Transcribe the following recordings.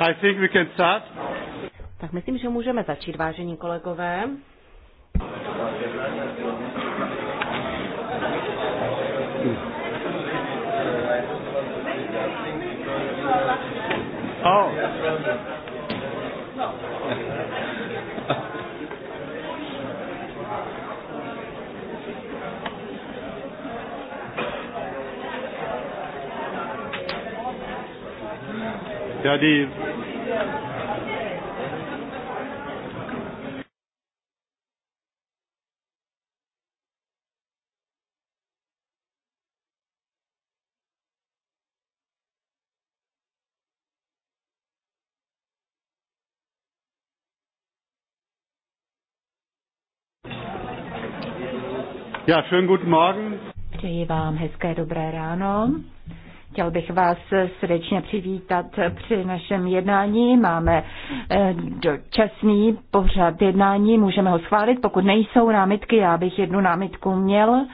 I think we can start. Tak myslím, že můžeme začít, vážení kolegové. Oh. Ja, Ja, schönen guten Morgen. Přeji vám hezké dobré ráno. Chtěl bych vás srdečně přivítat při našem jednání. Máme eh, dočasný pořad jednání, můžeme ho schválit. Pokud nejsou námitky, já bych jednu námitku měl,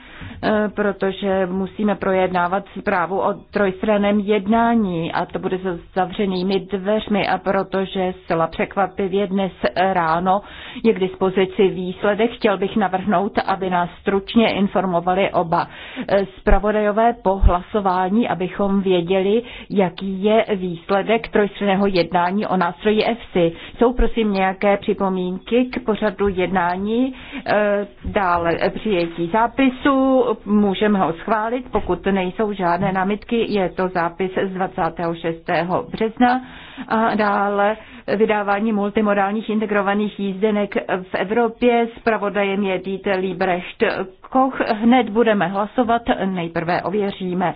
eh, protože musíme projednávat zprávu o trojstraném jednání a to bude se zavřenými dveřmi a protože zcela překvapivě dnes ráno je k dispozici výsledek, chtěl bych navrhnout, aby nás stručně informovali oba eh, zpravodajové po hlasování, abychom abychom věděli, jaký je výsledek trojstranného jednání o nástroji EFSI. Jsou prosím nějaké připomínky k pořadu jednání, e, dále e, přijetí zápisu, můžeme ho schválit, pokud nejsou žádné námitky, je to zápis z 26. března a dále vydávání multimodálních integrovaných jízdenek v Evropě. Spravodajem je Dieter Liebrecht Koch. Hned budeme hlasovat, nejprve ověříme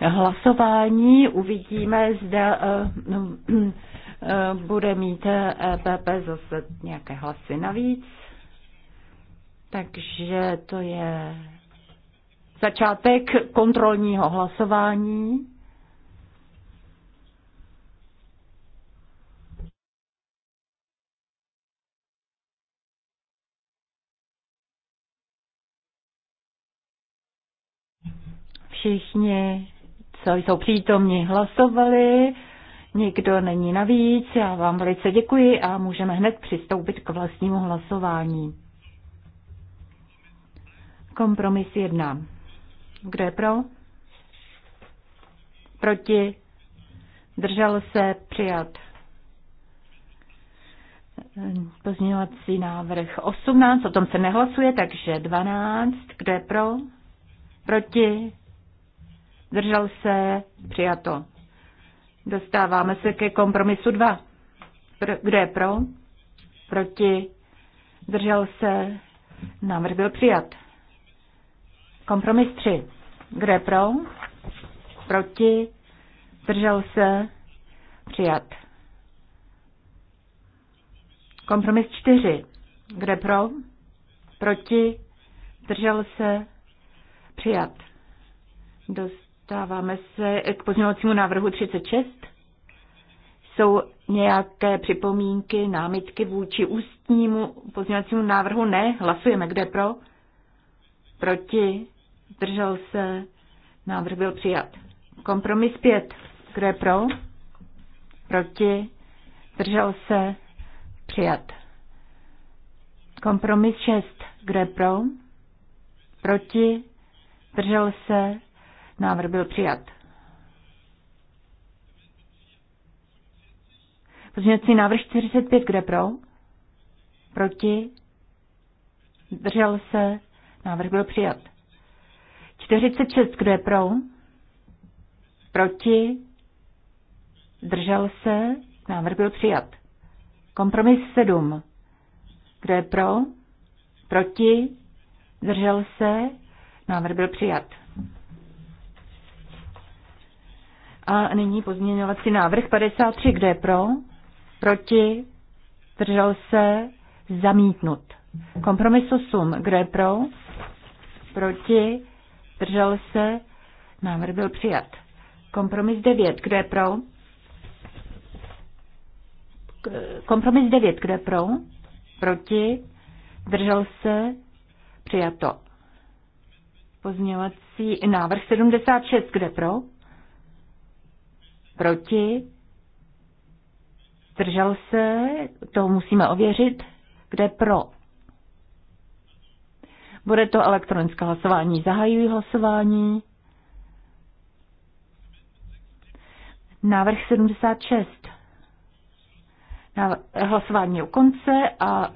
hlasování, uvidíme, zda eh, no, eh, bude mít EPP eh, e zase nějaké hlasy navíc. Takže to je začátek kontrolního hlasování. Všichni, co jsou přítomní, hlasovali. Nikdo není navíc. Já vám velice děkuji a můžeme hned přistoupit k vlastnímu hlasování. Kompromis 1. Kdo je pro? Proti? Držel se? Přijat. Pozměňovací návrh 18, o tom se nehlasuje, takže 12. Kdo je pro? Proti? zdržel se, přijato. Dostáváme se ke kompromisu 2. kdo je pro? Proti, zdržel se, návrh byl přijat. Kompromis 3. Kdo je pro? Proti, zdržel se, přijat. Kompromis 4. Kdo je pro? Proti? Zdržel se? Přijat. Dost. Dáváme se k pozměňovacímu návrhu 36. Jsou nějaké připomínky, námitky vůči ústnímu pozměňovacímu návrhu? Ne, hlasujeme. Kde pro? Proti? Držel se? Návrh byl přijat. Kompromis 5. Kde pro? Proti? Držel se? Přijat. Kompromis 6. Kde pro? Proti? Držel se? Návrh byl přijat. Pozměňovací návrh 45, kde pro? Proti? Držel se? Návrh byl přijat. 46, kde pro? Proti? Držel se? Návrh byl přijat. Kompromis 7. Kdo je pro? Proti? Držel se? Návrh byl přijat. A nyní pozměňovací návrh 53. Kdo je pro? Proti? Držel se? Zamítnut. Kompromis 8. Kdo je pro? Proti? Držel se? Návrh byl přijat. Kompromis 9. Kdo je pro? Kompromis 9. Kdo je pro? Proti? Držel se? Přijato. Pozměňovací návrh 76. Kde pro? Proti? Zdržel se? To musíme ověřit. Kde pro? Bude to elektronické hlasování. Zahajuji hlasování. Návrh 76. Návrh, hlasování u konce a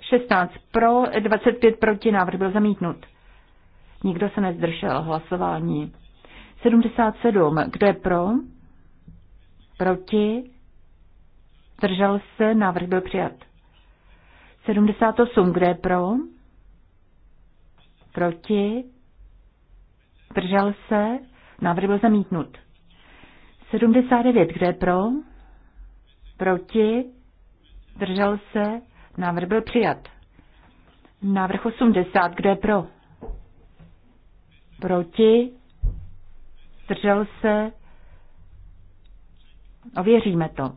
16 pro, 25 proti, návrh byl zamítnut. Nikdo se nezdržel hlasování. 77. Kdo je pro? Proti? Zdržel se? Návrh byl přijat. 78. Kde je pro? Proti? Zdržel se? Návrh byl zamítnut. 79. Kde je pro? Proti? Zdržel se? Návrh byl přijat. Návrh 80. Kde je pro? Proti? Zdržel se? Ověříme to.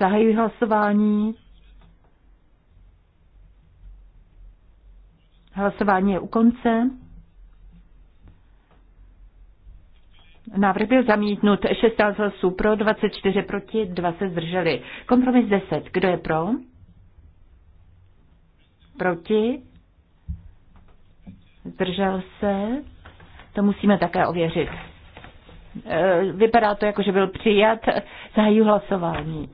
Zahajuji hlasování. Hlasování je u konce. Návrh byl zamítnut. 16 hlasů pro, 24 proti, 2 se zdrželi. Kompromis 10. Kdo je pro? Proti? Zdržel se? To musíme také ověřit. Eh, vypadá to jako, že byl přijat. Zahají hlasování.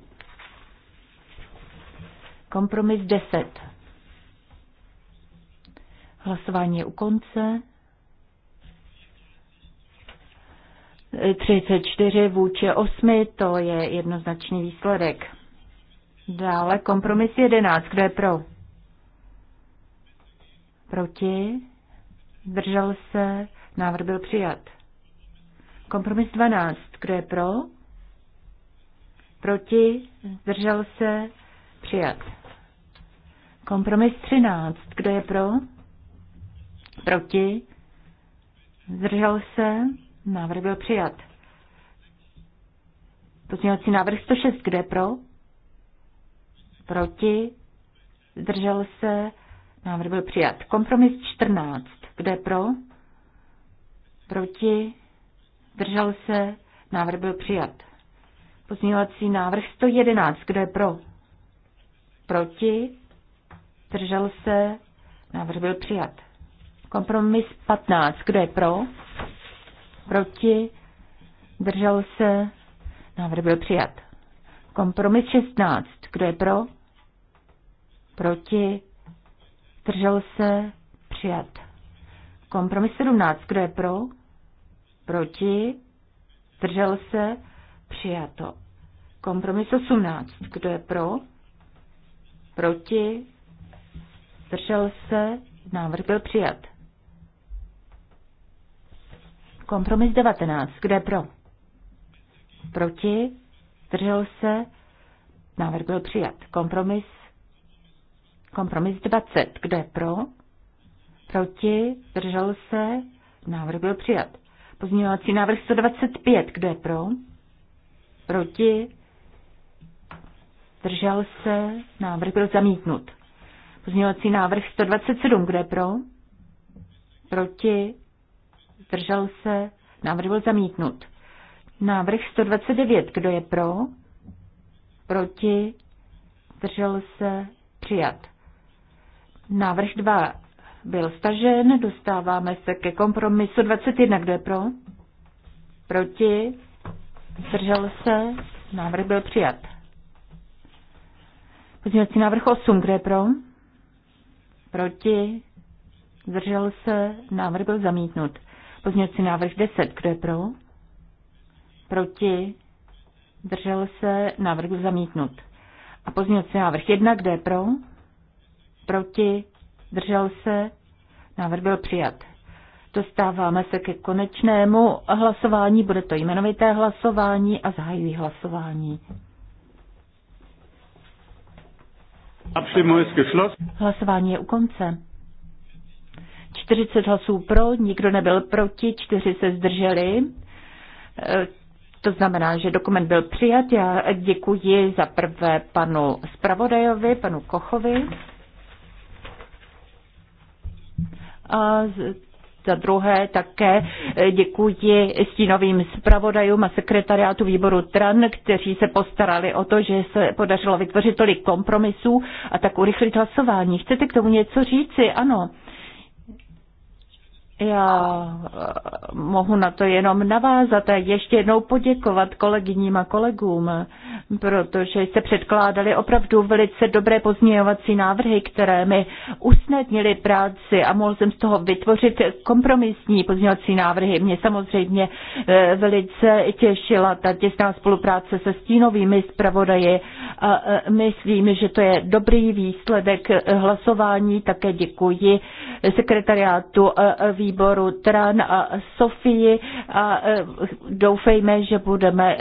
Kompromis 10. Hlasování je u konce. 34 vůči 8, to je jednoznačný výsledek. Dále kompromis 11, kdo je pro? Proti? Držel se? Návrh byl přijat. Kompromis 12. Kdo je pro? Proti? Zdržel se? Přijat. Kompromis 13. Kdo je pro? Proti? Zdržel se? Návrh byl přijat. Pozměňovací návrh 106. Kdo je pro? Proti? Zdržel se? Návrh byl přijat. Kompromis 14. Kdo je pro? Proti? Zdržel se? Návrh byl přijat. Pozměňovací návrh 111. Kdo je pro? Proti? Zdržel se? Návrh byl přijat. Kompromis 15. Kdo je pro? Proti? Držel se? Návrh byl přijat. Kompromis 16. Kdo je pro? Proti? Držel se? Přijat. Kompromis 17. Kdo je pro? Proti? Držel se? Přijato. Kompromis 18. Kdo je pro? Proti? Držel se? Návrh byl přijat. Kompromis 19. Kdo je pro? Proti? Držel se? Návrh byl přijat. Kompromis Kompromis 20. Kdo je pro? Proti? Držel se? Návrh byl přijat. Pozměňovací návrh 125. Kdo je pro? Proti? Držel se? Návrh byl zamítnut. Pozměňovací návrh 127. Kdo je pro? Proti? Držel se? Návrh byl zamítnut. Návrh 129. Kdo je pro? Proti? Držel se? Přijat. Návrh 2 byl stažen. Dostáváme se ke kompromisu 21. Kdo je pro? Proti? Zdržel se? Návrh byl přijat. Pozměňovací návrh 8. Kdo je pro? Proti? Zdržel se? Návrh byl zamítnut. Pozměňovací návrh 10. Kdo je pro? Proti? Zdržel se? Návrh byl zamítnut. A pozměňovací návrh 1. Kdo je pro? Proti? zdržel se, návrh byl přijat. Dostáváme se ke konečnému hlasování, bude to jmenovité hlasování a zahajují hlasování. Hlasování je u konce. 40 hlasů pro, nikdo nebyl proti, 4 se zdrželi. E, to znamená, že dokument byl přijat. Já děkuji za prvé panu zpravodajovi, panu Kochovi. A za druhé také děkuji stínovým zpravodajům a sekretariátu výboru TRAN, kteří se postarali o to, že se podařilo vytvořit tolik kompromisů a tak urychlit hlasování. Chcete k tomu něco říci? Ano. Já eh, mohu na to jenom navázat a ještě jednou poděkovat kolegyním a kolegům, protože se předkládali opravdu velice dobré pozměňovací návrhy, které mi usnadnily práci a mohl jsem z toho vytvořit kompromisní pozměňovací návrhy. Mě samozřejmě eh, velice těšila ta těsná spolupráce se stínovými zpravodaji a eh, myslím, že to je dobrý výsledek hlasování. Také děkuji sekretariátu eh, výboru TRAN a Sofii a eh, doufejme, že budeme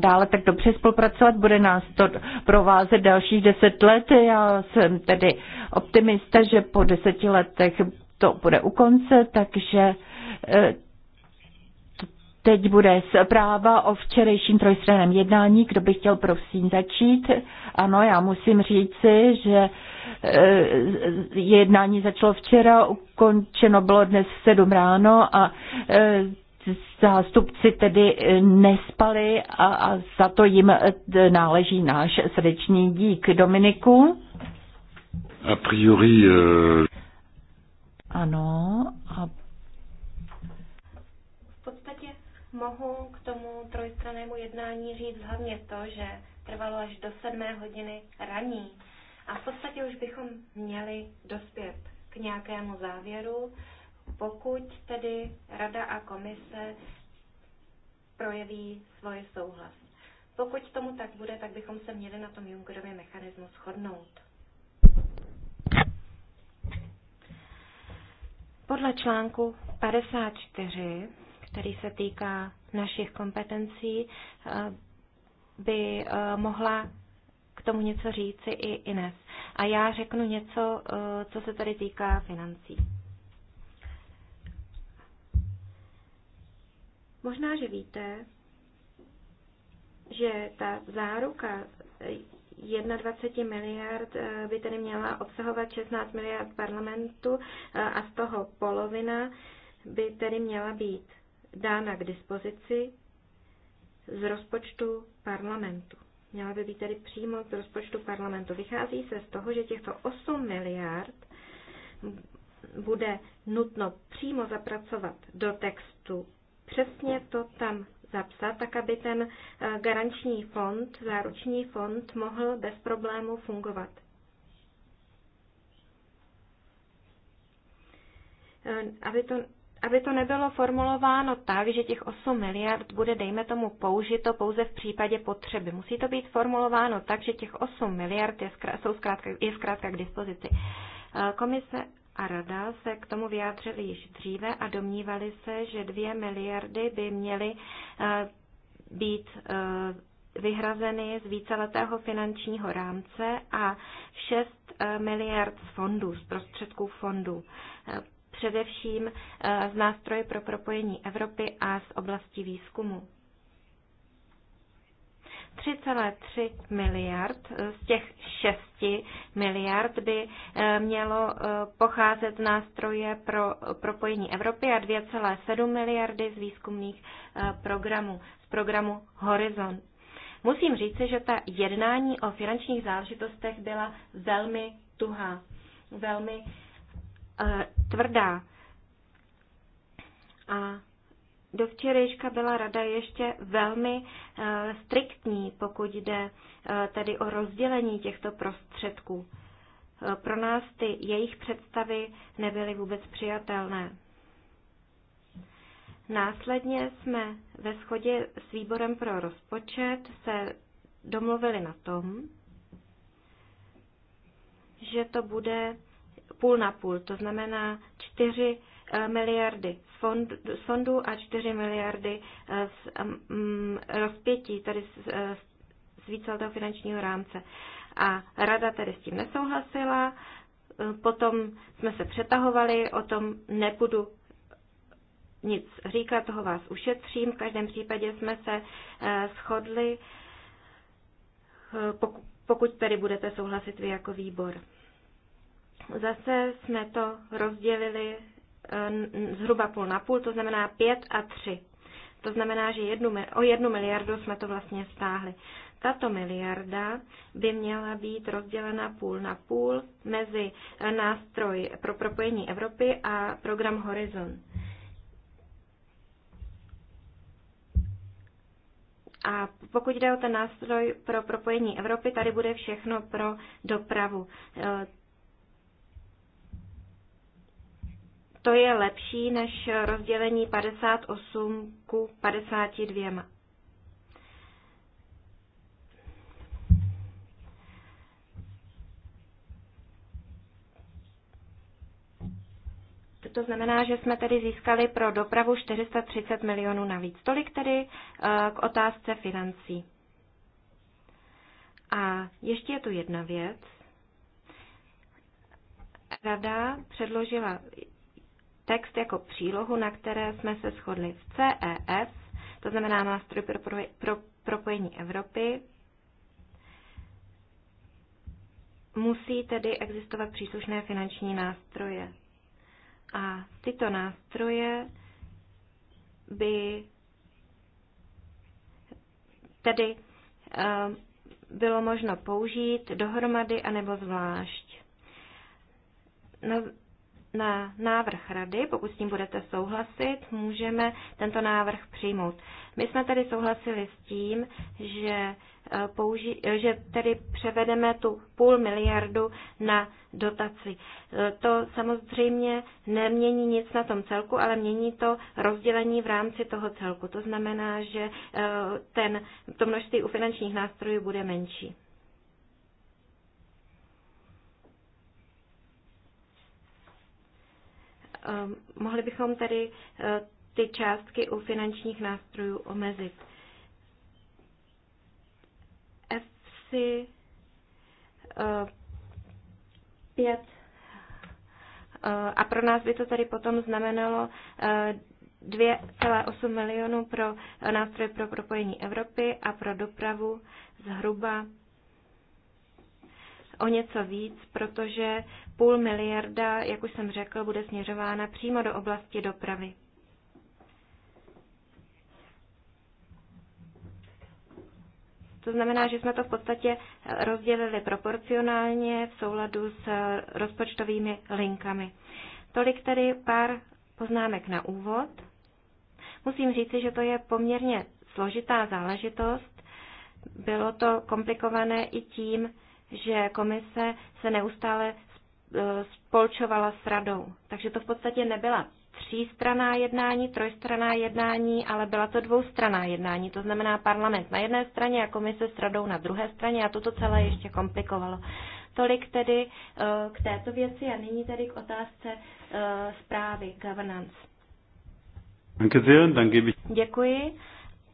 dále tak dobře spolupracovat. Bude nás to provázet dalších deset let. Já jsem tedy optimista, že po deseti letech to bude u konce, takže eh, Teď bude zpráva o včerejším trojstranném jednání. Kdo by chtěl, prosím, začít? Ano, já musím říci, že eh, jednání začalo včera, ukončeno bylo dnes v 7 ráno a eh, zástupci tedy eh, nespali a, za to jim náleží náš srdeční dík. Dominiku? A priori... Uh... Ano, a mohu k tomu trojstranému jednání říct hlavně to, že trvalo až do sedmé hodiny raní. A v podstatě už bychom měli dospět k nějakému závěru, pokud tedy Rada a komise projeví svoje souhlas. Pokud tomu tak bude, tak bychom se měli na tom Junckerově mechanismu shodnout. Podle článku 54 který se týká našich kompetencí, eh, by eh, mohla k tomu něco říci i Ines. A já řeknu něco, eh, co se tady týká financí. Možná, že víte, že ta záruka 21 miliard by tedy měla obsahovat 16 miliard parlamentu a z toho polovina by tedy měla být dána k dispozici z rozpočtu parlamentu. Měla by být tedy přímo z rozpočtu parlamentu. Vychází se z toho, že těchto 8 miliard bude nutno přímo zapracovat do textu. Přesně to tam zapsat, tak aby ten eh, garanční fond, záruční fond mohl bez problému fungovat. Eh, aby to aby to nebylo formulováno tak, že těch 8 miliard bude, dejme tomu, použito pouze v případě potřeby. Musí to být formulováno tak, že těch 8 miliard je, zkrátka, jsou zkrátka, je zkrátka k dispozici. Eh, komise a rada se k tomu vyjádřili již dříve a domnívali se, že 2 miliardy by měly eh, být eh, vyhrazeny z víceletého finančního rámce a 6 miliard z fondů, z prostředků fondů především z eh, nástroje pro propojení Evropy a z oblasti výzkumu. 3,3 miliard eh, z těch 6 miliard by eh, mělo pocházet z nástroje pro propojení Evropy a 2,7 miliardy z výzkumných programů, z programu Horizon. Musím říci, že ta jednání o finančních záležitostech byla velmi tuhá, velmi Eh, tvrdá. A do včerejška byla rada ještě velmi eh, striktní, pokud jde eh, tedy o rozdělení těchto prostředků. Pro nás ty jejich představy nebyly vůbec přijatelné. Následně jsme ve shodě s výborem pro rozpočet se domluvili na tom, že to bude půl na půl, to znamená 4 eh, miliardy z, fondu z fondu a 4 miliardy eh, z um, rozpětí, tady z, eh, z víceletého finančního rámce. A rada tedy s tím nesouhlasila, potom jsme se přetahovali, o tom nebudu nic říkat, toho vás ušetřím. V každém případě jsme se shodli, pokud tedy budete souhlasit vy jako výbor. Zase jsme to rozdělili eh, zhruba půl na půl, to znamená 5 a 3. To znamená, že jednu, o jednu miliardu jsme to vlastně stáhli. Tato miliarda by měla být rozdělena půl na půl mezi eh, nástroj pro propojení Evropy a program Horizon. A pokud jde o ten nástroj pro propojení Evropy, tady bude všechno pro dopravu. Eh, to je lepší než rozdělení 58 ku 52. To znamená, že jsme tedy získali pro dopravu 430 milionů navíc. Tolik tedy eh, k otázce financí. A ještě je tu jedna věc. Rada předložila text jako přílohu, na které jsme se shodli v CES, to znamená nástroj pro, pro, pro propojení Evropy. Musí tedy existovat příslušné finanční nástroje. A tyto nástroje by tedy eh, bylo možno použít dohromady anebo zvlášť. Na no, na návrh rady, pokud s tím budete souhlasit, můžeme tento návrh přijmout. My jsme tedy souhlasili s tím, že, eh, použi- eh, že tedy převedeme tu půl miliardu na dotaci. Eh, to samozřejmě nemění nic na tom celku, ale mění to rozdělení v rámci toho celku. To znamená, že ten, to množství u finančních nástrojů bude menší. Ehm, mohli bychom tedy eh, ty částky u finančních nástrojů omezit. EFSI eh, 5 eh, a pro nás by to tady potom znamenalo 2,8 milionů pro nástroj pro propojení Evropy a pro dopravu zhruba o něco víc, protože půl miliarda, jak už jsem řekl, bude směřována přímo do oblasti dopravy. To znamená, že jsme to v podstatě rozdělili proporcionálně v souladu s rozpočtovými linkami. Tolik tedy pár poznámek na úvod. Musím říci, že to je poměrně složitá záležitost. Bylo to komplikované i tím, že komise se neustále e, spolčovala s radou. Takže to v podstatě nebyla třístraná jednání, trojstraná jednání, ale byla to dvoustraná jednání, to znamená parlament na jedné straně a komise s radou na druhé straně a toto celé ještě komplikovalo. Tolik tedy e, k této věci a nyní tedy k otázce e, zprávy governance. Děkuji.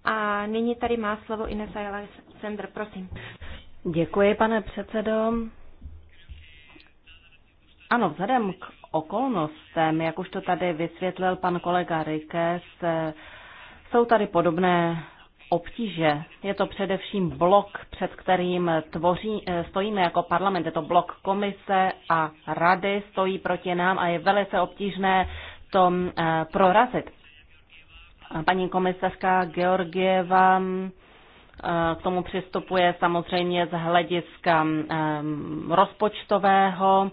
A nyní tady má slovo Inesa Ayala Sender, prosím. Děkuji, pane předsedo. Ano, vzhledem k okolnostem, jak už to tady vysvětlil pan kolega Rikes, jsou tady podobné obtíže. Je to především blok, před kterým tvoří, stojíme jako parlament. Je to blok komise a rady stojí proti nám a je velice obtížné to eh, prorazit. Paní komisařka Georgieva Eh, k tomu přistupuje samozřejmě z hlediska eh, rozpočtového.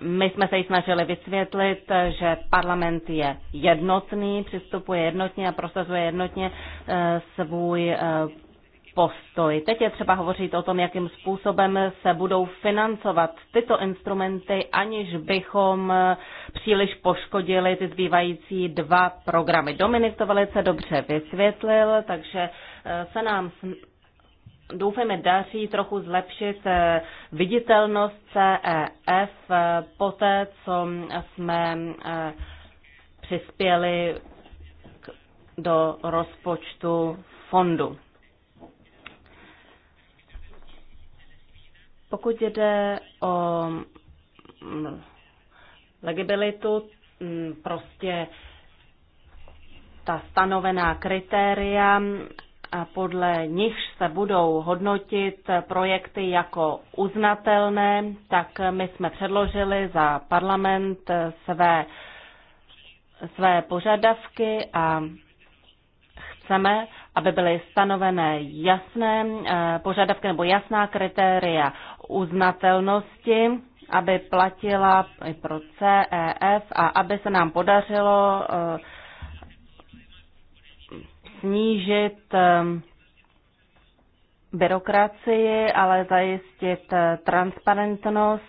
My jsme se ji snažili vysvětlit, že parlament je jednotný, přistupuje jednotně a prosazuje jednotně eh, svůj postoj. Teď je třeba hovořit o tom, jakým způsobem se budou financovat tyto instrumenty, aniž bychom příliš poškodili ty zbývající dva programy. Dominik to velice dobře vysvětlil, takže eh, se nám doufejme daří trochu zlepšit eh, viditelnost CEF eh, po té, co jsme přispěli do rozpočtu fondu. Pokud jde o mm, legibilitu, mm, prostě ta stanovená kritéria, podle nich se budou hodnotit projekty jako uznatelné, tak my jsme předložili za parlament své, své požadavky a chceme, aby byly stanovené jasné eh, požadavky nebo jasná kritéria uznatelnosti, aby platila i pro CEF a aby se nám podařilo eh, snížit eh, byrokracii, ale zajistit eh, transparentnost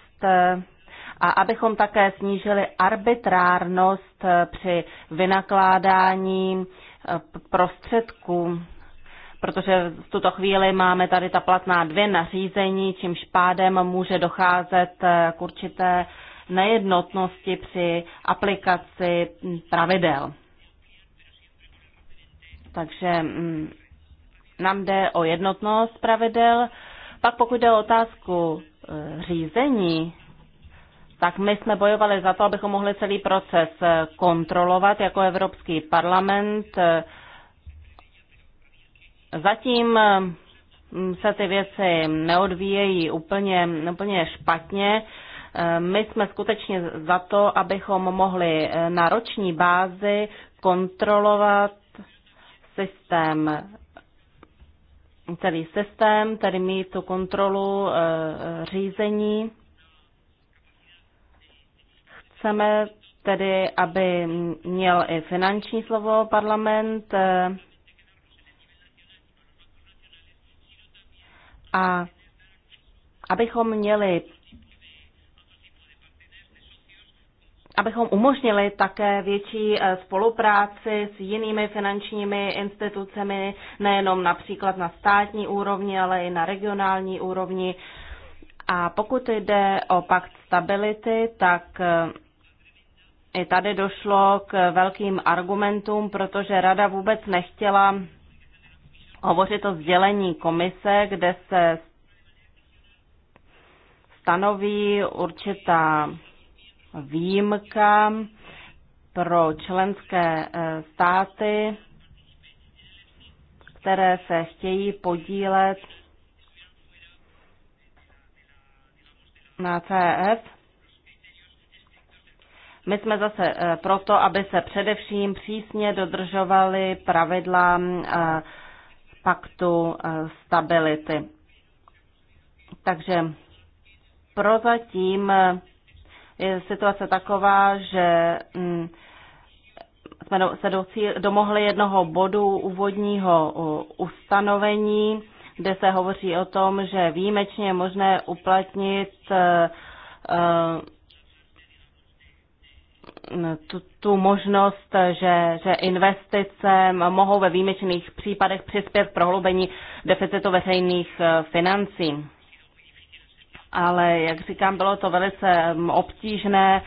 a abychom také snížili arbitrárnost při vynakládání prostředků protože v tuto chvíli máme tady ta platná dvě nařízení, čímž pádem může docházet eh, k určité nejednotnosti při aplikaci mm, pravidel. Takže mm, nám jde o jednotnost pravidel. Pak pokud jde o otázku eh, řízení, tak my jsme bojovali za to, abychom mohli celý proces eh, kontrolovat jako Evropský parlament. Zatím mm, se ty věci neodvíjejí úplně, úplně špatně. Eh, my jsme skutečně za to, abychom mohli eh, na roční bázi kontrolovat systém, celý systém, tedy mít tu kontrolu eh, řízení. Chceme tedy, aby měl i finanční slovo parlament, A abychom měli abychom umožnili také větší eh, spolupráci s jinými finančními institucemi, nejenom například na státní úrovni, ale i na regionální úrovni. A pokud jde o pakt stability, tak eh, i tady došlo k velkým argumentům, protože rada vůbec nechtěla Hovoří to sdělení komise, kde se stanoví určitá výjimka pro členské eh, státy, které se chtějí podílet na CF. My jsme zase eh, proto, aby se především přísně dodržovaly pravidla eh, paktu eh, stability. Takže prozatím eh, je situace taková, že mm, jsme se domohli jednoho bodu úvodního ustanovení, kde se hovoří o tom, že výjimečně je možné uplatnit eh, tu, tu možnost, že, že investice mohou ve výjimečných případech přispět k prohloubení deficitu veřejných eh, financí. Ale, jak říkám, bylo to velice mm, obtížné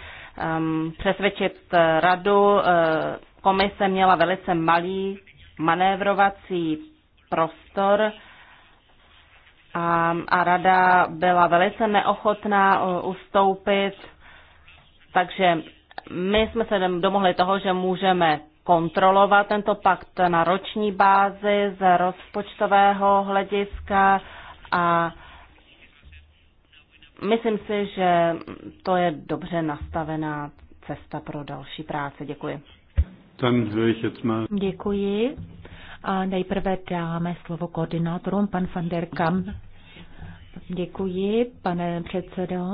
mm, přesvědčit eh, radu. Eh, komise měla velice malý manévrovací prostor a, a rada byla velice neochotná ustoupit. Takže my jsme se domohli toho, že můžeme kontrolovat tento pakt na roční bázi z rozpočtového hlediska a myslím si, že to je dobře nastavená cesta pro další práce. Děkuji. Děkuji. A nejprve dáme slovo koordinátorům, pan van der Kam. Děkuji, pane předsedo.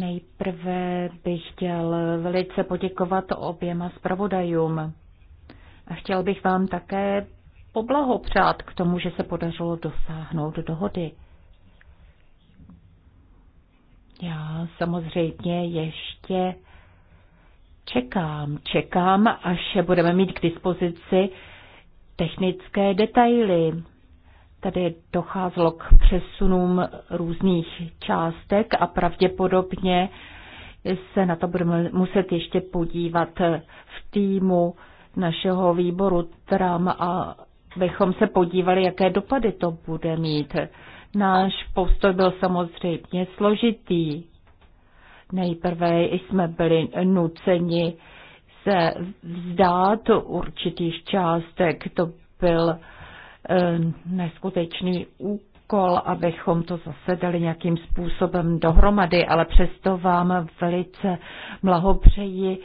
Nejprve bych chtěl velice poděkovat oběma zpravodajům. A chtěl bych vám také poblahopřát k tomu, že se podařilo dosáhnout dohody. Já samozřejmě ještě čekám, čekám, až budeme mít k dispozici technické detaily. Tady docházelo k přesunům různých částek a pravděpodobně se na to budeme muset ještě podívat v týmu našeho výboru TRAM a bychom se podívali, jaké dopady to bude mít. Náš postoj byl samozřejmě složitý. Nejprve jsme byli nuceni se vzdát určitých částek. To byl Eh, neskutečný úkol, abychom to dali nějakým způsobem dohromady, ale přesto vám velice mlahopřeji.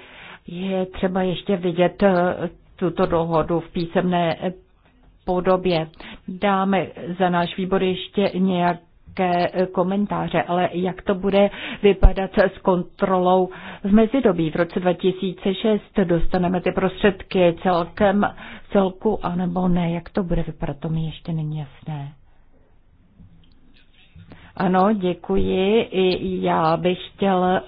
Je třeba ještě vidět eh, tuto dohodu v písemné podobě. Dáme za náš výbor ještě nějak nějaké eh, komentáře, ale jak to bude vypadat s kontrolou v mezidobí? V roce 2006 dostaneme ty prostředky celkem, celku, anebo ne? Jak to bude vypadat? To mi ještě není jasné. Ano, děkuji. I já bych chtěl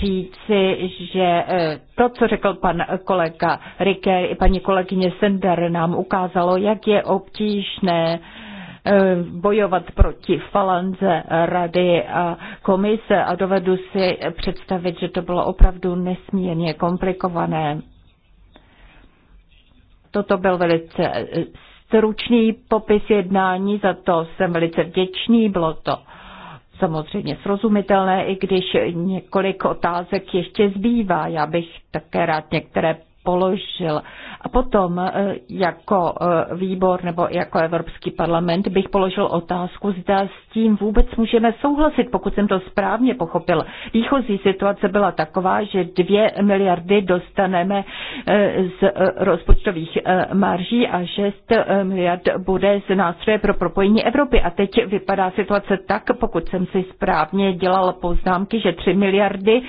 říci, že eh, to, co řekl pan kolega Riker i paní kolegyně Sender, nám ukázalo, jak je obtížné Eh, bojovat proti falance, rady a komise a dovedu si představit, že to bylo opravdu nesmírně komplikované. Toto byl velice eh, stručný popis jednání, za to jsem velice vděčný, bylo to samozřejmě srozumitelné, i když několik otázek ještě zbývá. Já bych také rád některé položil. A potom eh, jako eh, výbor nebo jako Evropský parlament bych položil otázku, zda tím vůbec můžeme souhlasit, pokud jsem to správně pochopil. Výchozí situace byla taková, že dvě miliardy dostaneme eh, z eh, rozpočtových eh, marží a 6 miliard bude z nástroje pro propojení Evropy. A teď vypadá situace tak, pokud jsem si správně dělal poznámky, že 3 miliardy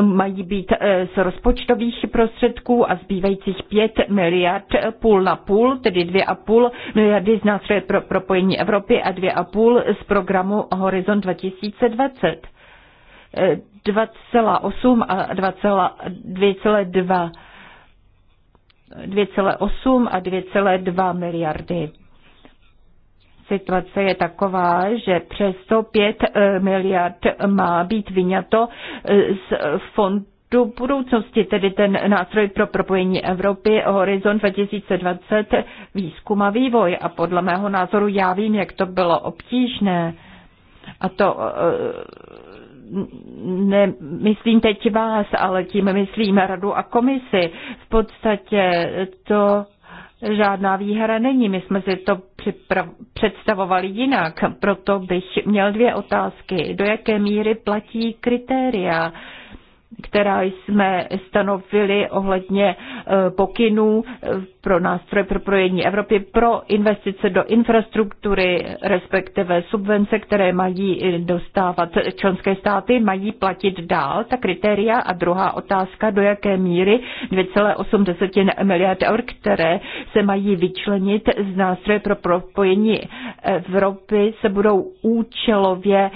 mají být z rozpočtových prostředků a zbývajících 5 miliard půl na půl, tedy 2,5 miliardy z nástroje pro propojení Evropy a 2,5 z pro programu Horizon 2020. 2,8 eh, a 2,2 2,8 a 2,2 miliardy. Situace je taková, že přesto 5 eh, miliard má být vyňato eh, z fond do budoucnosti, tedy ten nástroj pro propojení Evropy, Horizon 2020, výzkum a vývoj. A podle mého názoru já vím, jak to bylo obtížné. A to eh, ne, teď vás, ale tím myslím radu a komisi. V podstatě to žádná výhra není. My jsme si to představovali jinak. Proto bych měl dvě otázky. Do jaké míry platí kritéria? která jsme stanovili ohledně e, pokynů e, pro nástroje pro projení Evropy pro investice do infrastruktury, respektive subvence, které mají e, dostávat členské státy, mají platit dál ta kritéria. A druhá otázka, do jaké míry 2,8 miliard eur, které se mají vyčlenit z nástroje pro propojení Evropy, se budou účelově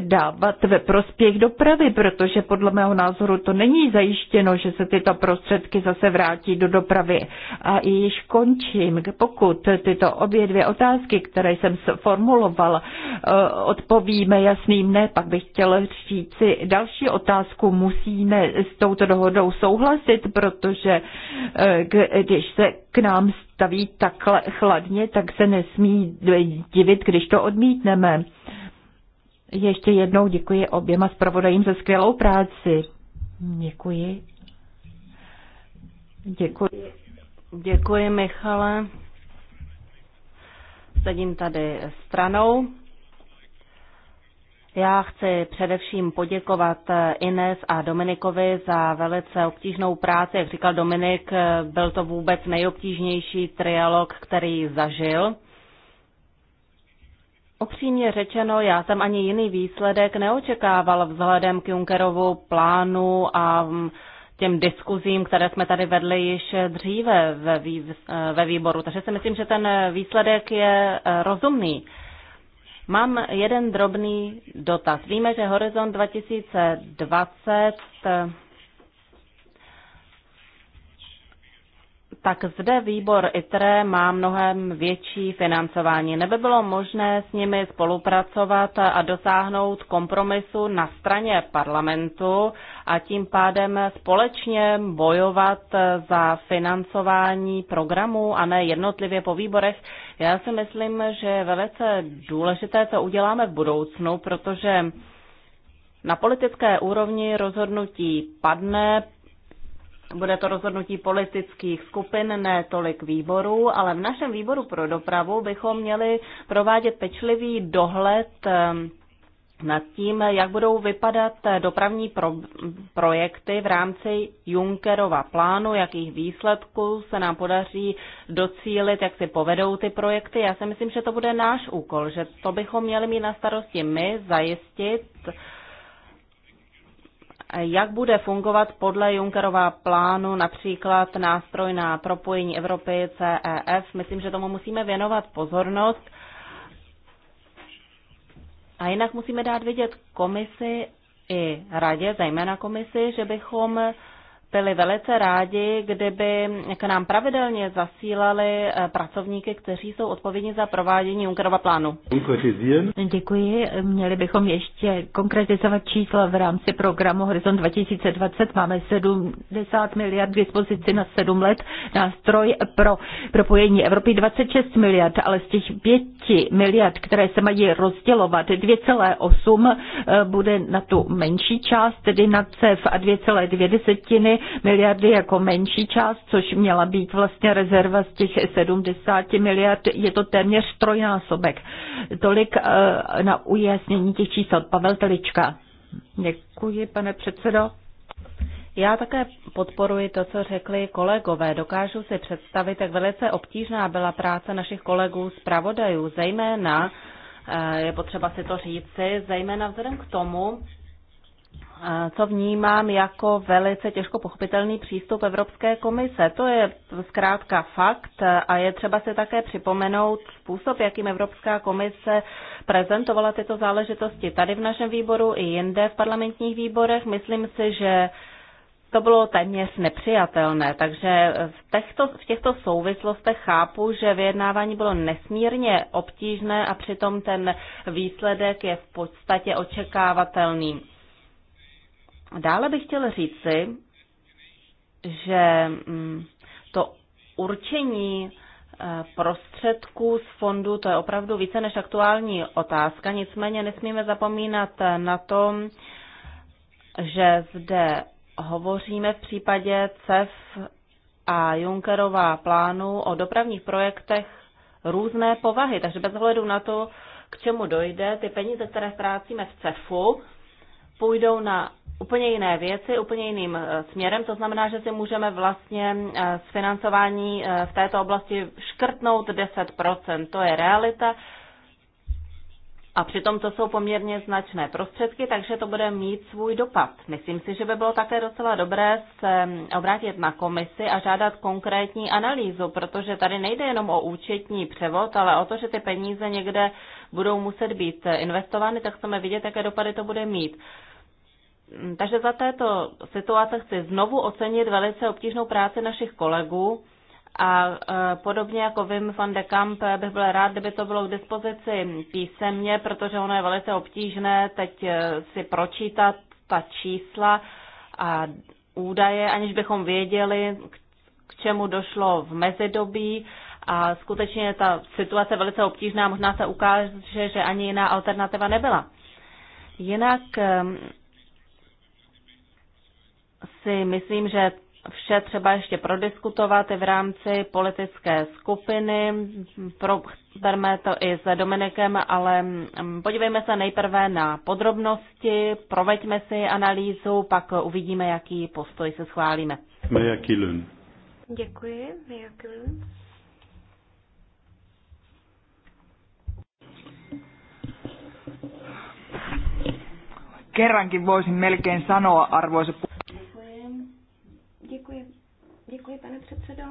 dávat ve prospěch dopravy, protože podle mého názoru názoru to není zajištěno, že se tyto prostředky zase vrátí do dopravy. A již končím, pokud tyto obě dvě otázky, které jsem sformuloval, eh, odpovíme jasným ne, pak bych chtěl říci další otázku. Musíme s touto dohodou souhlasit, protože eh, když se k nám staví tak chladně, tak se nesmí divit, když to odmítneme. Ještě jednou děkuji oběma zpravodajím za skvělou práci. Děkuji. Děkuji. Děkuji, Michale. Sedím tady stranou. Já chci především poděkovat Ines a Dominikovi za velice obtížnou práci. Jak říkal Dominik, byl to vůbec nejobtížnější trialog, který zažil. Opřímně řečeno, já jsem ani jiný výsledek neočekával vzhledem k Junckerovu plánu a mm, těm diskuzím, které jsme tady vedli již dříve ve, vý, ve výboru. Takže si myslím, že ten výsledek je eh, rozumný. Mám jeden drobný dotaz. Víme, že Horizont 2020 eh, tak zde výbor ITRE má mnohem větší financování. Neby bylo možné s nimi spolupracovat a dosáhnout kompromisu na straně parlamentu a tím pádem společně bojovat za financování programů a ne jednotlivě po výborech. Já si myslím, že je velice důležité, co uděláme v budoucnu, protože na politické úrovni rozhodnutí padne, bude to rozhodnutí politických skupin, ne tolik výborů, ale v našem výboru pro dopravu bychom měli provádět pečlivý dohled ehm, nad tím, jak budou vypadat dopravní pro, projekty v rámci Junckerova plánu, jakých výsledků se nám podaří docílit, jak si povedou ty projekty. Já si myslím, že to bude náš úkol, že to bychom měli mít na starosti my, zajistit, jak bude fungovat podle Junckerova plánu například nástroj na propojení Evropy CEF. Myslím, že tomu musíme věnovat pozornost. A jinak musíme dát vědět komisi i radě, zejména komisi, že bychom byli velice rádi, kdyby k nám pravidelně zasílali eh, pracovníky, kteří jsou odpovědní za provádění Junckerova plánu. Děkuji. Měli bychom ještě konkretizovat čísla v rámci programu Horizon 2020. Máme 70 miliard k dispozici na 7 let. Nástroj pro propojení Evropy 26 miliard, ale z těch 5 miliard, které se mají rozdělovat, 2,8 eh, bude na tu menší část, tedy na CEF a 2,2 desetiny miliardy jako menší část, což měla být vlastně rezerva z těch 70 miliard. Je to téměř trojnásobek. Tolik eh, na ujasnění těch čísel. Pavel Telička. Děkuji, pane předsedo. Já také podporuji to, co řekli kolegové. Dokážu si představit, jak velice obtížná byla práce našich kolegů pravodajů, zejména eh, je potřeba si to říci, zejména vzhledem k tomu, co vnímám jako velice těžko pochopitelný přístup Evropské komise. To je zkrátka fakt a je třeba si také připomenout způsob, jakým Evropská komise prezentovala tyto záležitosti tady v našem výboru i jinde v parlamentních výborech. Myslím si, že to bylo téměř nepřijatelné, takže v těchto, v těchto souvislostech chápu, že vyjednávání bylo nesmírně obtížné a přitom ten výsledek je v podstatě očekávatelný. Dále bych chtěl říci, že mm, to určení eh, prostředků z fondu, to je opravdu více než aktuální otázka, nicméně nesmíme zapomínat na to, že zde hovoříme v případě CEF a Junckerova plánu o dopravních projektech různé povahy, takže bez ohledu na to, k čemu dojde, ty peníze, které ztrácíme v CEFu, půjdou na úplně jiné věci, úplně jiným eh, směrem. To znamená, že si můžeme vlastně eh, z financování eh, v této oblasti škrtnout 10%. To je realita. A přitom to jsou poměrně značné prostředky, takže to bude mít svůj dopad. Myslím si, že by bylo také docela dobré se mm, obrátit na komisi a žádat konkrétní analýzu, protože tady nejde jenom o účetní převod, ale o to, že ty peníze někde budou muset být investovány, tak chceme vidět, jaké dopady to bude mít. Mm, takže za této situace chci znovu ocenit velice obtížnou práci našich kolegů a e, podobně jako vím van de Kamp bych byl rád, kdyby to bylo k dispozici písemně, protože ono je velice obtížné teď e, si pročítat ta čísla a údaje, aniž bychom věděli, k čemu došlo v mezidobí. A skutečně ta situace je velice obtížná, možná se ukáže, že ani jiná alternativa nebyla. Jinak si myslím, že vše třeba ještě prodiskutovat i v rámci politické skupiny. Berme to i s Dominikem, ale mm, podívejme se nejprve na podrobnosti, proveďme si analýzu, pak uvidíme, jaký postoj se schválíme. Maja Kilun. Děkuji, Maja Kilun. Kerrankin voisin melkein sanoa, arvoisa Děkuji. Děkuji, pane předsedo.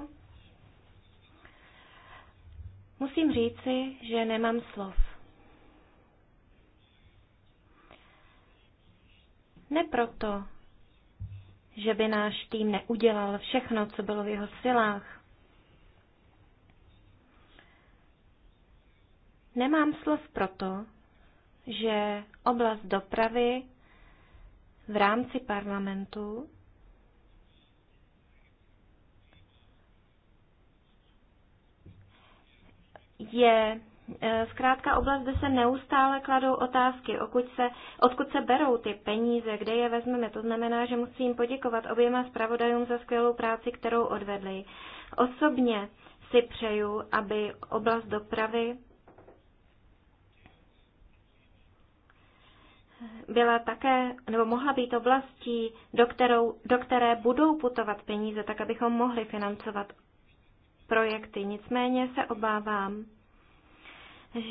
Musím říci, že nemám slov. Ne proto, že by náš tým neudělal všechno, co bylo v jeho silách. Nemám slov proto, že oblast dopravy v rámci parlamentu je e, zkrátka oblast, kde se neustále kladou otázky, odkud se, odkud se berou ty peníze, kde je vezmeme. To znamená, že musím poděkovat oběma zpravodajům za skvělou práci, kterou odvedli. Osobně si přeju, aby oblast dopravy byla také, nebo mohla být oblastí, do, kterou, do které budou putovat peníze, tak abychom mohli financovat projekty. Nicméně se obávám,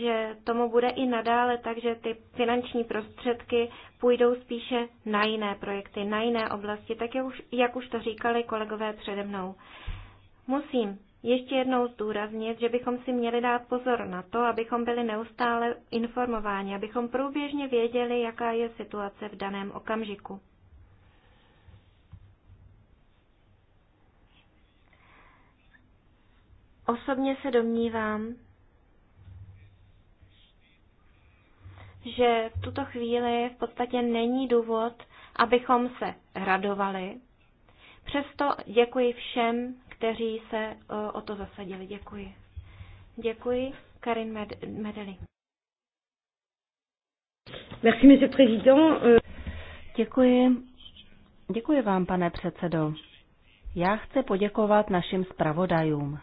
že tomu bude i nadále tak, že ty finanční prostředky půjdou spíše na jiné projekty, na jiné oblasti, tak jak už, jak už to říkali kolegové přede mnou. Musím ještě jednou zdůraznit, že bychom si měli dát pozor na to, abychom byli neustále informováni, abychom průběžně věděli, jaká je situace v daném okamžiku. Osobně se domnívám, že v tuto chvíli v podstatě není důvod, abychom se radovali. Přesto děkuji všem, kteří se e, o to zasadili. Děkuji. Děkuji. Karin Med- Medeli. Merci, monsieur président. Euh, děkuji. Děkuji vám, pane předsedo. Já chci poděkovat našim zpravodajům.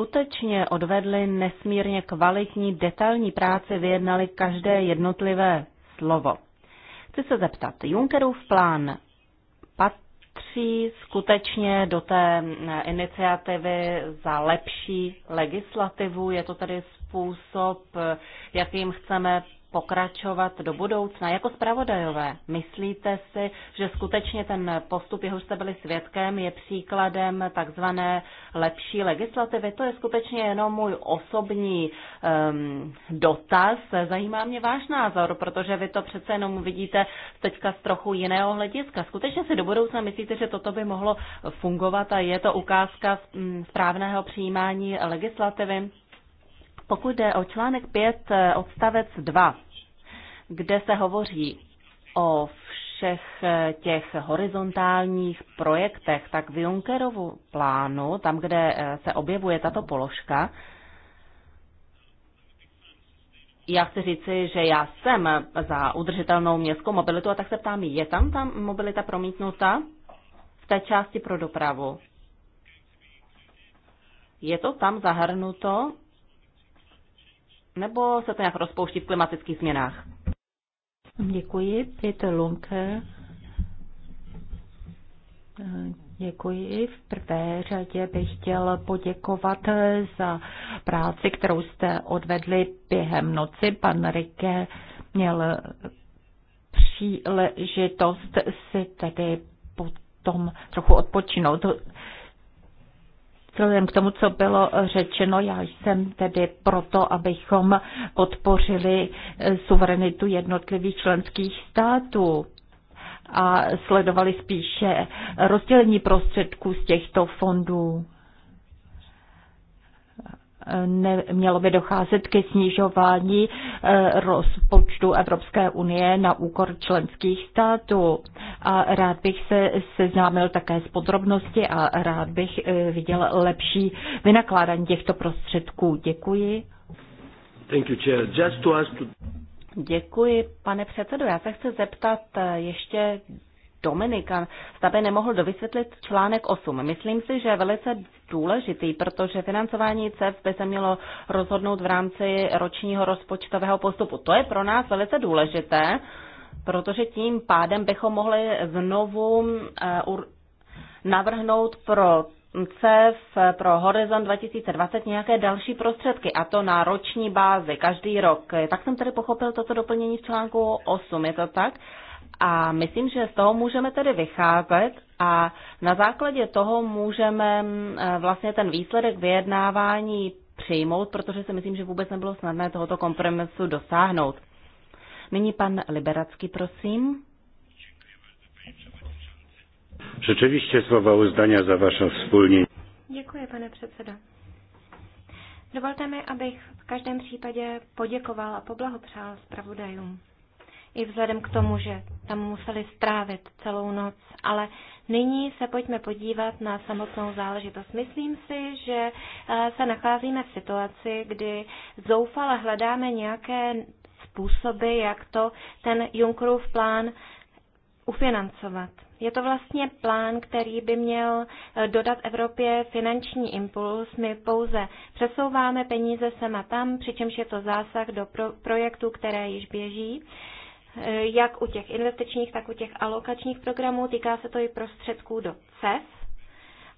skutečně odvedli nesmírně kvalitní, detailní práci, vyjednali každé jednotlivé slovo. Chci se zeptat, Junckerův plán patří skutečně do té eh, iniciativy za lepší legislativu? Je to tedy způsob, eh, jakým chceme pokračovat do budoucna jako zpravodajové? Myslíte si, že skutečně ten postup, jehož jste byli svědkem, je příkladem takzvané lepší legislativy? To je skutečně jenom můj osobní um, dotaz. Zajímá mě váš názor, protože vy to přece jenom vidíte teďka z trochu jiného hlediska. Skutečně si do budoucna myslíte, že toto by mohlo fungovat a je to ukázka mm, správného přijímání legislativy? Pokud jde o článek 5 eh, odstavec 2, kde se hovoří o všech eh, těch horizontálních projektech, tak v Junckerovu plánu, tam, kde eh, se objevuje tato položka, já chci říci, že já jsem za udržitelnou městskou mobilitu a tak se ptám, je tam ta mobilita promítnuta v té části pro dopravu? Je to tam zahrnuto nebo se to nějak rozpouští v klimatických změnách? Děkuji, Peter Lunke. Děkuji. V prvé řadě bych chtěl poděkovat za práci, kterou jste odvedli během noci. Pan Rike měl příležitost si tedy potom trochu odpočinout. Vzhledem k tomu, co bylo řečeno, já jsem tedy proto, abychom podpořili suverenitu jednotlivých členských států a sledovali spíše rozdělení prostředků z těchto fondů nemělo by docházet ke snižování eh, rozpočtu Evropské unie na úkor členských států. A rád bych se seznámil také s podrobnosti a rád bych eh, viděl lepší vynakládání těchto prostředků. Děkuji. Thank you, Chair. Just to ask to... Děkuji, pane předsedo. Já se chci zeptat eh, ještě, Dominika by nemohl dovysvětlit článek 8. Myslím si, že je velice důležitý, protože financování CEF by se mělo rozhodnout v rámci ročního rozpočtového postupu. To je pro nás velice důležité, protože tím pádem bychom mohli znovu eh, navrhnout pro CEF pro Horizon 2020 nějaké další prostředky, a to na roční bázi, každý rok. Tak jsem tedy pochopil toto doplnění v článku 8, je to tak? A myslím, že z toho můžeme tedy vycházet a na základě toho můžeme eh, vlastně ten výsledek vyjednávání přijmout, protože si myslím, že vůbec nebylo snadné tohoto kompromisu dosáhnout. Nyní pan Liberacký, prosím. Rzeczywiście słowa uzdania za Wasze wspólnie. Děkuji, pane předsedo. Dovolte mi, abych v každém případě poděkoval a poblahopřál zpravodajům i vzhledem k tomu, že tam museli strávit celou noc. Ale nyní se pojďme podívat na samotnou záležitost. Myslím si, že eh, se nacházíme v situaci, kdy zoufale hledáme nějaké způsoby, jak to ten Junckerův plán ufinancovat. Je to vlastně plán, který by měl eh, dodat Evropě finanční impuls. My pouze přesouváme peníze sem a tam, přičemž je to zásah do pro- projektů, které již běží. Eh, jak u těch investičních, tak u těch alokačních programů. Týká se to i prostředků do CEF.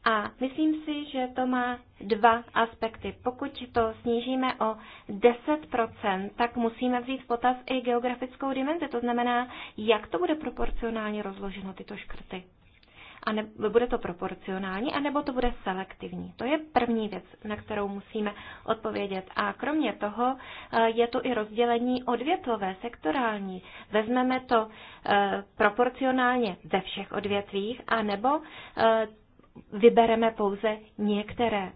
A myslím si, že to má dva aspekty. Pokud to snížíme o 10%, tak musíme vzít v potaz i geografickou dimenzi. To znamená, jak to bude proporcionálně rozloženo, tyto škrty a ne, bude to proporcionální, anebo to bude selektivní. To je první věc, na kterou musíme odpovědět. A kromě toho eh, je tu i rozdělení odvětvové, sektorální. Vezmeme to eh, proporcionálně ze všech odvětvích, anebo eh, vybereme pouze některé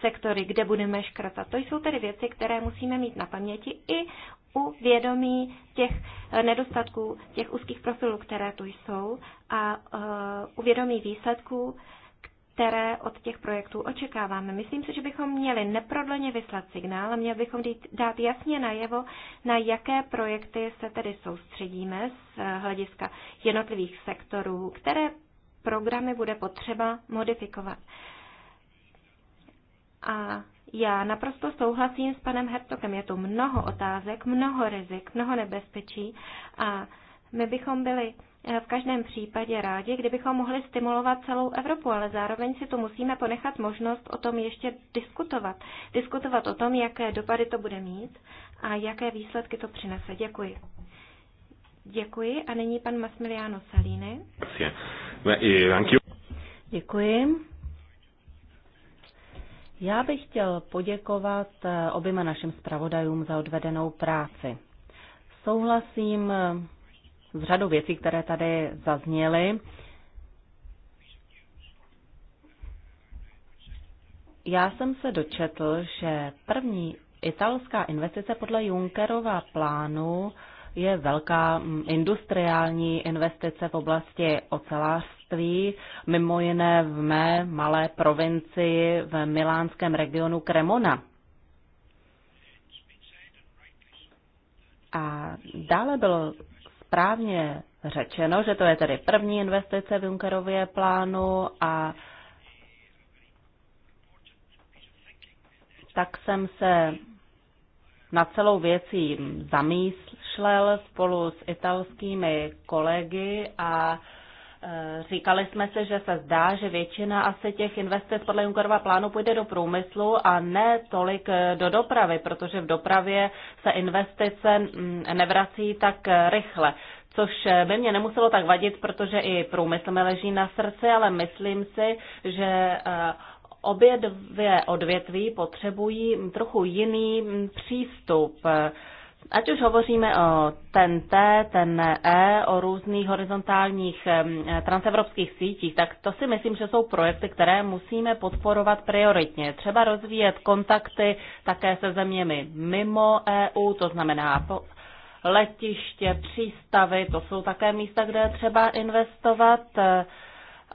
sektory, kde budeme škrtat. To jsou tedy věci, které musíme mít na paměti i u vědomí těch eh, nedostatků, těch úzkých profilů, které tu jsou a eh, u vědomí výsledků, které od těch projektů očekáváme. Myslím si, že bychom měli neprodleně vyslat signál a měli bychom dát jasně najevo, na jaké projekty se tedy soustředíme z eh, hlediska jednotlivých sektorů, které programy bude potřeba modifikovat. A já naprosto souhlasím s panem Hertokem. Je tu mnoho otázek, mnoho rizik, mnoho nebezpečí a my bychom byli eh, v každém případě rádi, kdybychom mohli stimulovat celou Evropu, ale zároveň si tu musíme ponechat možnost o tom ještě diskutovat. Diskutovat o tom, jaké dopady to bude mít a jaké výsledky to přinese. Děkuji. Děkuji a nyní pan Masmiliano Salini. Děkuji. Já bych chtěl poděkovat eh, oběma našim zpravodajům za odvedenou práci. Souhlasím eh, s řadou věcí, které tady zazněly. Já jsem se dočetl, že první italská investice podle Junckerova plánu je velká mm, industriální investice v oblasti ocelářství, mimo jiné v mé malé provincii v milánském regionu Kremona. A dále bylo správně řečeno, že to je tedy první investice v Junckerově plánu a tak jsem se na celou věcí zamýšlel kašlel spolu s italskými kolegy a e, Říkali jsme se, že se zdá, že většina asi těch investic podle Junckerova plánu půjde do průmyslu a ne tolik do dopravy, protože v dopravě se investice mm, nevrací tak rychle. Což by mě nemuselo tak vadit, protože i průmysl mi leží na srdci, ale myslím si, že e, obě dvě odvětví potřebují trochu jiný mm, přístup. Ať už hovoříme o TNT, E, o různých horizontálních transevropských sítích, tak to si myslím, že jsou projekty, které musíme podporovat prioritně. Třeba rozvíjet kontakty také se zeměmi mimo EU, to znamená letiště, přístavy, to jsou také místa, kde je třeba investovat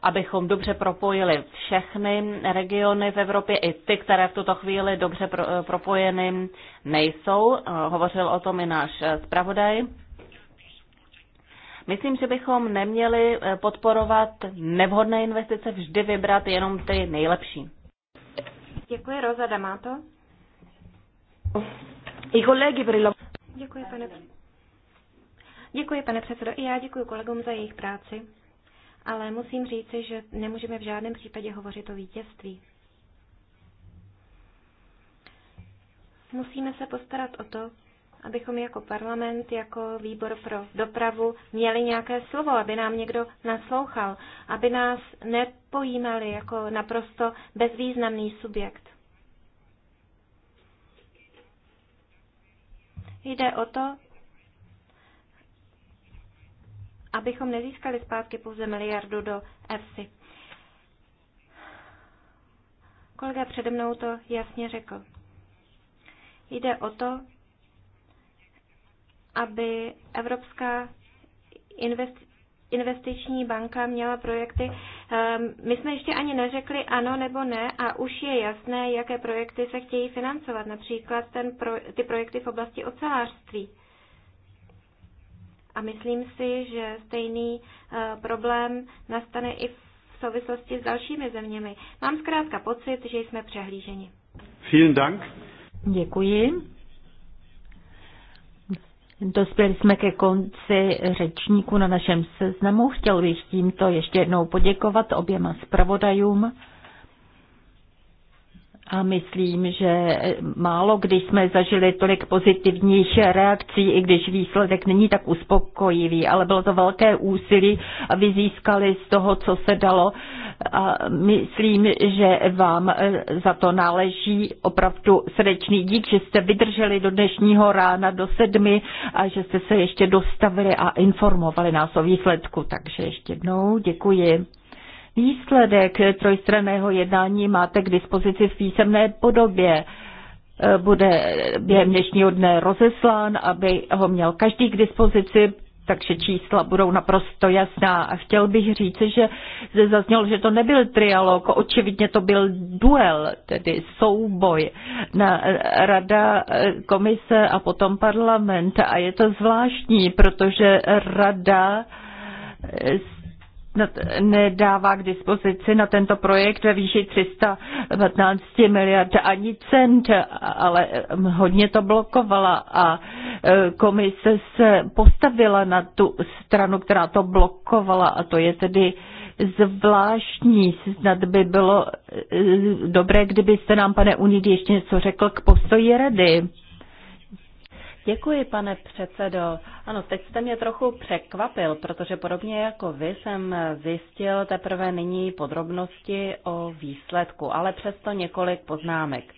abychom dobře propojili všechny regiony v Evropě, i ty, které v tuto chvíli dobře eh, propojeny nejsou. Eh, hovořil o tom i náš eh, zpravodaj. Myslím, že bychom neměli podporovat nevhodné investice, vždy vybrat jenom ty nejlepší. Děkuji, Roza Damato. I kolegy Brilo. Děkuji, pane Děkuji, pane předsedo. I já děkuji kolegům za jejich práci ale musím říci, že nemůžeme v žádném případě hovořit o vítězství. Musíme se postarat o to, abychom jako parlament, jako výbor pro dopravu měli nějaké slovo, aby nám někdo naslouchal, aby nás nepojímali jako naprosto bezvýznamný subjekt. Jde o to, abychom nezískali zpátky pouze miliardu do EFSI. Kolega přede mnou to jasně řekl. Jde o to, aby Evropská investiční banka měla projekty. Ehm, my jsme ještě ani neřekli ano nebo ne a už je jasné, jaké projekty se chtějí financovat, například ten pro, ty projekty v oblasti ocelářství. A myslím si, že stejný eh, problém nastane i v souvislosti s dalšími zeměmi. Mám zkrátka pocit, že jsme přehlíženi. Vielen Dank. Děkuji. Dospěli jsme ke konci řečníku na našem seznamu. Chtěl bych tímto ještě jednou poděkovat oběma zpravodajům. A myslím, že málo když jsme zažili tolik pozitivních reakcí, i když výsledek není tak uspokojivý, ale bylo to velké úsilí, a vy získali z toho, co se dalo. A myslím, že vám eh, za to náleží opravdu srdečný dík, že jste vydrželi do dnešního rána do sedmi a že jste se ještě dostavili a informovali nás o výsledku. Takže ještě jednou děkuji. Výsledek trojstranného jednání máte k dispozici v písemné podobě. Bude během dnešního dne rozeslán, aby ho měl každý k dispozici, takže čísla budou naprosto jasná. A chtěl bych říct, že se zaznělo, že to nebyl trialog, očividně to byl duel, tedy souboj na rada komise a potom parlament. A je to zvláštní, protože rada nedává k dispozici na tento projekt ve výši 315 miliard ani cent, ale hodně to blokovala a e, komise se postavila na tu stranu, která to blokovala a to je tedy zvláštní. Snad by bylo e, dobré, kdybyste nám, pane Unid, ještě něco řekl k postoji rady. Děkuji, pane předsedo. Ano, teď jste mě trochu překvapil, protože podobně jako vy jsem zjistil teprve nyní podrobnosti o výsledku, ale přesto několik poznámek.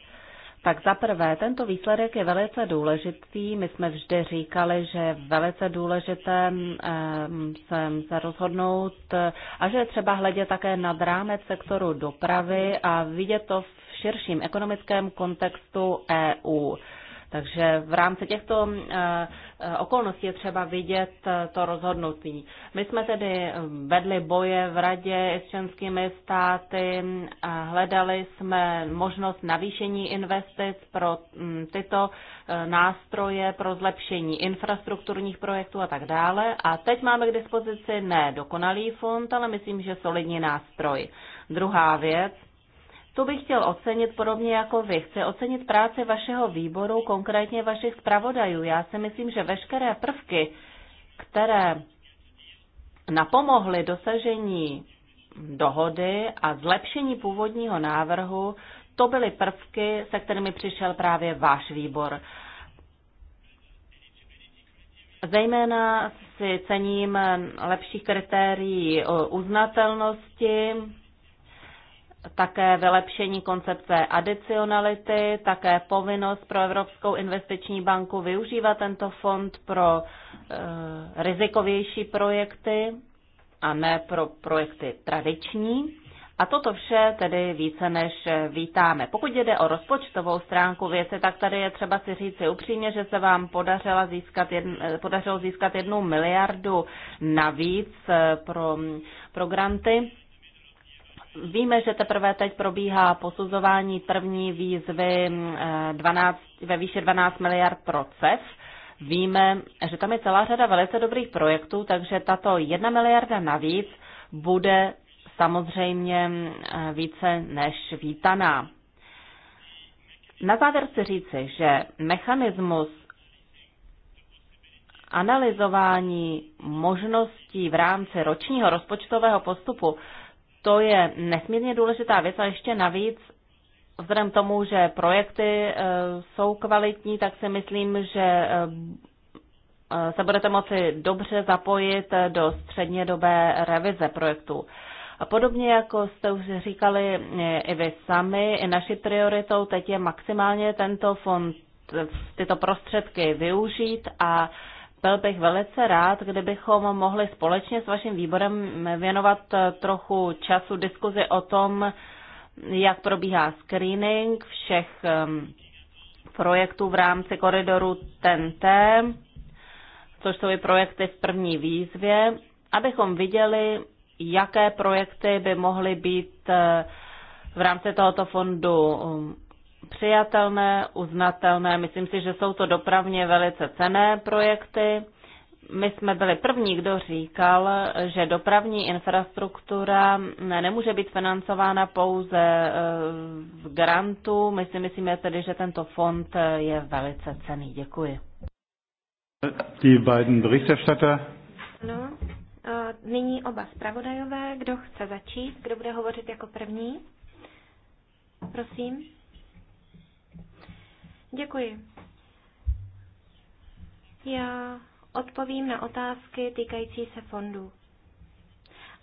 Tak za prvé, tento výsledek je velice důležitý. My jsme vždy říkali, že je velice důležité ehm, se, se rozhodnout a že je třeba hledět také nad rámec sektoru dopravy a vidět to v širším ekonomickém kontextu EU. Takže v rámci těchto eh, eh, okolností je třeba vidět eh, to rozhodnutí. My jsme tedy vedli boje v radě s členskými státy, hledali jsme možnost navýšení investic pro mm, tyto nástroje pro zlepšení infrastrukturních projektů a tak dále. A teď máme k dispozici ne dokonalý fond, ale myslím, že solidní nástroj. Druhá věc, tu bych chtěl ocenit podobně jako vy. Chci ocenit práci vašeho výboru, konkrétně vašich zpravodajů. Já si myslím, že veškeré prvky, které napomohly dosažení dohody a zlepšení původního návrhu, to byly prvky, se kterými přišel právě váš výbor. Zejména si cením lepších kritérií uznatelnosti, také vylepšení koncepce adicionality, také povinnost pro Evropskou investiční banku využívat tento fond pro e, rizikovější projekty a ne pro projekty tradiční. A toto vše tedy více než vítáme. Pokud jde o rozpočtovou stránku věci, tak tady je třeba si říci upřímně, že se vám podařilo získat, jedn, eh, podařilo získat jednu miliardu navíc eh, pro, pro granty Víme, že teprve teď probíhá posuzování první výzvy 12, eh, ve výši 12 miliard pro CEF. Víme, že tam je celá řada velice dobrých projektů, takže tato jedna miliarda navíc bude samozřejmě eh, více než vítaná. Na závěr chci říci, že mechanismus analyzování možností v rámci ročního rozpočtového postupu to je nesmírně důležitá věc a ještě navíc vzhledem tomu, že projekty e, jsou kvalitní, tak si myslím, že e, e, se budete moci dobře zapojit do střednědobé revize projektu. A podobně jako jste už říkali i vy sami, i naší prioritou teď je maximálně tento fond, tyto prostředky využít a byl bych velice rád, kdybychom mohli společně s vaším výborem věnovat eh, trochu času diskuzi o tom, jak probíhá screening všech ehm, projektů v rámci koridoru TNT, což jsou i projekty v první výzvě, abychom viděli, jaké projekty by mohly být eh, v rámci tohoto fondu ehm, přijatelné, uznatelné. Myslím si, že jsou to dopravně velice cené projekty. My jsme byli první, kdo říkal, že dopravní infrastruktura nemůže být financována pouze z e, grantu. My si myslíme tedy, že tento fond je velice cený. Děkuji. Die beiden Berichterstatter. No, Nyní oba zpravodajové. Kdo chce začít? Kdo bude hovořit jako první? Prosím. Děkuji. Já odpovím na otázky týkající se fondů.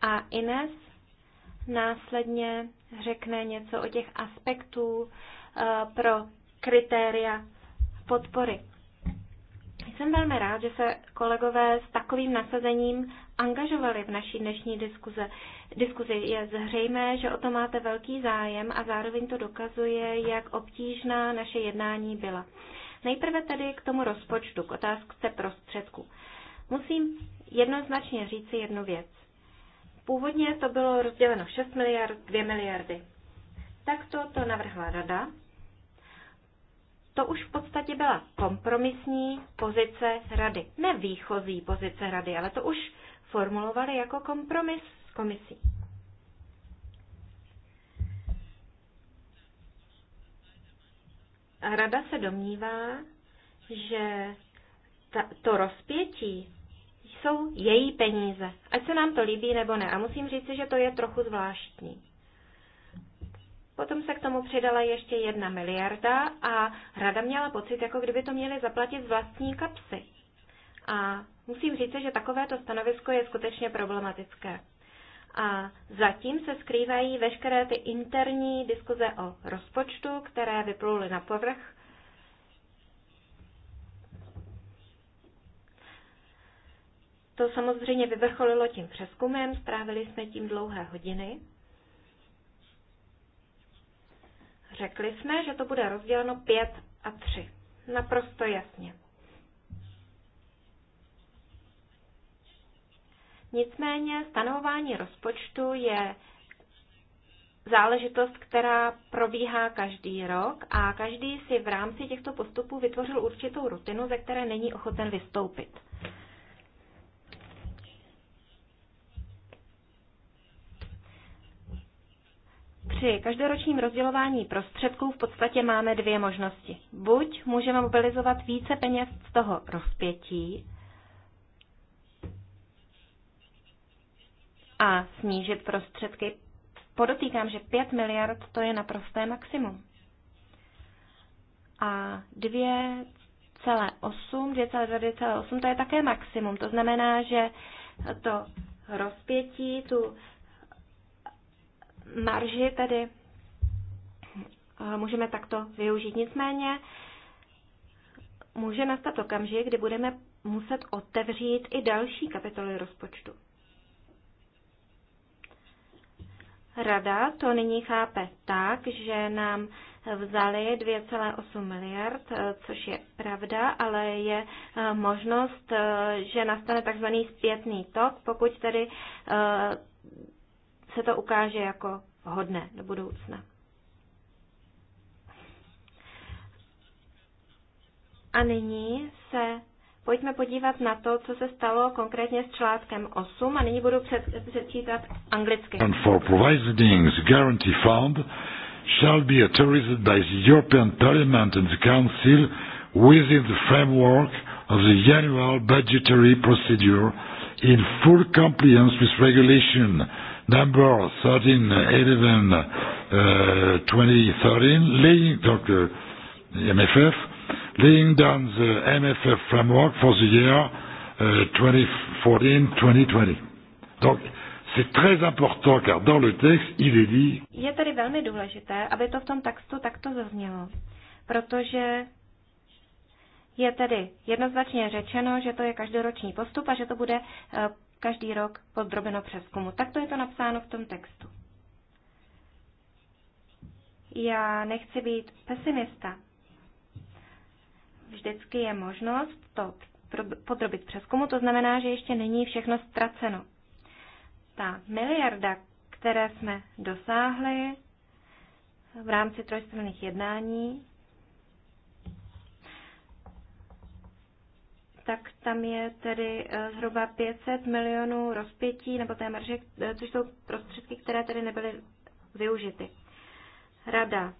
A Ines následně řekne něco o těch aspektů eh, pro kritéria podpory. Jsem velmi rád, že se kolegové s takovým nasazením angažovali v naší dnešní diskuze. diskuzi. Je zřejmé, že o to máte velký zájem a zároveň to dokazuje, jak obtížná naše jednání byla. Nejprve tedy k tomu rozpočtu, k otázce prostředku. Musím jednoznačně říci jednu věc. Původně to bylo rozděleno 6 miliard, 2 miliardy. Takto to navrhla rada. To už v podstatě byla kompromisní pozice rady. Ne výchozí pozice rady, ale to už formulovali jako kompromis s komisí. rada se domnívá, že ta, to rozpětí jsou její peníze, ať se nám to líbí nebo ne. A musím říct, že to je trochu zvláštní. Potom se k tomu přidala ještě jedna miliarda a rada měla pocit, jako kdyby to měli zaplatit z vlastní kapsy. A Musím říct, že takovéto stanovisko je skutečně problematické. A zatím se skrývají veškeré ty interní diskuze o rozpočtu, které vypluly na povrch. To samozřejmě vyvrcholilo tím přeskumem, strávili jsme tím dlouhé hodiny. Řekli jsme, že to bude rozděleno 5 a 3. Naprosto jasně. Nicméně stanovování rozpočtu je záležitost, která probíhá každý rok a každý si v rámci těchto postupů vytvořil určitou rutinu, ze které není ochoten vystoupit. Při každoročním rozdělování prostředků v podstatě máme dvě možnosti. Buď můžeme mobilizovat více peněz z toho rozpětí, a snížit prostředky. Podotýkám, že 5 miliard to je naprosté maximum. A 2,8, 2,2,8 to je také maximum. To znamená, že to rozpětí, tu marži tedy eh, můžeme takto využít. Nicméně může nastat okamžik, kdy budeme muset otevřít i další kapitoly rozpočtu. Rada to nyní chápe tak, že nám vzali 2,8 miliard, eh, což je pravda, ale je eh, možnost, eh, že nastane tzv. zpětný tok, pokud tedy se to ukáže jako hodné, do budoucna. A nyní se pojďme podívat na to, co se stalo konkrétně s článkem 8 a nyní budu před, předčítat anglicky. And for providing the guarantee fund shall be authorized by the European Parliament and the Council within the framework of the annual budgetary procedure in full compliance with regulation number 1311 uh, 2013 laying, donc, uh, MFF laying down the uh, MFF framework for the year uh, 2014-2020. c'est très important car dans le texte, il est dit. Je tady velmi důležité, aby to v tom textu takto zaznělo, protože je tedy jednoznačně řečeno, že to je každoroční postup a že to bude eh, každý rok podrobeno přeskumu. Takto je to napsáno v tom textu. Já nechci být pesimista, vždycky je možnost to podrobit přeskumu, to znamená, že ještě není všechno ztraceno. Ta miliarda, které jsme dosáhli v rámci trojstranných jednání, tak tam je tedy eh, zhruba 500 milionů rozpětí nebo té marže, eh, což jsou prostředky, které tedy nebyly využity. Rada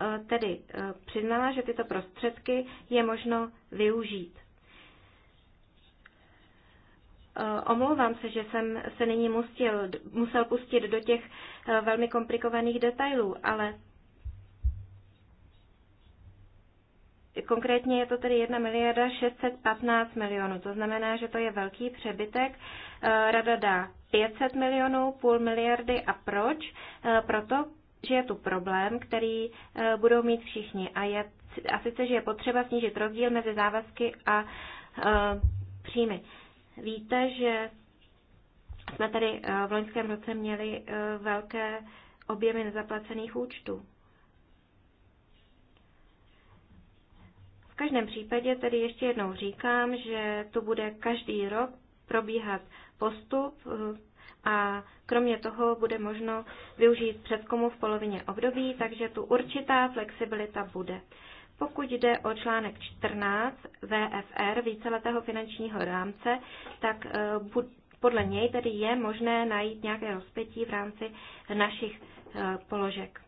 E, tedy e, přiznala, že tyto prostředky je možno využít. E, omlouvám se, že jsem se nyní musel, musel pustit do těch velmi komplikovaných detailů, ale Konkrétně je to tedy 1 miliarda 615 milionů, to znamená, že to je velký přebytek. Rada dá 500 milionů, půl miliardy a proč? Proto, že je tu problém, který eh, budou mít všichni. A, je, a sice, že je potřeba snížit rozdíl mezi závazky a eh, příjmy. Víte, že jsme tady eh, v loňském roce měli velké objemy nezaplacených účtů. V každém případě tedy ještě jednou říkám, že to bude každý rok probíhat postup, a kromě toho bude možno využít přeskumu v polovině období, takže tu určitá flexibilita bude. Pokud jde o článek 14 VFR víceletého finančního rámce, tak eh, podle něj tedy je možné najít nějaké rozpětí v rámci našich eh, položek.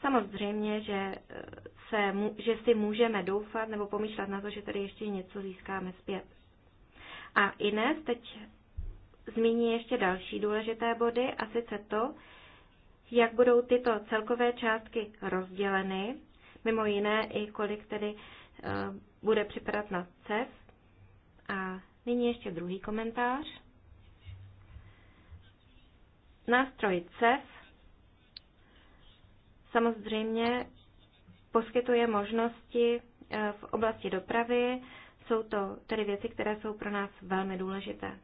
Samozřejmě, že, eh, se, že si můžeme doufat nebo pomýšlet na to, že tady ještě něco získáme zpět. A Ines teď zmíní ještě další důležité body, a sice to, jak budou tyto celkové částky rozděleny, mimo jiné i kolik tedy eh, bude připadat na CEF. A nyní ještě druhý komentář. Nástroj CEF samozřejmě poskytuje možnosti eh, v oblasti dopravy. Jsou to tedy věci, které jsou pro nás velmi důležité.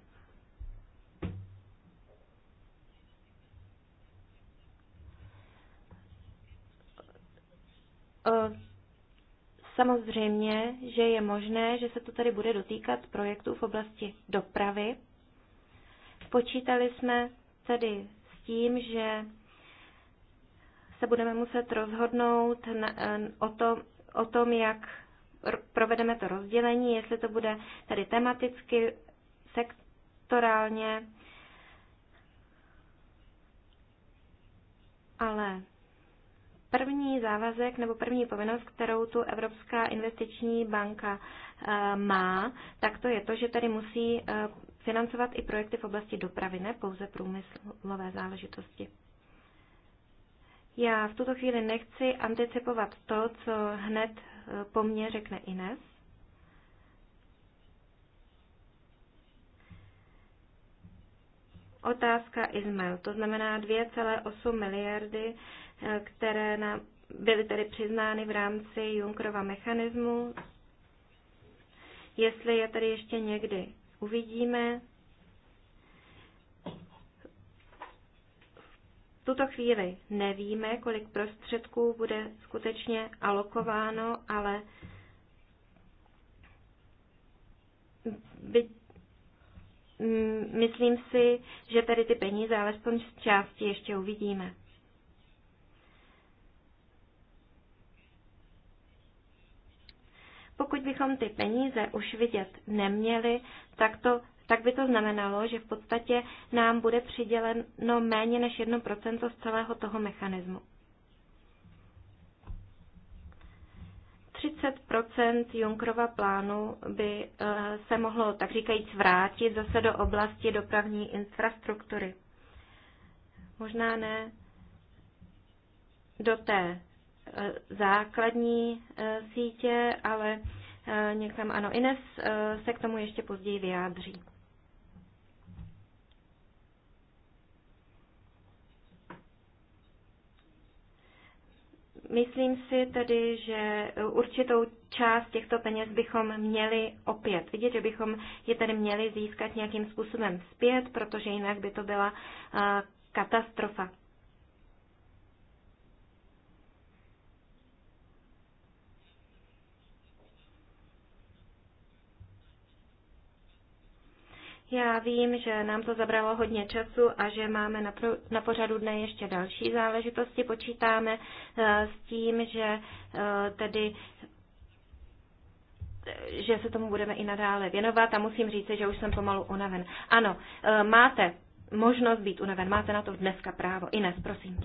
Eh, samozřejmě, že je možné, že se to tady bude dotýkat projektů v oblasti dopravy. Počítali jsme tedy s tím, že se budeme muset rozhodnout eh, o tom, o tom jak provedeme to rozdělení, jestli to bude tady tematicky, sektorálně, ale první závazek nebo první povinnost, kterou tu Evropská investiční banka eh, má, tak to je to, že tady musí eh, financovat i projekty v oblasti dopravy, ne pouze průmyslové záležitosti. Já v tuto chvíli nechci anticipovat to, co hned eh, po mně řekne Ines. Otázka Izmail, to znamená 2,8 miliardy které byly tedy přiznány v rámci Junkrova mechanismu. Jestli je tady ještě někdy uvidíme. V tuto chvíli nevíme, kolik prostředků bude skutečně alokováno, ale by, myslím si, že tady ty peníze alespoň z části ještě uvidíme. Pokud bychom ty peníze už vidět neměli, tak, to, tak by to znamenalo, že v podstatě nám bude přiděleno méně než 1% z celého toho mechanismu. 30 Junkrova plánu by eh, se mohlo, tak říkajíc, vrátit zase do oblasti dopravní infrastruktury. Možná ne do té Eh, základní eh, sítě, ale eh, někam ano. Ines se k tomu ještě později vyjádří. Myslím si tedy, že určitou část těchto peněz bychom měli opět vidět, že bychom je tedy měli získat nějakým způsobem zpět, protože jinak by to byla katastrofa. Já vím, že nám to zabralo hodně času a že máme na, pro, na pořadu dne ještě další záležitosti. Počítáme eh, s tím, že eh, tedy že se tomu budeme i nadále věnovat a musím říct, že už jsem pomalu unaven. Ano, eh, máte možnost být unaven, máte na to dneska právo. Ines, prosím.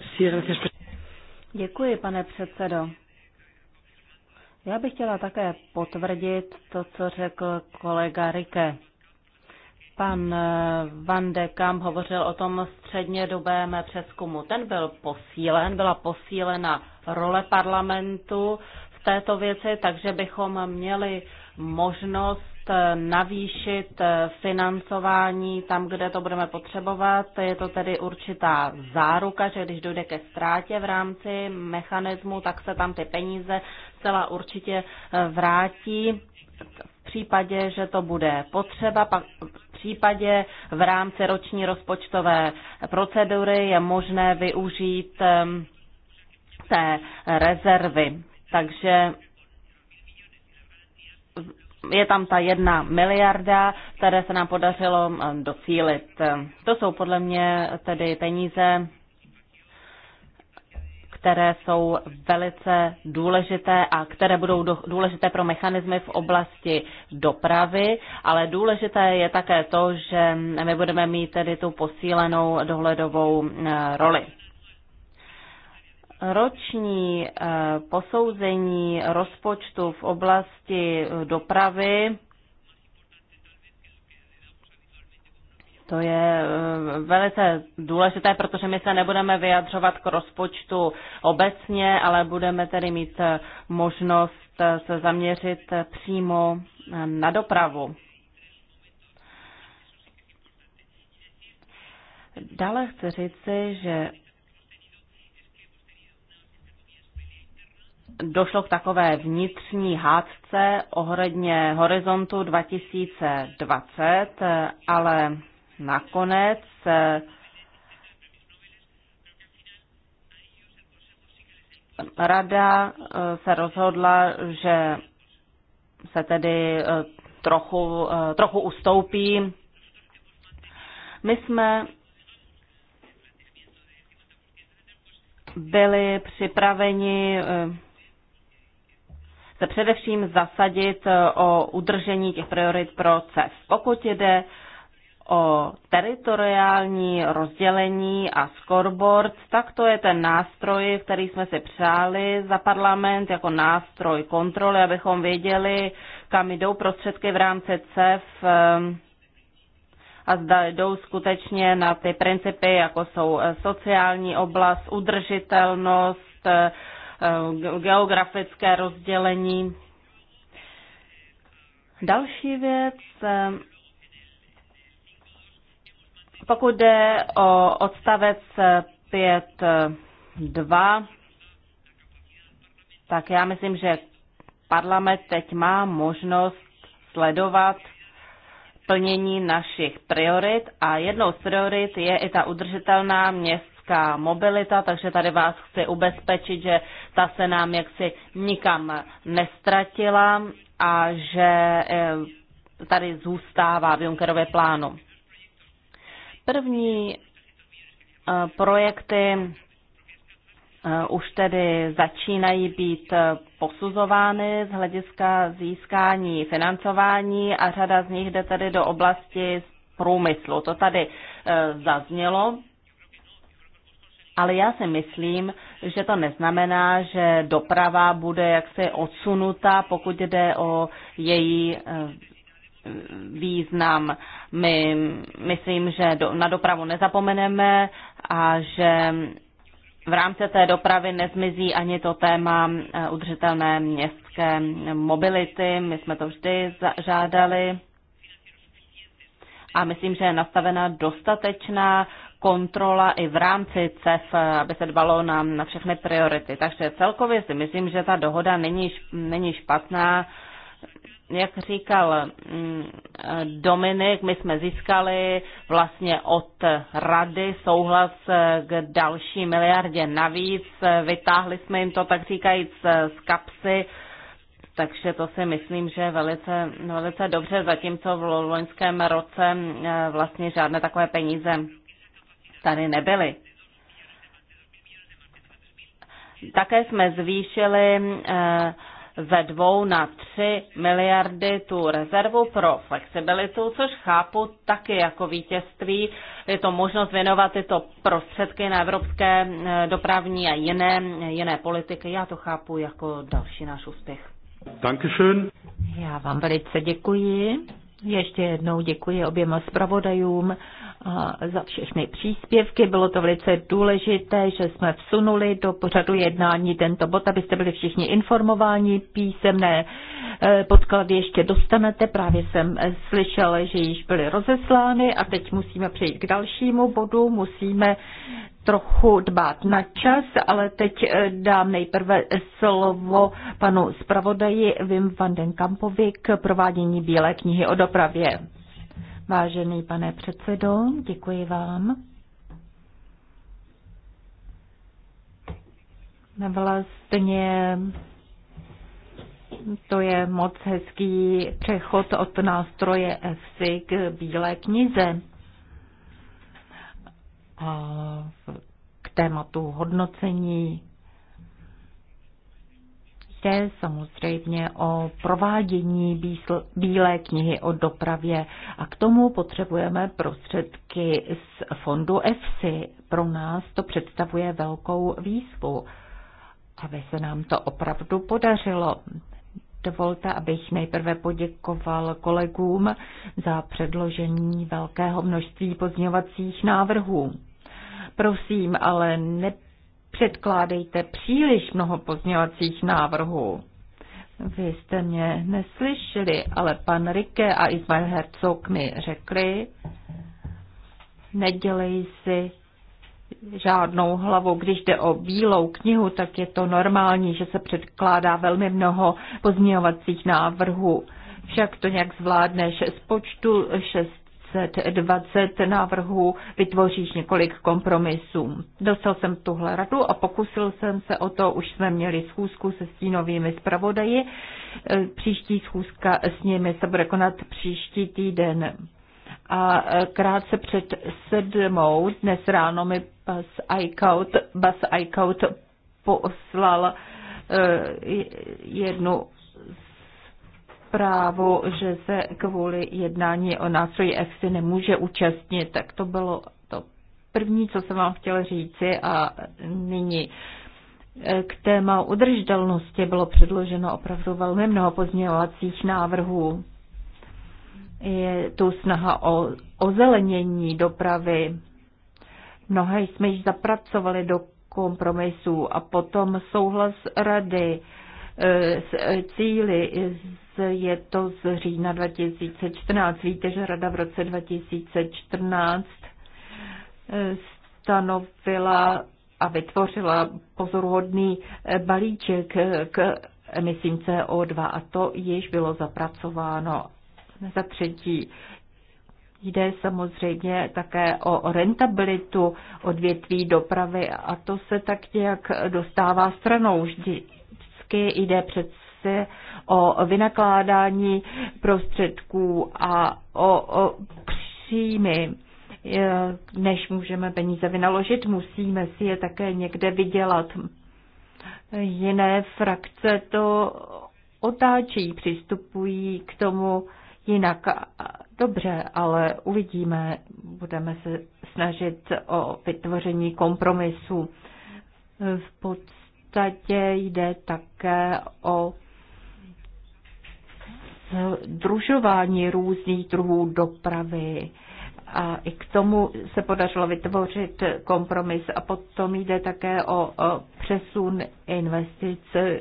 Děkuji, pane předsedo. Já bych chtěla také potvrdit to, co řekl kolega Rike. Pan eh, Van de Kamp hovořil o tom středně dobém přeskumu. Ten byl posílen, byla posílena role parlamentu v této věci, takže bychom měli možnost eh, navýšit eh, financování tam, kde to budeme potřebovat. Je to tedy určitá záruka, že když dojde ke ztrátě v rámci mechanismu, tak se tam ty peníze celá určitě vrátí. V případě, že to bude potřeba, pak v případě v rámci roční rozpočtové procedury je možné využít té rezervy. Takže je tam ta jedna miliarda, které se nám podařilo docílit. To jsou podle mě tedy peníze, které jsou velice důležité a které budou důležité pro mechanismy v oblasti dopravy, ale důležité je také to, že my budeme mít tedy tu posílenou dohledovou eh, roli. Roční eh, posouzení rozpočtu v oblasti eh, dopravy To je eh, velice důležité, protože my se nebudeme vyjadřovat k rozpočtu obecně, ale budeme tedy mít eh, možnost eh, se zaměřit přímo na dopravu. Dále chci říci, že došlo k takové vnitřní hádce ohledně horizontu 2020, ale nakonec eh, rada eh, se rozhodla, že se tedy eh, trochu, trochu ustoupí. My jsme byli připraveni se především zasadit o udržení těch priorit pro CES. Pokud jde o teritoriální rozdělení a scoreboard, tak to je ten nástroj, který jsme si přáli za parlament jako nástroj kontroly, abychom věděli, kam jdou prostředky v rámci CEF ehm, a zda jdou skutečně na ty principy, jako jsou eh, sociální oblast, udržitelnost, eh, eh, geografické rozdělení. Další věc, ehm, pokud jde o odstavec 5.2, tak já myslím, že parlament teď má možnost sledovat plnění našich priorit a jednou z priorit je i ta udržitelná městská mobilita, takže tady vás chci ubezpečit, že ta se nám jaksi nikam nestratila a že eh, tady zůstává v Junckerově plánu. První eh, projekty eh, už tedy začínají být eh, posuzovány z hlediska získání financování a řada z nich jde tedy do oblasti průmyslu. To tady zaznělo, ale já si myslím, že to neznamená, že doprava bude jaksi odsunuta, pokud jde o její význam. My myslím, že do, na dopravu nezapomeneme a že v rámci té dopravy nezmizí ani to téma eh, udržitelné městské mobility. My jsme to vždy žádali a myslím, že je nastavena dostatečná kontrola i v rámci CEF, eh, aby se dbalo na, na všechny priority. Takže celkově si myslím, že ta dohoda není, není špatná jak říkal mm, Dominik, my jsme získali vlastně od rady souhlas k další miliardě navíc. Vytáhli jsme jim to, tak říkajíc, z kapsy. Takže to si myslím, že je velice, velice dobře, zatímco v loňském roce mm, vlastně žádné takové peníze tady nebyly. Také jsme zvýšili eh, ze dvou na tři miliardy tu rezervu pro flexibilitu, což chápu taky jako vítězství. Je to možnost věnovat tyto prostředky na evropské eh, dopravní a jiné, jiné politiky. Já to chápu jako další náš úspěch. Dankeschön. Já vám velice děkuji. Ještě jednou děkuji oběma zpravodajům za všechny příspěvky. Bylo to velice důležité, že jsme vsunuli do pořadu jednání tento bod, abyste byli všichni informováni. Písemné e, podklady ještě dostanete. Právě jsem slyšel, že již byly rozeslány a teď musíme přejít k dalšímu bodu. Musíme trochu dbát na čas, ale teď e, dám nejprve slovo panu zpravodaji Vim van den Kampovi k provádění Bílé knihy o dopravě. Vážený pane předsedo, děkuji vám. Vlastně to je moc hezký přechod od nástroje EFSI k Bílé knize a k tématu hodnocení také samozřejmě o provádění Bílé knihy o dopravě a k tomu potřebujeme prostředky z fondu EFSI. Pro nás to představuje velkou výzvu, aby se nám to opravdu podařilo. Dovolte, abych nejprve poděkoval kolegům za předložení velkého množství pozměňovacích návrhů. Prosím, ale ne předkládejte příliš mnoho pozměňovacích návrhů. Vy jste mě neslyšeli, ale pan Rike a Ismail Herzog mi řekli, nedělej si žádnou hlavu. Když jde o bílou knihu, tak je to normální, že se předkládá velmi mnoho pozměňovacích návrhů. Však to nějak zvládne Z počtu 20 návrhu vytvoříš několik kompromisů. Dostal jsem tuhle radu a pokusil jsem se o to, už jsme měli schůzku se stínovými zpravodaji. E, příští schůzka s nimi se bude konat příští týden. A e, krátce před sedmou dnes ráno mi Bas iCout, Bas Eichaut poslal e, jednu zprávu, že se kvůli jednání o nástroji EFSI nemůže účastnit, tak to bylo to první, co jsem vám chtěla říci a nyní eh, k téma udržitelnosti bylo předloženo opravdu velmi mnoho pozměňovacích návrhů. Je tu snaha o ozelenění dopravy. Mnohé jsme již zapracovali do kompromisů a potom souhlas rady eh, s eh, cíly je to z října 2014. Víte, že Rada v roce 2014 eh, stanovila a vytvořila pozoruhodný eh, balíček eh, k emisím CO2 a to již bylo zapracováno. Za třetí, Jde samozřejmě také o rentabilitu odvětví dopravy a to se tak nějak dostává stranou. Vždycky jde přece se o vynakládání prostředků a o, o příjmy. E, než můžeme peníze vynaložit, musíme si je také někde vydělat. Jiné frakce to otáčí, přistupují k tomu jinak. Dobře, ale uvidíme, budeme se snažit o vytvoření kompromisu. V podstatě jde také o združování různých druhů dopravy. A i k tomu se podařilo vytvořit kompromis. A potom jde také o přesun investic e,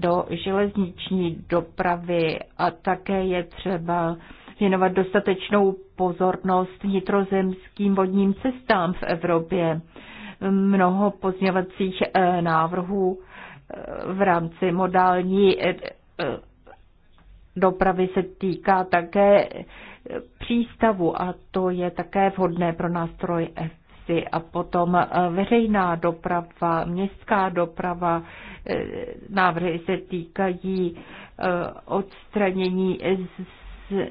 do železniční dopravy a také je třeba věnovat dostatečnou pozornost vnitrozemským vodním cestám v Evropě. Mnoho pozměvacích e, návrhů e, v rámci modální dopravy se týká také přístavu a to je také vhodné pro nástroj EFSI a potom eh, veřejná doprava, městská doprava, eh, návrhy se týkají eh, odstranění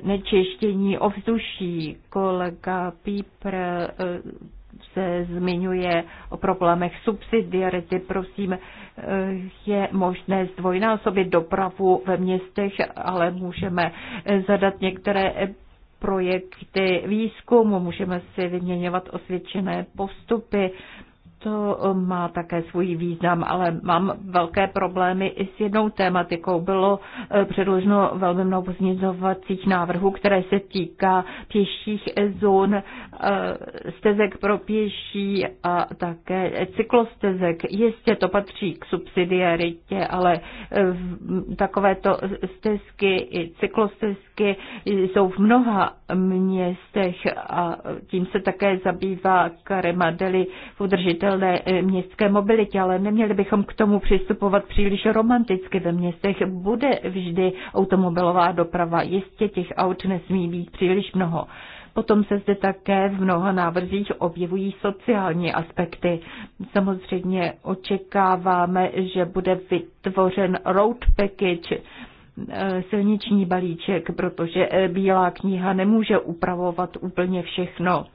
znečištění ovzduší. Kolega Pípr se zmiňuje o problémech subsidiarity. Prosím, je možné zdvojnásobit dopravu ve městech, ale můžeme zadat některé projekty výzkumu, můžeme si vyměňovat osvědčené postupy, to eh, má také svůj význam, ale mám velké problémy i s jednou tématikou. Bylo eh, předloženo velmi mnoho pozměňovacích návrhů, které se týká pěších zón, eh, stezek pro pěší a také cyklostezek. Jistě to patří k subsidiaritě, ale takovéto stezky i cyklostezky jsou v mnoha městech a tím se také zabývá Karema Deli v udržitelnosti udržitelné eh, městské mobilitě, ale neměli bychom k tomu přistupovat příliš romanticky. Ve městech bude vždy automobilová doprava. Jistě těch aut nesmí být příliš mnoho. Potom se zde také v mnoha návrzích objevují sociální aspekty. Samozřejmě očekáváme, že bude vytvořen road package, eh, silniční balíček, protože eh, Bílá kniha nemůže upravovat úplně všechno.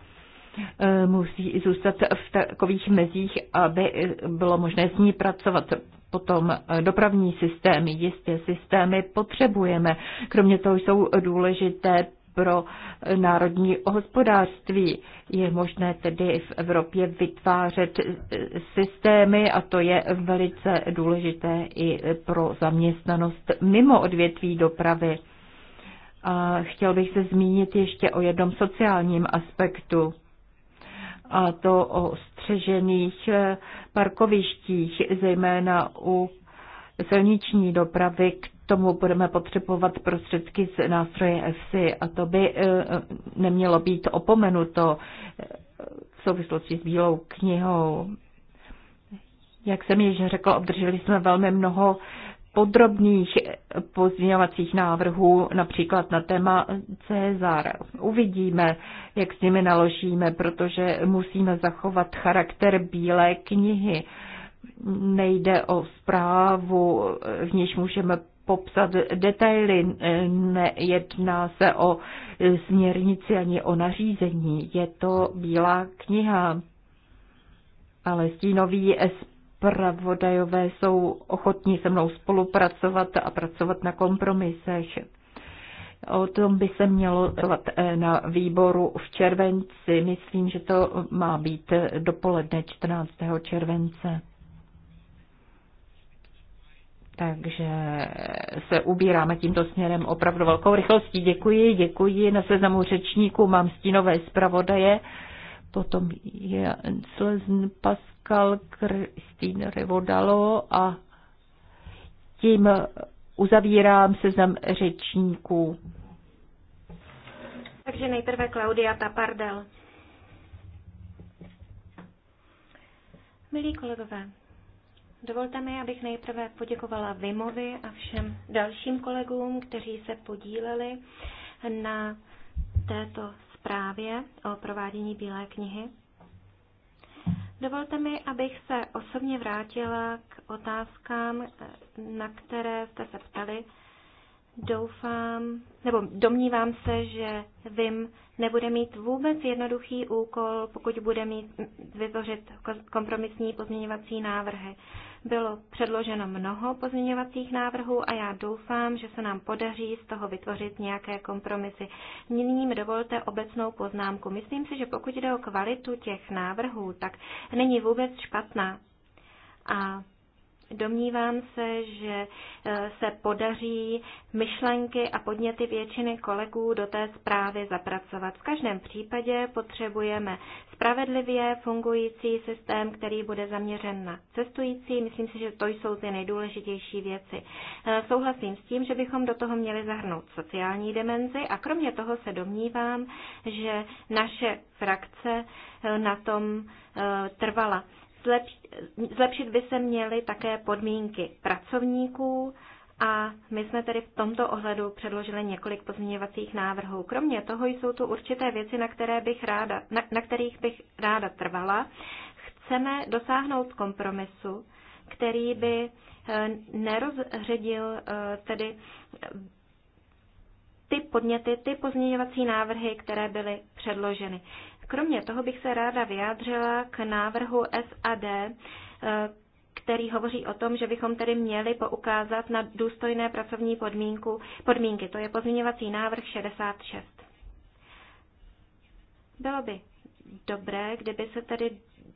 E, musí zůstat v takových mezích, aby bylo možné s ní pracovat. Potom e, dopravní systémy, jistě systémy potřebujeme. Kromě toho jsou důležité pro národní hospodářství. Je možné tedy v Evropě vytvářet e, systémy a to je velice důležité i pro zaměstnanost mimo odvětví dopravy. A chtěl bych se zmínit ještě o jednom sociálním aspektu a to o střežených eh, parkovištích, zejména u silniční dopravy, k tomu budeme potřebovat prostředky z nástroje EFSI a to by eh, nemělo být opomenuto eh, v souvislosti s Bílou knihou. Jak jsem již řekl, obdrželi jsme velmi mnoho podrobných pozměňovacích návrhů, například na téma Cezar. Uvidíme, jak s nimi naložíme, protože musíme zachovat charakter bílé knihy. Nejde o zprávu, v níž můžeme popsat detaily. Nejedná se o směrnici ani o nařízení. Je to bílá kniha. Ale stínový SP zpravodajové jsou ochotní se mnou spolupracovat a pracovat na kompromisech. O tom by se mělo dělat eh, na výboru v červenci. Myslím, že to má být dopoledne 14. července. Takže se ubíráme tímto směrem opravdu velkou rychlostí. Děkuji, děkuji. Na seznamu řečníků mám stínové zpravodaje potom je Slezn, Pascal, Kristýn Revodalo a tím uzavírám seznam řečníků. Takže nejprve Klaudia Tapardel. Milí kolegové, dovolte mi, abych nejprve poděkovala Vimovi a všem dalším kolegům, kteří se podíleli na této zprávě o provádění Bílé knihy. Dovolte mi, abych se osobně vrátila k otázkám, na které jste se ptali. Doufám, nebo domnívám se, že Vim nebude mít vůbec jednoduchý úkol, pokud bude mít vytvořit kompromisní pozměňovací návrhy. Bylo předloženo mnoho pozměňovacích návrhů a já doufám, že se nám podaří z toho vytvořit nějaké kompromisy. Nyní mi dovolte obecnou poznámku. Myslím si, že pokud jde o kvalitu těch návrhů, tak není vůbec špatná. A Domnívám se, že eh, se podaří myšlenky a podněty většiny kolegů do té zprávy zapracovat. V každém případě potřebujeme spravedlivě fungující systém, který bude zaměřen na cestující. Myslím si, že to jsou ty nejdůležitější věci. Eh, souhlasím s tím, že bychom do toho měli zahrnout sociální dimenzi a kromě toho se domnívám, že naše frakce eh, na tom trvala zlepšit by se měly také podmínky pracovníků a my jsme tedy v tomto ohledu předložili několik pozměňovacích návrhů. Kromě toho jsou tu určité věci, na, které bych ráda, na, na kterých bych ráda trvala. Chceme dosáhnout kompromisu, který by eh, nerozředil eh, tedy eh, ty podněty, ty pozměňovací návrhy, které byly předloženy. Kromě toho bych se ráda vyjádřila k návrhu SAD, eh, který hovoří o tom, že bychom tedy měli poukázat na důstojné pracovní podmínku, podmínky. To je pozměňovací návrh 66. Bylo by dobré, kdyby se tedy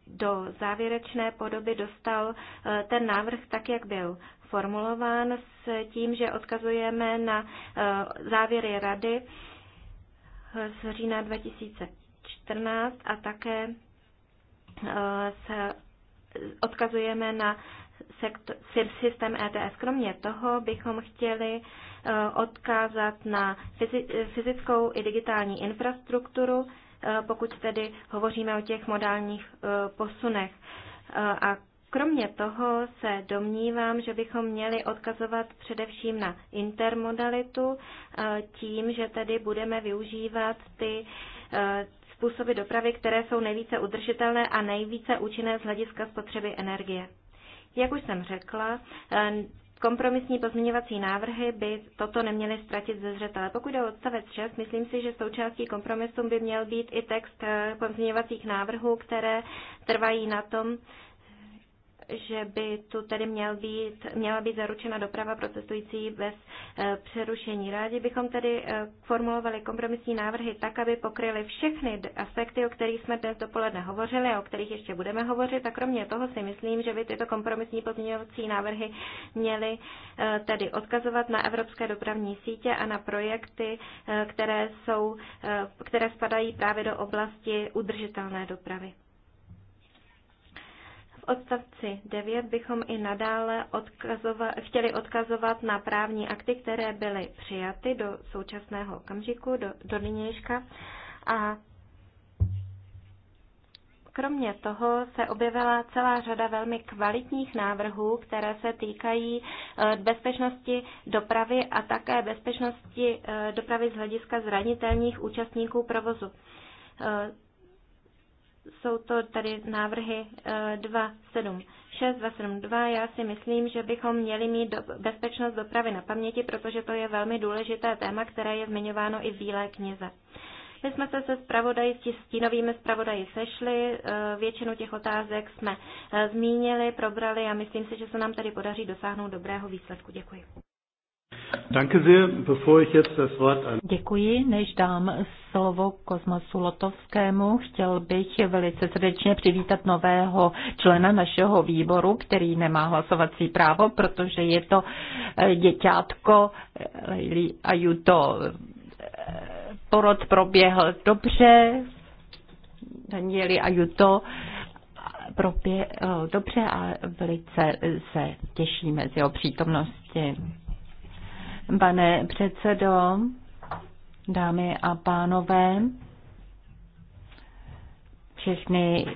do závěrečné podoby dostal eh, ten návrh tak, jak byl formulován, s tím, že odkazujeme na eh, závěry rady z října 2000. 14 a také eh, se odkazujeme na systém ETS. Kromě toho bychom chtěli eh, odkázat na fyzickou i digitální infrastrukturu, eh, pokud tedy hovoříme o těch modálních posunech. A kromě toho se domnívám, že bychom měli odkazovat především na intermodalitu tím, že tedy budeme využívat ty způsoby dopravy, které jsou nejvíce udržitelné a nejvíce účinné z hlediska spotřeby energie. Jak už jsem řekla, eh, Kompromisní pozměňovací návrhy by toto neměly ztratit ze zřetele. Pokud jde o odstavec 6, myslím si, že součástí kompromisu by měl být i text eh, pozměňovacích návrhů, které trvají na tom, že by tu tedy měl být, měla být zaručena doprava pro cestující bez eh, přerušení. Rádi bychom tedy eh, formulovali kompromisní návrhy tak, aby pokryly všechny aspekty, o kterých jsme dnes dopoledne hovořili a o kterých ještě budeme hovořit. A kromě toho si myslím, že by tyto kompromisní pozměňovací návrhy měly eh, tedy odkazovat na evropské dopravní sítě a na projekty, které, jsou, které spadají právě do oblasti udržitelné dopravy odstavci 9 bychom i nadále odkazova, chtěli odkazovat na právní akty, které byly přijaty do současného okamžiku, do, do nynějška. A kromě toho se objevila celá řada velmi kvalitních návrhů, které se týkají eh, bezpečnosti dopravy a také bezpečnosti eh, dopravy z hlediska zranitelných účastníků provozu. Eh, jsou to tady návrhy 276, eh, 272. Já si myslím, že bychom měli mít do, bezpečnost dopravy na paměti, protože to je velmi důležité téma, které je zmiňováno i v Bílé knize. My jsme se se zpravodaji, s stínovými zpravodaji sešli, eh, většinu těch otázek jsme eh, zmínili, probrali a myslím si, že se nám tady podaří dosáhnout dobrého výsledku. Děkuji. Děkuji, než dám slovo Kozmasu Lotovskému. Chtěl bych velice srdečně přivítat nového člena našeho výboru, který nemá hlasovací právo, protože je to eh, děťátko eh, Leili Ajuto. Eh, porod proběhl dobře, Danieli Ajuto proběhl dobře a velice se těšíme z jeho přítomnosti. Pane předsedo, dámy a pánové, všechny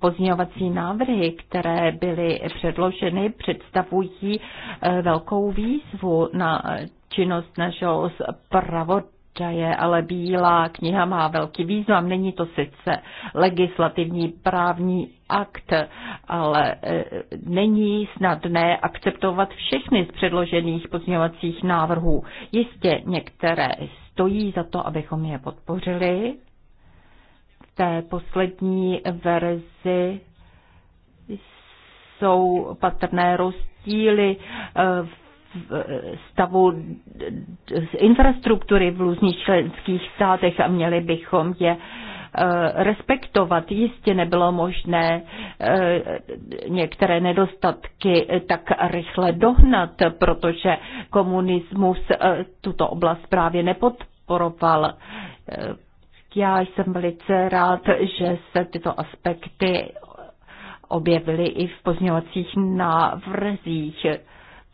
pozměňovací návrhy, které byly předloženy, představují eh, velkou výzvu na činnost našeho zpravodaje je, ale bílá kniha má velký význam. Není to sice legislativní právní akt, ale e, není snadné akceptovat všechny z předložených pozměňovacích návrhů. Jistě některé stojí za to, abychom je podpořili. V té poslední verzi jsou patrné rozdíly e, v stavu infrastruktury v různých členských státech a měli bychom je eh, respektovat. Jistě nebylo možné eh, některé nedostatky tak rychle dohnat, protože komunismus eh, tuto oblast právě nepodporoval. Já jsem velice rád, že se tyto aspekty objevily i v pozměňovacích návrzích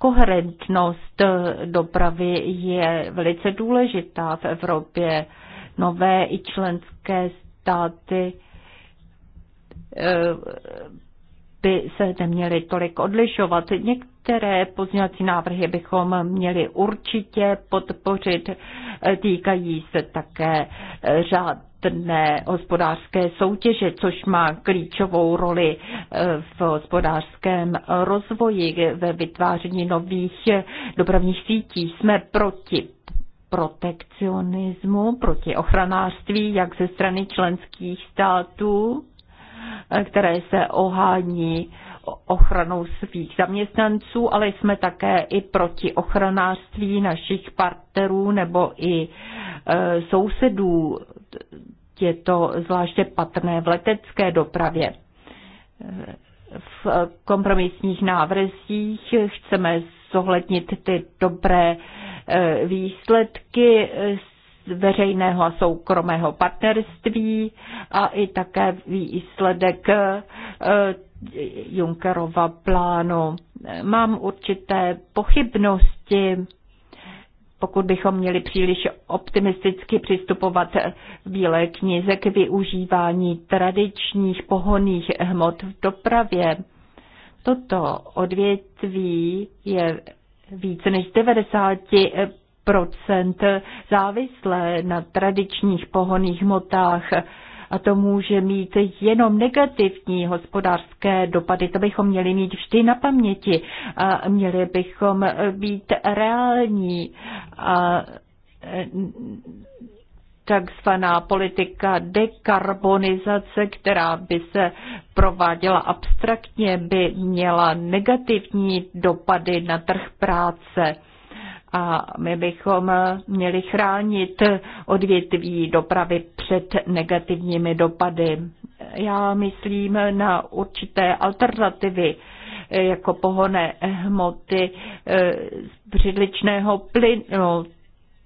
koherentnost dopravy je velice důležitá v Evropě. Nové i členské státy eh, by se neměly tolik odlišovat. Některé pozměňovací návrhy bychom měli určitě podpořit. Eh, týkají se také eh, řád svobodné hospodářské soutěže, což má klíčovou roli eh, v hospodářském rozvoji, ve vytváření nových eh, dopravních sítí. Jsme proti protekcionismu, proti ochranářství, jak ze strany členských států, eh, které se ohání ochranou svých zaměstnanců, ale jsme také i proti ochranářství našich partnerů nebo i e, sousedů. Je to zvláště patrné v letecké dopravě. V kompromisních návrzích chceme zohlednit ty dobré e, výsledky veřejného a soukromého partnerství a i také výsledek e, Junkerova plánu. Mám určité pochybnosti, pokud bychom měli příliš optimisticky přistupovat v Bílé knize k využívání tradičních pohoných hmot v dopravě. Toto odvětví je více než 90 závislé na tradičních pohoných hmotách a to může mít jenom negativní hospodářské dopady. To bychom měli mít vždy na paměti a měli bychom být reální. A eh, takzvaná politika dekarbonizace, která by se prováděla abstraktně, by měla negativní dopady na trh práce a my bychom měli chránit odvětví dopravy před negativními dopady. Já myslím na určité alternativy jako pohoné hmoty z eh, břidličného plynu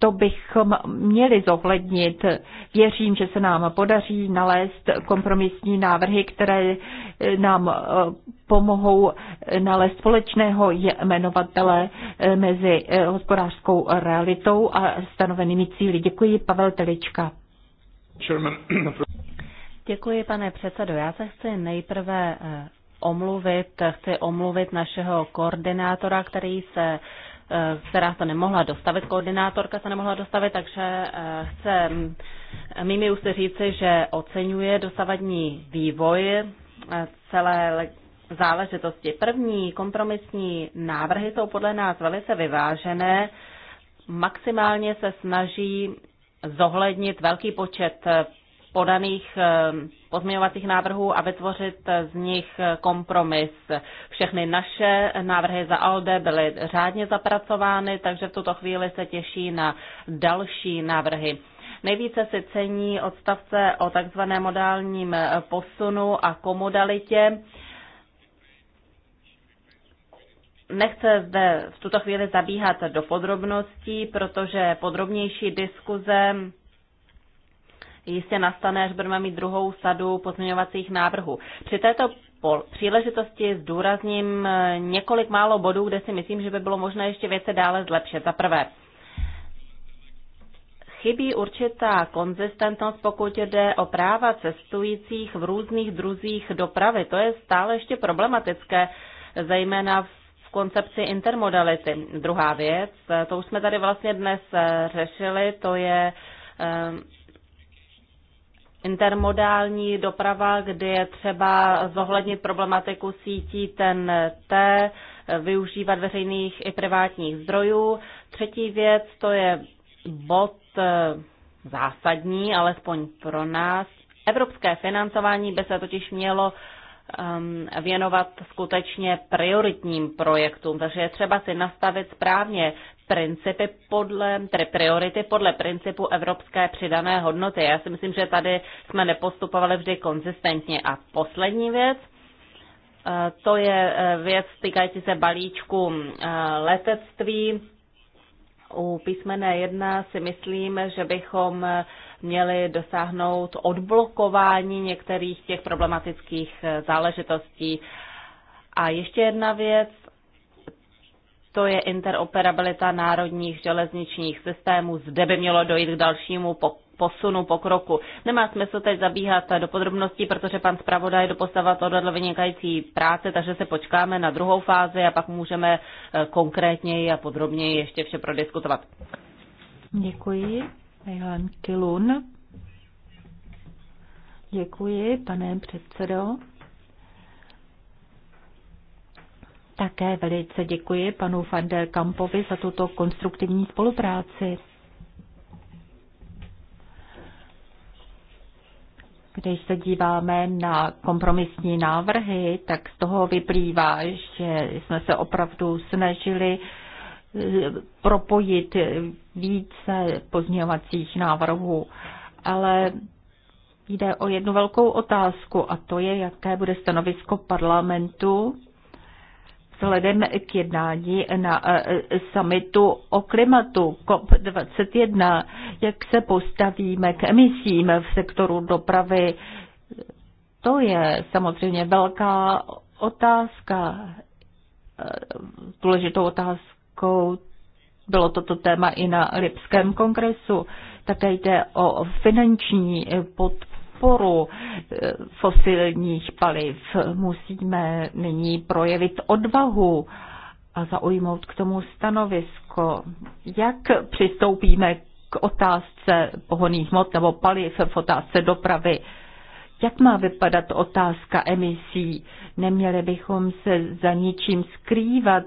to bychom měli zohlednit. Věřím, že se nám podaří nalézt kompromisní návrhy, které eh, nám eh, pomohou nalézt společného jmenovatele eh, mezi hospodářskou realitou a stanovenými cíly. Děkuji, Pavel Telička. Děkuji, pane předsedo. Já se chci nejprve omluvit, chci omluvit našeho koordinátora, který se Eh, která se nemohla dostavit, koordinátorka se nemohla dostavit, takže eh, chce mm, mými ústy říci, že oceňuje dosavadní vývoj eh, celé záležitosti. První kompromisní návrhy jsou podle nás velice vyvážené. Maximálně se snaží zohlednit velký počet podaných pozměňovacích návrhů a vytvořit z nich kompromis. Všechny naše návrhy za ALDE byly řádně zapracovány, takže v tuto chvíli se těší na další návrhy. Nejvíce si cení odstavce o tzv. modálním posunu a komodalitě. Nechce zde v tuto chvíli zabíhat do podrobností, protože podrobnější diskuze jistě nastane, až budeme mít druhou sadu pozměňovacích návrhů. Při této příležitosti zdůrazním eh, několik málo bodů, kde si myslím, že by bylo možné ještě věce dále zlepšit. Za prvé, chybí určitá konzistentnost, pokud jde o práva cestujících v různých druzích dopravy. To je stále ještě problematické, zejména v koncepci intermodality. Druhá věc, eh, to už jsme tady vlastně dnes eh, řešili, to je intermodální doprava, kdy je třeba zohlednit problematiku sítí TEN-T, využívat veřejných i privátních zdrojů. Třetí věc, to je bod eh, zásadní, alespoň pro nás. Evropské financování by se totiž mělo Um, věnovat skutečně prioritním projektům. Takže je třeba si nastavit správně principy podle, tedy priority podle principu evropské přidané hodnoty. Já si myslím, že tady jsme nepostupovali vždy konzistentně. A poslední věc, eh, to je eh, věc týkající se balíčku eh, letectví. U písmene 1 si myslím, že bychom měli dosáhnout odblokování některých těch problematických eh, záležitostí. A ještě jedna věc, to je interoperabilita národních železničních systémů. Zde by mělo dojít k dalšímu pokroku posunu, pokroku. Nemá smysl teď zabíhat do podrobností, protože pan zpravodaj to odvedl vynikající práce, takže se počkáme na druhou fázi a pak můžeme eh, konkrétněji a podrobněji ještě vše prodiskutovat. Děkuji. Milan Kilun. Děkuji, pane předsedo. Také velice děkuji panu van der Kampovi za tuto konstruktivní spolupráci. Když se díváme na kompromisní návrhy, tak z toho vyplývá, že jsme se opravdu snažili propojit více pozměňovacích návrhů, ale jde o jednu velkou otázku a to je, jaké bude stanovisko parlamentu vzhledem k jednání na e, e, samitu o klimatu COP21, jak se postavíme k emisím v sektoru dopravy. To je samozřejmě velká otázka, e, důležitou otázku Afrikou. Bylo toto téma i na Lipském kongresu. Také jde o finanční podporu eh, fosilních paliv. Musíme nyní projevit odvahu a zaujmout k tomu stanovisko. Jak přistoupíme k otázce pohoných hmot nebo paliv v otázce dopravy? Jak má vypadat otázka emisí? Neměli bychom se za ničím skrývat,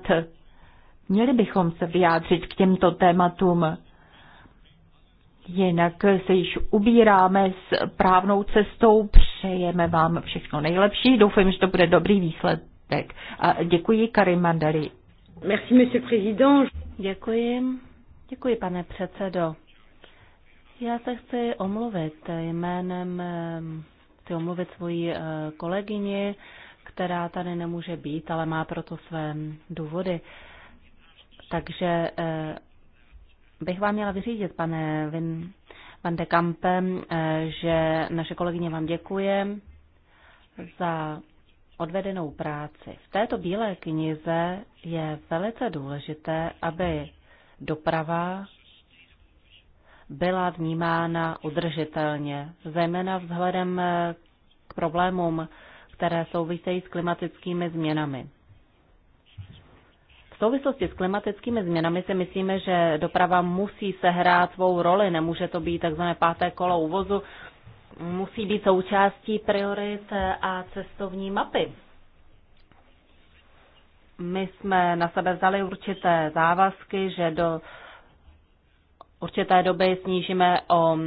Měli bychom se vyjádřit k těmto tématům. Jinak se již ubíráme s právnou cestou. Přejeme vám všechno nejlepší. Doufám, že to bude dobrý výsledek. A děkuji Karim Mandali. Merci, monsieur président. Děkuji. Děkuji, pane předsedo. Já se chci omluvit jménem, chci omluvit svoji eh, kolegyni, která tady nemůže být, ale má proto své důvody. Takže eh, bych vám měla vyřídit, pane Vin, Van de Kampe, eh, že naše kolegyně vám děkuje za odvedenou práci. V této bílé knize je velice důležité, aby doprava byla vnímána udržitelně, zejména vzhledem eh, k problémům, které souvisejí s klimatickými změnami souvislosti s klimatickými změnami si myslíme, že doprava musí sehrát svou roli, nemůže to být takzvané páté kolo uvozu, musí být součástí priorit a cestovní mapy. My jsme na sebe vzali určité závazky, že do určité doby snížíme o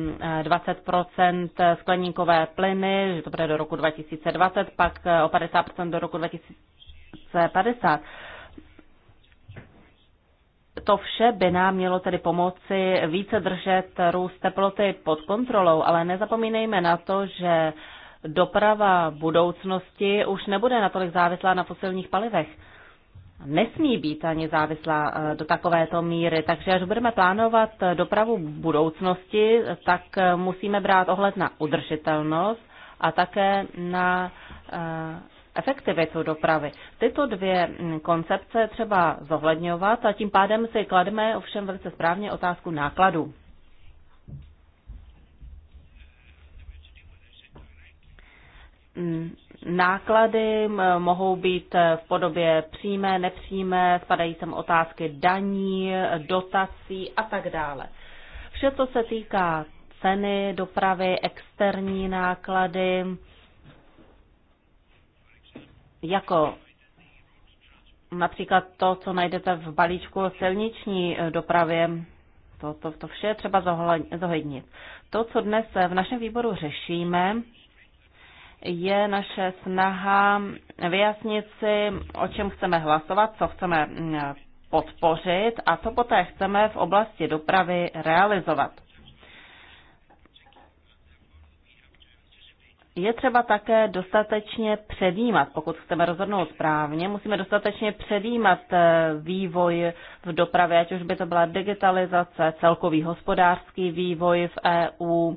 20 mm, skleníkové plyny, že to bude do roku 2020, pak o 50 do roku 2050 to vše by nám mělo tedy pomoci více držet růst teploty pod kontrolou, ale nezapomínejme na to, že doprava budoucnosti už nebude natolik závislá na fosilních palivech. Nesmí být ani závislá eh, do takovéto míry, takže až budeme plánovat dopravu budoucnosti, tak eh, musíme brát ohled na udržitelnost a také na eh, efektivitu dopravy. Tyto dvě mm, koncepce třeba zohledňovat a tím pádem si klademe ovšem velice správně otázku nákladů. Mm, náklady mm, mohou být v podobě přímé, nepřímé, spadají sem otázky daní, dotací a tak dále. Vše, co se týká ceny dopravy, externí náklady, jako například to, co najdete v balíčku o silniční eh, dopravě, to, to, to vše je třeba zohlednit. To, co dnes eh, v našem výboru řešíme, je naše snaha vyjasnit si, o čem chceme hlasovat, co chceme mm, podpořit a co poté chceme v oblasti dopravy realizovat. je třeba také dostatečně předjímat, pokud chceme rozhodnout správně, musíme dostatečně předjímat eh, vývoj v dopravě, ať už by to byla digitalizace, celkový hospodářský vývoj v EU,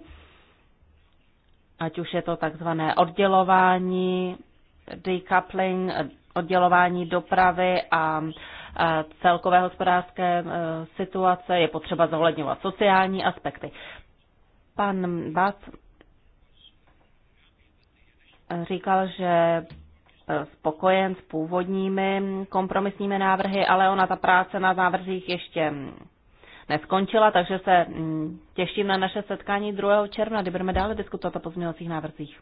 ať už je to takzvané oddělování, decoupling, oddělování dopravy a eh, celkové hospodářské eh, situace, je potřeba zohledňovat sociální aspekty. Pan Bat říkal, že spokojen s původními kompromisními návrhy, ale ona ta práce na návrzích ještě neskončila, takže se mm, těším na naše setkání 2. června, kdy budeme dále diskutovat o pozměňovacích návrzích.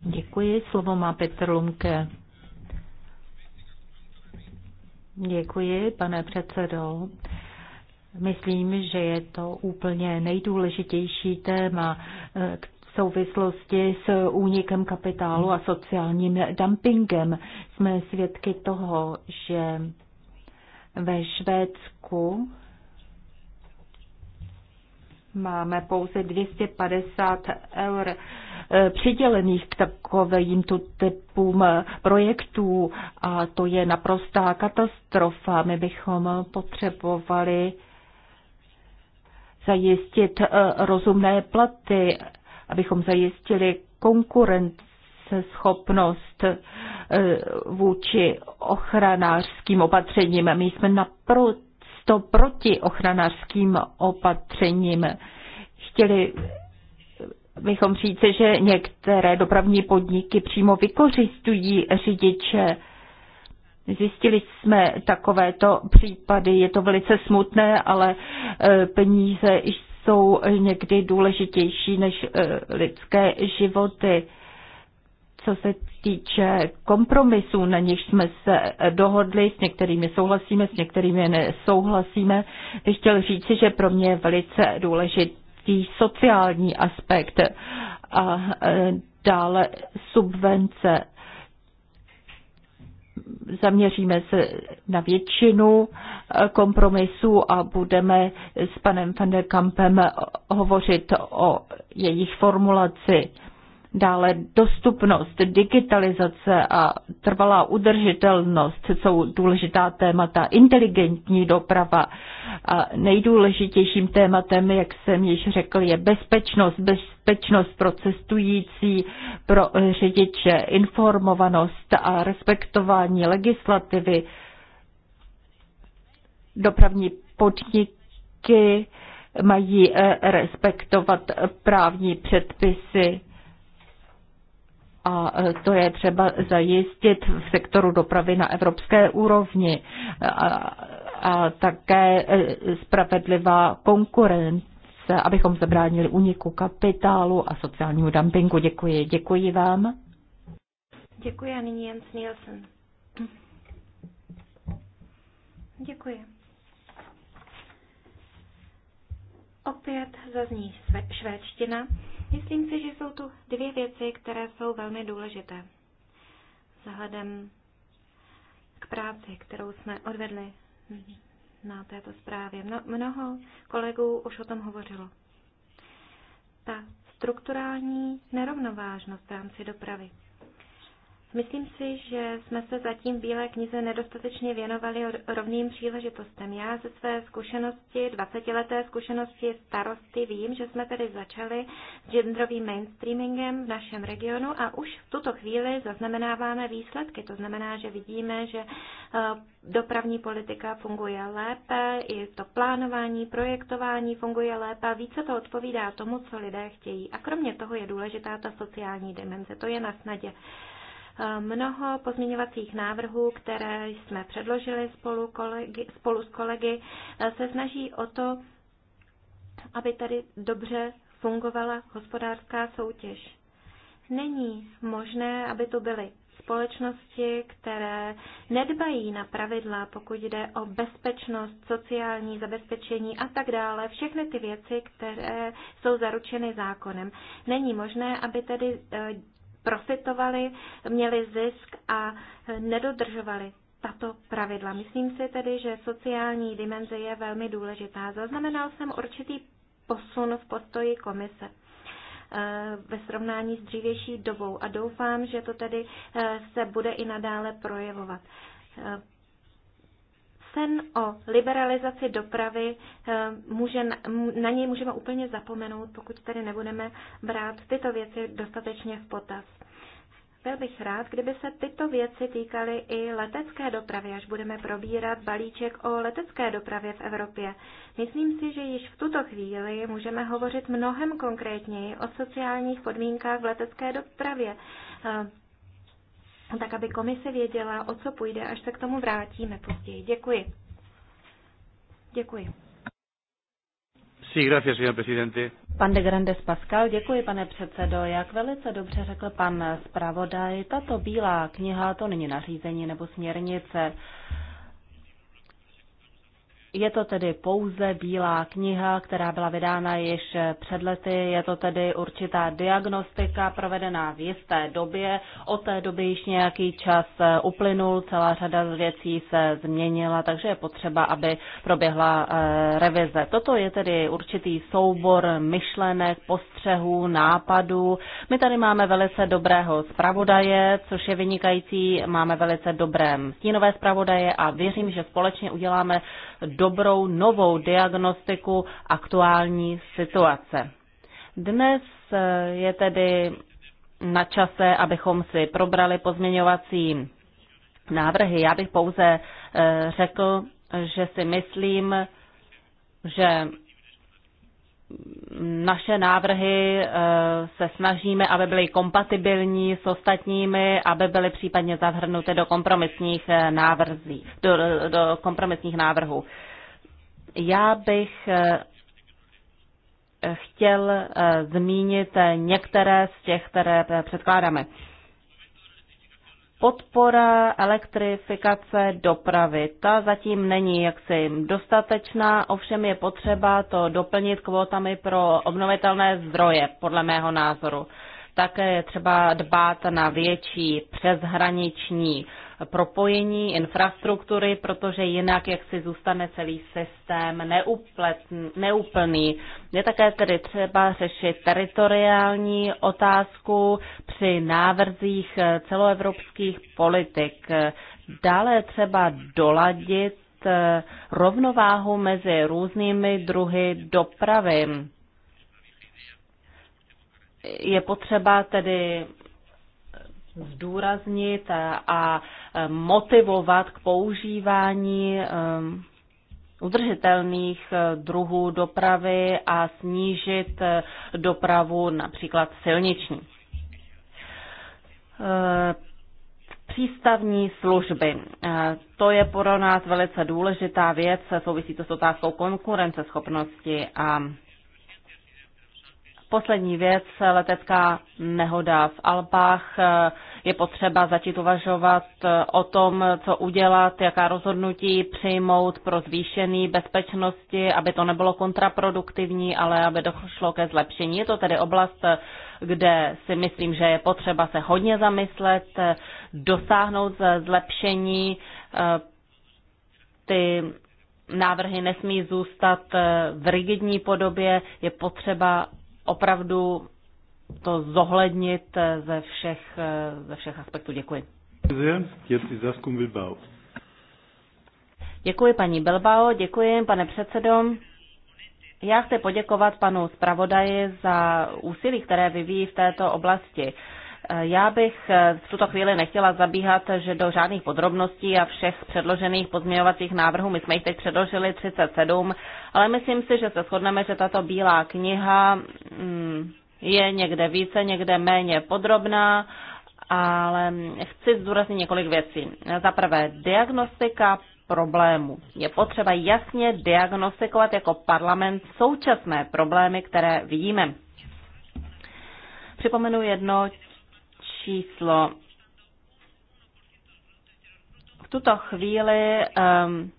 Děkuji, slovo má Petr Lumke. Děkuji, pane předsedo. Myslím, že je to úplně nejdůležitější téma, k eh, souvislosti s únikem kapitálu a sociálním dumpingem. Jsme svědky toho, že ve Švédsku máme pouze 250 eur eh, přidělených k takovým tu typům projektů a to je naprostá katastrofa. My bychom potřebovali zajistit eh, rozumné platy abychom zajistili konkurenceschopnost eh, vůči ochranářským opatřením. My jsme naprosto proti ochranářským opatřením. Chtěli bychom říci, že některé dopravní podniky přímo vykořistují řidiče. Zjistili jsme takovéto případy, je to velice smutné, ale eh, peníze jsou někdy důležitější než eh, lidské životy. Co se týče kompromisů, na nich jsme se eh, dohodli, s některými souhlasíme, s některými nesouhlasíme, bych chtěl říci, že pro mě je velice důležitý sociální aspekt a eh, dále subvence zaměříme se na většinu eh, kompromisů a budeme s panem van der Kampem hovořit o jejich formulaci. Dále dostupnost, digitalizace a trvalá udržitelnost jsou důležitá témata. Inteligentní doprava a nejdůležitějším tématem, jak jsem již řekl, je bezpečnost, bezpečnost pro cestující, pro řidiče, informovanost a respektování legislativy, dopravní podniky mají eh, respektovat právní předpisy a e, to je třeba zajistit v sektoru dopravy na evropské úrovni a, a také e, spravedlivá konkurence abychom zabránili uniku kapitálu a sociálnímu dumpingu. Děkuji. Děkuji vám. Děkuji a nyní Jens Nielsen. Děkuji. Opět zazní švédština. Myslím si, že jsou tu dvě věci, které jsou velmi důležité. Vzhledem k práci, kterou jsme odvedli na této zprávě. Mnoho kolegů už o tom hovořilo. Ta strukturální nerovnovážnost v rámci dopravy. Myslím si, že jsme se zatím v Bílé knize nedostatečně věnovali rovným příležitostem. Já ze své zkušenosti, 20-leté zkušenosti starosty, vím, že jsme tedy začali s genderovým mainstreamingem v našem regionu a už v tuto chvíli zaznamenáváme výsledky. To znamená, že vidíme, že eh, dopravní politika funguje lépe, i to plánování, projektování funguje lépe a více to odpovídá tomu, co lidé chtějí. A kromě toho je důležitá ta sociální dimenze. To je na snadě mnoho pozměňovacích návrhů, které jsme předložili spolu, kolegy, spolu s kolegy, se snaží o to, aby tady dobře fungovala hospodářská soutěž. Není možné, aby to byly společnosti, které nedbají na pravidla, pokud jde o bezpečnost, sociální zabezpečení a tak dále, všechny ty věci, které jsou zaručeny zákonem. Není možné, aby tedy eh, profitovali, měli zisk a nedodržovali tato pravidla. Myslím si tedy, že sociální dimenze je velmi důležitá. Zaznamenal jsem určitý posun v postoji komise eh, ve srovnání s dřívější dobou a doufám, že to tedy eh, se bude i nadále projevovat. Eh, Sen o liberalizaci dopravy, eh, může, na něj můžeme úplně zapomenout, pokud tady nebudeme brát tyto věci dostatečně v potaz. Byl bych rád, kdyby se tyto věci týkaly i letecké dopravy, až budeme probírat balíček o letecké dopravě v Evropě. Myslím si, že již v tuto chvíli můžeme hovořit mnohem konkrétněji o sociálních podmínkách v letecké dopravě. Eh, tak aby komise věděla, o co půjde, až se k tomu vrátíme později. Děkuji. Děkuji. Sí, gracias, señor presidente. Pan de Grandes Pascal, děkuji, pane předsedo. Jak velice dobře řekl pan zpravodaj, tato bílá kniha to není nařízení nebo směrnice. Je to tedy pouze bílá kniha, která byla vydána již před lety, je to tedy určitá diagnostika provedená v jisté době. Od té doby již nějaký čas uplynul, celá řada věcí se změnila, takže je potřeba, aby proběhla eh, revize. Toto je tedy určitý soubor myšlenek, postřehů, nápadů. My tady máme velice dobrého zpravodaje, což je vynikající, máme velice dobré stínové zpravodaje a věřím, že společně uděláme do dobrou novou diagnostiku aktuální situace. Dnes eh, je tedy na čase, abychom si probrali pozměňovací návrhy. Já bych pouze eh, řekl, že si myslím, že naše návrhy eh, se snažíme, aby byly kompatibilní s ostatními, aby byly případně zahrnuty do kompromisních, návrzí, do, do kompromisních návrhů. Já bych eh, chtěl eh, zmínit eh, některé z těch, které předkládáme. Podpora elektrifikace dopravy, ta zatím není jaksi dostatečná, ovšem je potřeba to doplnit kvótami pro obnovitelné zdroje, podle mého názoru. Také je třeba dbát na větší přeshraniční propojení infrastruktury, protože jinak jak si zůstane celý systém neúplný. Je také tedy třeba řešit teritoriální otázku při návrzích celoevropských politik. Dále třeba doladit eh, rovnováhu mezi různými druhy dopravy. Je potřeba tedy zdůraznit a e, motivovat k používání e, udržitelných e, druhů dopravy a snížit dopravu například silniční. Přístavní služby. To je pro nás velice důležitá věc, souvisí to s otázkou konkurenceschopnosti a Poslední věc, letecká nehoda v Alpách. Je potřeba začít uvažovat o tom, co udělat, jaká rozhodnutí přijmout pro zvýšený bezpečnosti, aby to nebylo kontraproduktivní, ale aby došlo ke zlepšení. Je to tedy oblast, kde si myslím, že je potřeba se hodně zamyslet, dosáhnout zlepšení. Ty návrhy nesmí zůstat v rigidní podobě, je potřeba opravdu to zohlednit ze všech, ze všech aspektů. Děkuji. Děkuji paní Bilbao, děkuji pane předsedo. Já chci poděkovat panu zpravodaji za úsilí, které vyvíjí v této oblasti. Já bych eh, v tuto chvíli nechtěla zabíhat, že do žádných podrobností a všech předložených pozměňovacích návrhů, my jsme jich teď předložili 37, ale myslím si, že se shodneme, že tato bílá kniha mm, je někde více, někde méně podrobná, ale chci zdůraznit několik věcí. Za prvé, diagnostika problémů. Je potřeba jasně diagnostikovat jako parlament současné problémy, které vidíme. Připomenu jedno, číslo. V tuto chvíli um,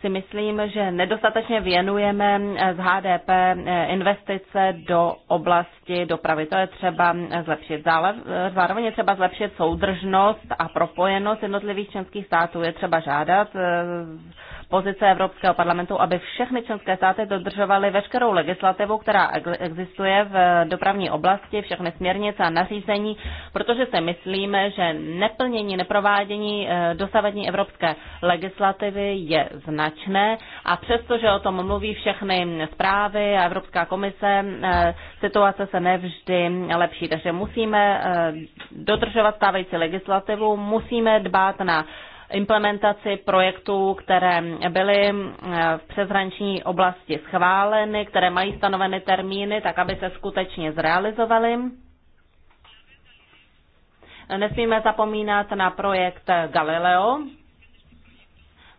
si myslím, že nedostatečně věnujeme eh, z HDP eh, investice do oblasti dopravy. To je třeba zlepšit. Zároveň je třeba zlepšit soudržnost a propojenost jednotlivých členských států. Je třeba žádat eh, pozice Evropského parlamentu, aby všechny členské státy dodržovaly veškerou legislativu, která existuje v dopravní oblasti, všechny směrnice a nařízení, protože si myslíme, že neplnění, neprovádění eh, dosavadní evropské legislativy je značné a přestože o tom mluví všechny zprávy a Evropská komise, eh, situace se nevždy lepší. Takže musíme eh, dodržovat stávající legislativu, musíme dbát na implementaci projektů, které byly eh, v přeshraniční oblasti schváleny, které mají stanovené termíny, tak aby se skutečně zrealizovaly. Nesmíme zapomínat na projekt Galileo,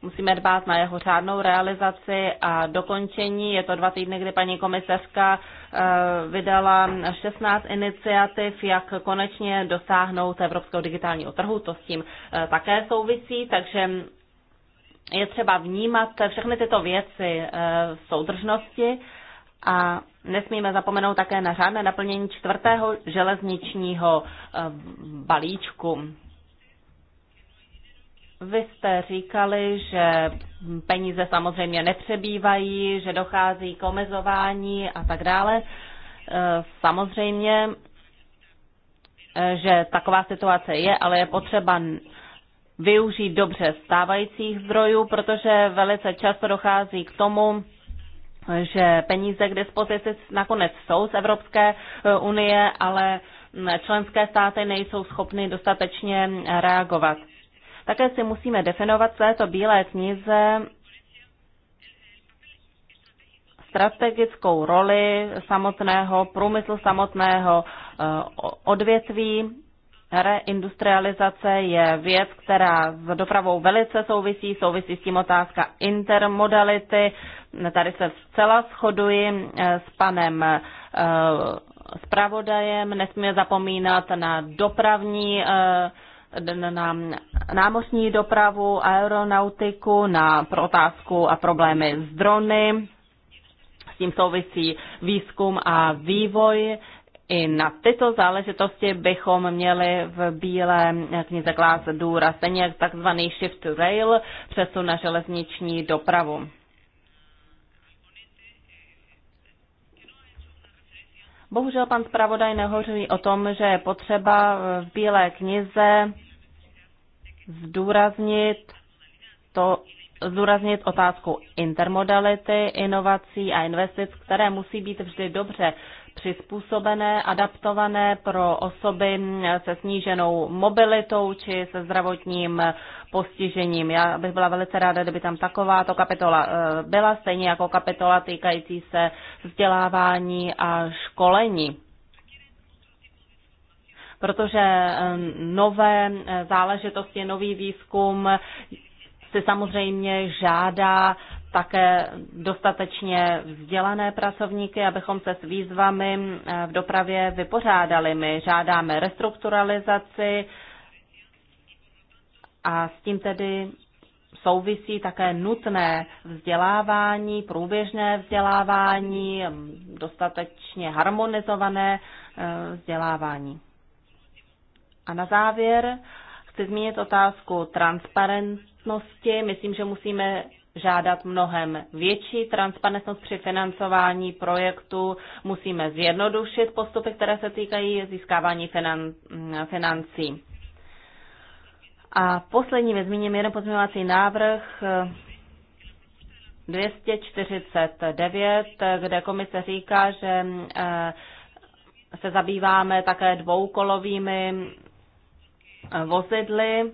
Musíme dbát na jeho řádnou realizaci a dokončení. Je to dva týdny, kdy paní komisařka eh, vydala 16 iniciativ, jak konečně dosáhnout evropského digitálního trhu. To s tím eh, také souvisí, takže je třeba vnímat všechny tyto věci eh, v soudržnosti a nesmíme zapomenout také na řádné naplnění čtvrtého železničního balíčku. Vy jste říkali, že peníze samozřejmě nepřebývají, že dochází k omezování a tak dále. E, samozřejmě, e, že taková situace je, ale je potřeba využít dobře stávajících zdrojů, protože velice často dochází k tomu, že peníze k dispozici nakonec jsou z Evropské e, unie, ale členské státy nejsou schopny dostatečně reagovat. Také si musíme definovat v této bílé knize strategickou roli samotného průmyslu, samotného eh, odvětví. Reindustrializace je věc, která s dopravou velice souvisí, souvisí s tím otázka intermodality. Tady se zcela shoduji eh, s panem eh, zpravodajem. Nesmíme zapomínat na dopravní na námořní dopravu, aeronautiku, na protázku a problémy s drony. S tím souvisí výzkum a vývoj. I na tyto záležitosti bychom měli v bílé knize klás důraz, stejně jak takzvaný shift to rail, přesun na železniční dopravu. Bohužel pan zpravodaj nehořil o tom, že je potřeba v Bílé knize zdůraznit to, zdůraznit otázku intermodality, inovací a investic, které musí být vždy dobře přizpůsobené, adaptované pro osoby se sníženou mobilitou či se zdravotním postižením. Já bych byla velice ráda, kdyby tam takováto kapitola eh, byla, stejně jako kapitola týkající se vzdělávání a školení protože eh, nové eh, záležitosti, nový výzkum si samozřejmě žádá také dostatečně vzdělané pracovníky, abychom se s výzvami eh, v dopravě vypořádali. My žádáme restrukturalizaci a s tím tedy souvisí také nutné vzdělávání, průběžné vzdělávání, dostatečně harmonizované eh, vzdělávání. A na závěr chci zmínit otázku transparentnosti. Myslím, že musíme žádat mnohem větší transparentnost při financování projektu. Musíme zjednodušit postupy, které se týkají získávání finan, financí. A poslední věc, zmíním jeden pozměňovací návrh 249, eh, kde komise říká, že eh, se zabýváme také dvoukolovými eh, vozidly.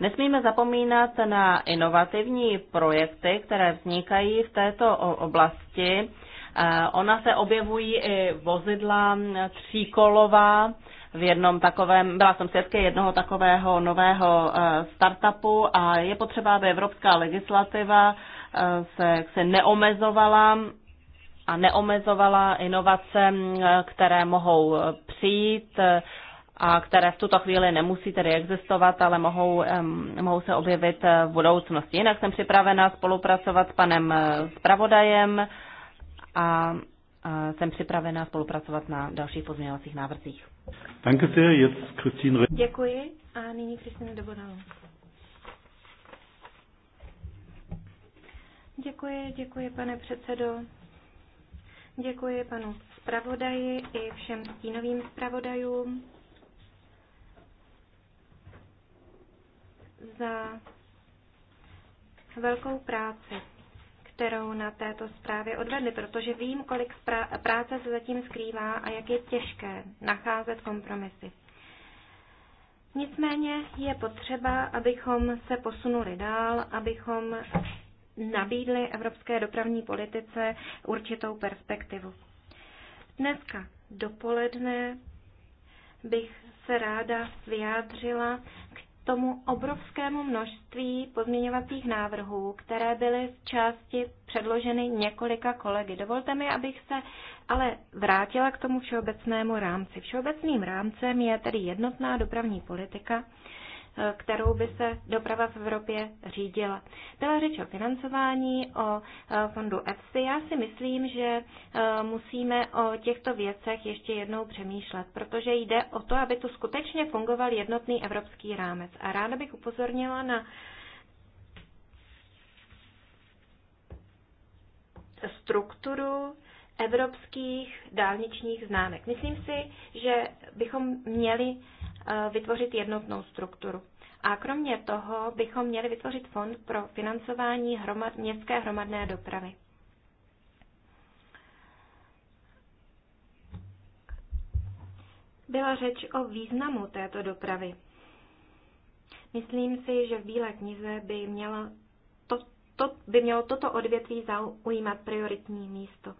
Nesmíme zapomínat na inovativní projekty, které vznikají v této oblasti. Ona se objevují i vozidla tříkolová. V jednom takovém, byla jsem svědky jednoho takového nového e, startupu a je potřeba, aby evropská legislativa e, se, se neomezovala a neomezovala inovace, e, které mohou přijít a které v tuto chvíli nemusí tedy existovat, ale mohou, mohou se objevit eh, v budoucnosti. Jinak jsem připravena spolupracovat s panem eh, zpravodajem a jsem připravena spolupracovat na dalších pozměňovacích návrzích. Děkuji a nyní Kristina Dobodalo. Děkuji, děkuji pane předsedo. Děkuji panu zpravodaji i všem stínovým zpravodajům. za velkou práci, kterou na této zprávě odvedli, protože vím, kolik práce se zatím skrývá a jak je těžké nacházet kompromisy. Nicméně je potřeba, abychom se posunuli dál, abychom nabídli evropské dopravní politice určitou perspektivu. Dneska dopoledne bych se ráda vyjádřila tomu obrovskému množství pozměňovacích návrhů, které byly v části předloženy několika kolegy. Dovolte mi, abych se ale vrátila k tomu všeobecnému rámci. Všeobecným rámcem je tedy jednotná dopravní politika, kterou by se doprava v Evropě řídila. Byla řeč o financování, o e, fondu EFSI. Já si myslím, že e, musíme o těchto věcech ještě jednou přemýšlet, protože jde o to, aby tu skutečně fungoval jednotný evropský rámec. A ráda bych upozornila na strukturu evropských dálničních známek. Myslím si, že bychom měli Eh, vytvořit jednotnou strukturu. A kromě toho bychom měli vytvořit fond pro financování hromad, městské hromadné dopravy. Byla řeč o významu této dopravy. Myslím si, že v Bílé knize by, měla to, to, by mělo toto odvětví zaujímat prioritní místo.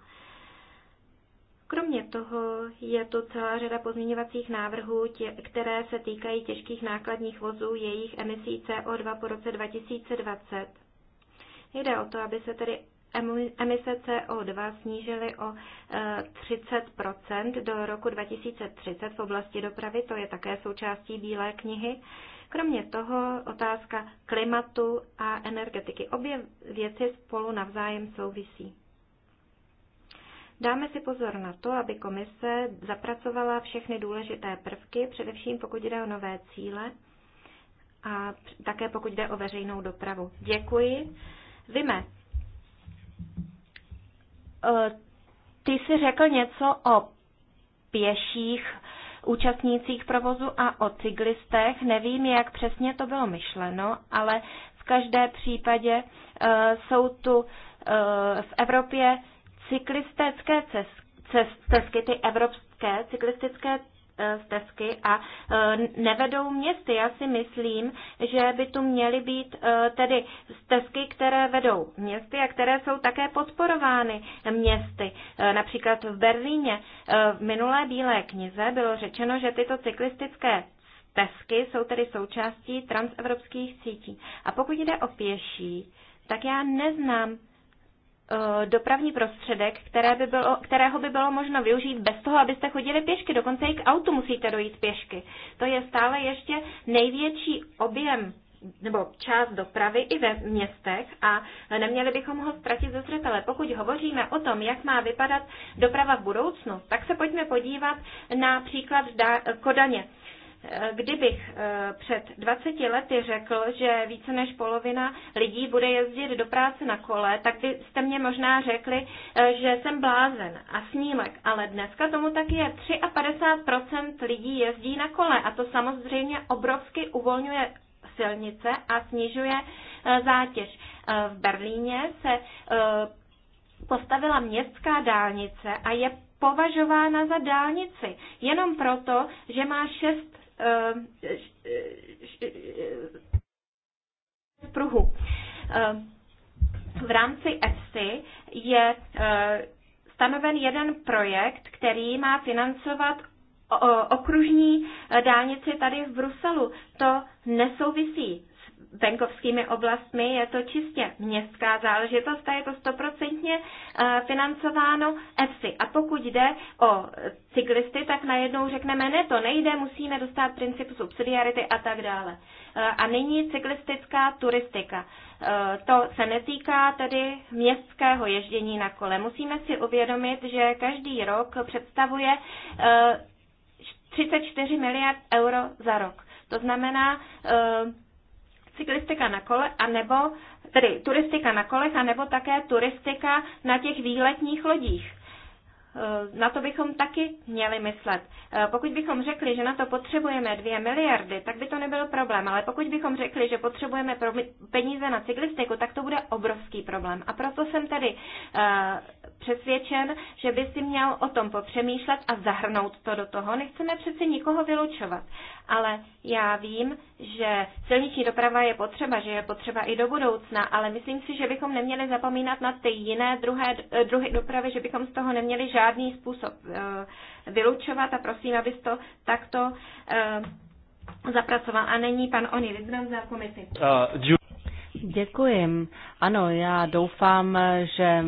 Kromě toho je tu celá řada pozměňovacích návrhů, tě, které se týkají těžkých nákladních vozů, jejich emisí CO2 po roce 2020. Jde o to, aby se tedy emise CO2 snížily o 30 e, do roku 2030 v oblasti dopravy, to je také součástí Bílé knihy. Kromě toho otázka klimatu a energetiky. Obě věci spolu navzájem souvisí. Dáme si pozor na to, aby komise zapracovala všechny důležité prvky, především pokud jde o nové cíle a také pokud jde o veřejnou dopravu. Děkuji. Vime, e, ty jsi řekl něco o pěších účastnících provozu a o cyklistech. Nevím, jak přesně to bylo myšleno, ale v každém případě e, jsou tu e, v Evropě cyklistické stezky, ty evropské cyklistické e, stezky a e, nevedou městy. Já si myslím, že by tu měly být e, tedy stezky, které vedou městy a které jsou také podporovány městy. Například v Berlíně v minulé bílé knize bylo řečeno, že tyto cyklistické stezky jsou tedy součástí transevropských sítí. A pokud jde o pěší, tak já neznám Eh, dopravní prostředek, které by bylo, kterého by bylo možno využít bez toho, abyste chodili pěšky. Dokonce i k autu musíte dojít pěšky. To je stále ještě největší objem nebo část dopravy i ve městech a neměli bychom ho ztratit ze zřetele. Pokud hovoříme o tom, jak má vypadat doprava v budoucnu, tak se pojďme podívat na příklad Kodaně. Kdybych eh, před 20 lety řekl, že více než polovina lidí bude jezdit do práce na kole, tak byste mě možná řekli, eh, že jsem blázen a snílek, ale dneska tomu tak je. 53% lidí jezdí na kole a to samozřejmě obrovsky uvolňuje silnice a snižuje eh, zátěž. V Berlíně se postavila městská dálnice a je považována za dálnici jenom proto, že má šest v eh, eh, eh, pruhu. V rámci EFSI je stanoven jeden projekt, který má financovat okružní dálnici tady v Bruselu. To nesouvisí venkovskými oblastmi je to čistě městská záležitost a je to stoprocentně eh, financováno EFSI. A pokud jde o cyklisty, tak najednou řekneme, ne, to nejde, musíme dostat princip subsidiarity a tak dále. Eh, a nyní cyklistická turistika. Eh, to se netýká tedy městského ježdění na kole. Musíme si uvědomit, že každý rok představuje 34 miliard euro za rok. To znamená, cyklistika na kole, anebo, tedy turistika na kolech, anebo také turistika na těch výletních lodích. E, na to bychom taky měli myslet. E, pokud bychom řekli, že na to potřebujeme dvě miliardy, tak by to nebyl problém, ale pokud bychom řekli, že potřebujeme peníze na cyklistiku, tak to bude obrovský problém. A proto jsem tedy e, přesvědčen, že by si měl o tom popřemýšlet a zahrnout to do toho. Nechceme přece nikoho vylučovat ale já vím, že silniční doprava je potřeba, že je potřeba i do budoucna, ale myslím si, že bychom neměli zapomínat na ty jiné druhé, eh, druhy dopravy, že bychom z toho neměli žádný způsob eh, vylučovat a prosím, abys to takto eh, zapracoval. A není pan Oni Lidbram za komisi. Děkuji. Ano, já doufám, že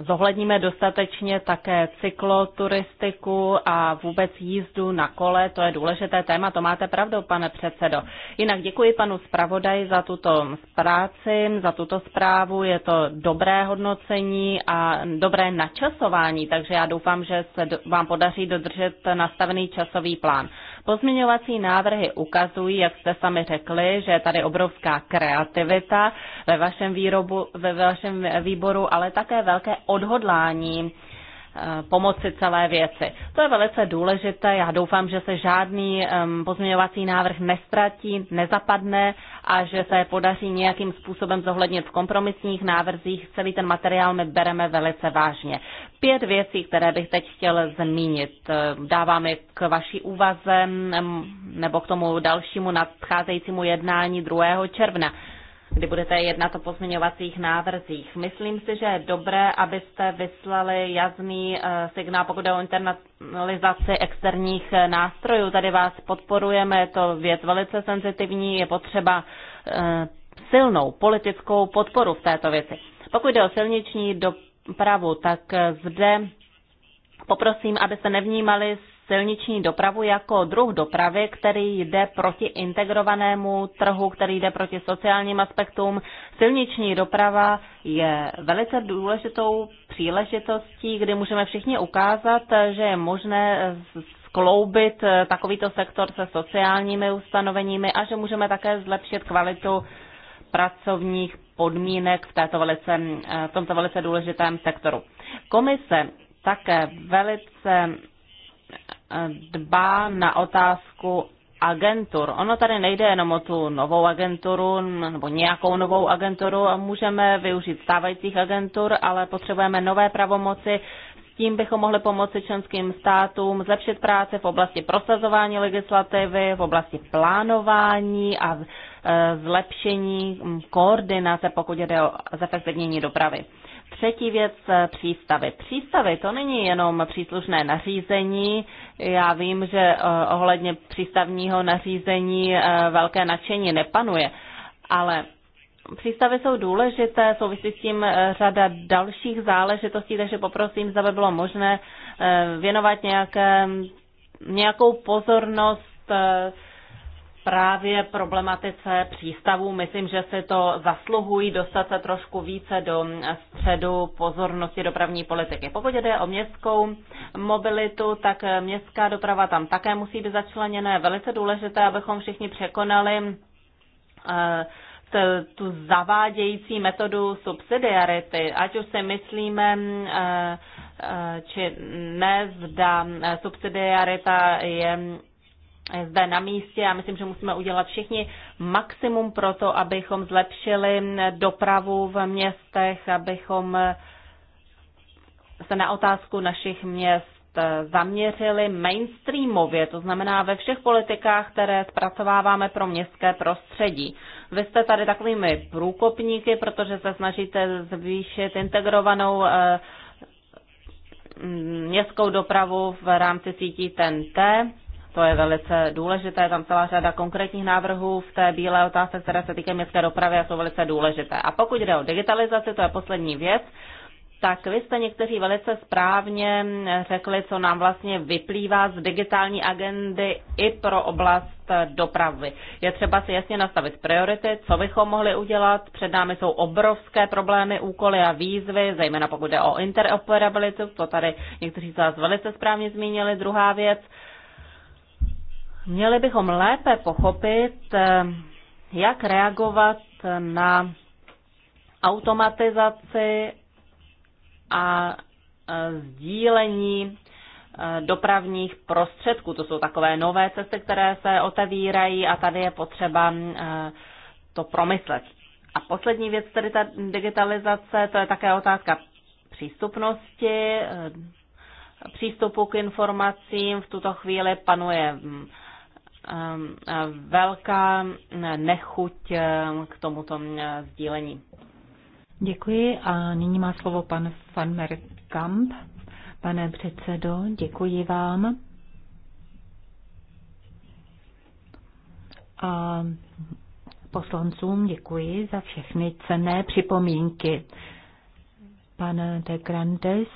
zohledníme dostatečně také cykloturistiku a vůbec jízdu na kole, to je důležité téma, to máte pravdu, pane předsedo. Jinak děkuji panu zpravodaji za tuto práci, za tuto zprávu, je to dobré hodnocení a dobré načasování, takže já doufám, že se vám podaří dodržet nastavený časový plán. Pozměňovací návrhy ukazují, jak jste sami řekli, že je tady obrovská kreativita ve vašem, výrobu, ve vašem výboru, ale také velké odhodlání Eh, pomoci celé věci. To je velice důležité. Já doufám, že se žádný pozměňovací návrh nestratí, nezapadne a že se podaří nějakým způsobem zohlednit v kompromisních návrzích. Celý ten materiál my bereme velice vážně. Pět věcí, které bych teď chtěl zmínit. Eh, dáváme k vaší úvaze nebo k tomu dalšímu nadcházejícímu jednání 2. června kdy budete jednat o pozměňovacích návrzích. Myslím si, že je dobré, abyste vyslali jasný eh, signál, pokud je o internalizaci externích eh, nástrojů. Tady vás podporujeme, je to věc velice senzitivní, je potřeba eh, silnou politickou podporu v této věci. Pokud jde o silniční dopravu, tak zde poprosím, abyste nevnímali silniční dopravu jako druh dopravy, který jde proti integrovanému trhu, který jde proti sociálním aspektům. Silniční doprava je velice důležitou příležitostí, kdy můžeme všichni ukázat, že je možné skloubit takovýto sektor se sociálními ustanoveními a že můžeme také zlepšit kvalitu pracovních podmínek v, této velice, v tomto velice důležitém sektoru. Komise také velice dbá na otázku agentur. Ono tady nejde jenom o tu novou agenturu nebo nějakou novou agenturu, můžeme využít stávajících agentur, ale potřebujeme nové pravomoci. S tím bychom mohli pomoci členským státům zlepšit práce v oblasti prosazování legislativy, v oblasti plánování a e, zlepšení koordinace, pokud jde o zefektivnění dopravy. Třetí věc, eh, přístavy. Přístavy to není jenom příslušné nařízení. Já vím, že eh, ohledně přístavního nařízení eh, velké nadšení nepanuje, ale Přístavy jsou důležité, souvisí s tím řada dalších záležitostí, takže poprosím, zda by bylo možné věnovat nějaké, nějakou pozornost právě problematice přístavů. Myslím, že se to zasluhují dostat se trošku více do středu pozornosti dopravní politiky. Pokud jde o městskou mobilitu, tak městská doprava tam také musí být začleněna. Je velice důležité, abychom všichni překonali eh, tu zavádějící metodu subsidiarity, ať už si myslíme, eh, eh, či ne, zda subsidiarita je zde na místě. a myslím, že musíme udělat všichni maximum pro to, abychom zlepšili dopravu v městech, abychom se na otázku našich měst zaměřili mainstreamově, to znamená ve všech politikách, které zpracováváme pro městské prostředí. Vy jste tady takovými průkopníky, protože se snažíte zvýšit integrovanou eh, městskou dopravu v rámci sítí TNT. To je velice důležité, tam celá řada konkrétních návrhů v té bílé otázce, které se týkají městské dopravy a jsou velice důležité. A pokud jde o digitalizaci, to je poslední věc, tak vy jste někteří velice správně řekli, co nám vlastně vyplývá z digitální agendy i pro oblast dopravy. Je třeba si jasně nastavit priority, co bychom mohli udělat. Před námi jsou obrovské problémy, úkoly a výzvy, zejména pokud jde o interoperabilitu, to tady někteří z vás velice správně zmínili. Druhá věc, Měli bychom lépe pochopit, eh, jak reagovat na automatizaci a eh, sdílení eh, dopravních prostředků. To jsou takové nové cesty, které se otevírají a tady je potřeba to promyslet. A poslední věc, tedy ta digitalizace, to je také otázka přístupnosti, přístupu k informacím. V tuto chvíli panuje mm, velká nechuť eh, k tomuto eh, sdílení. Děkuji a nyní má slovo pan van Merkamp. Pane předsedo, děkuji vám. A poslancům děkuji za všechny cenné připomínky. Pan de Grandes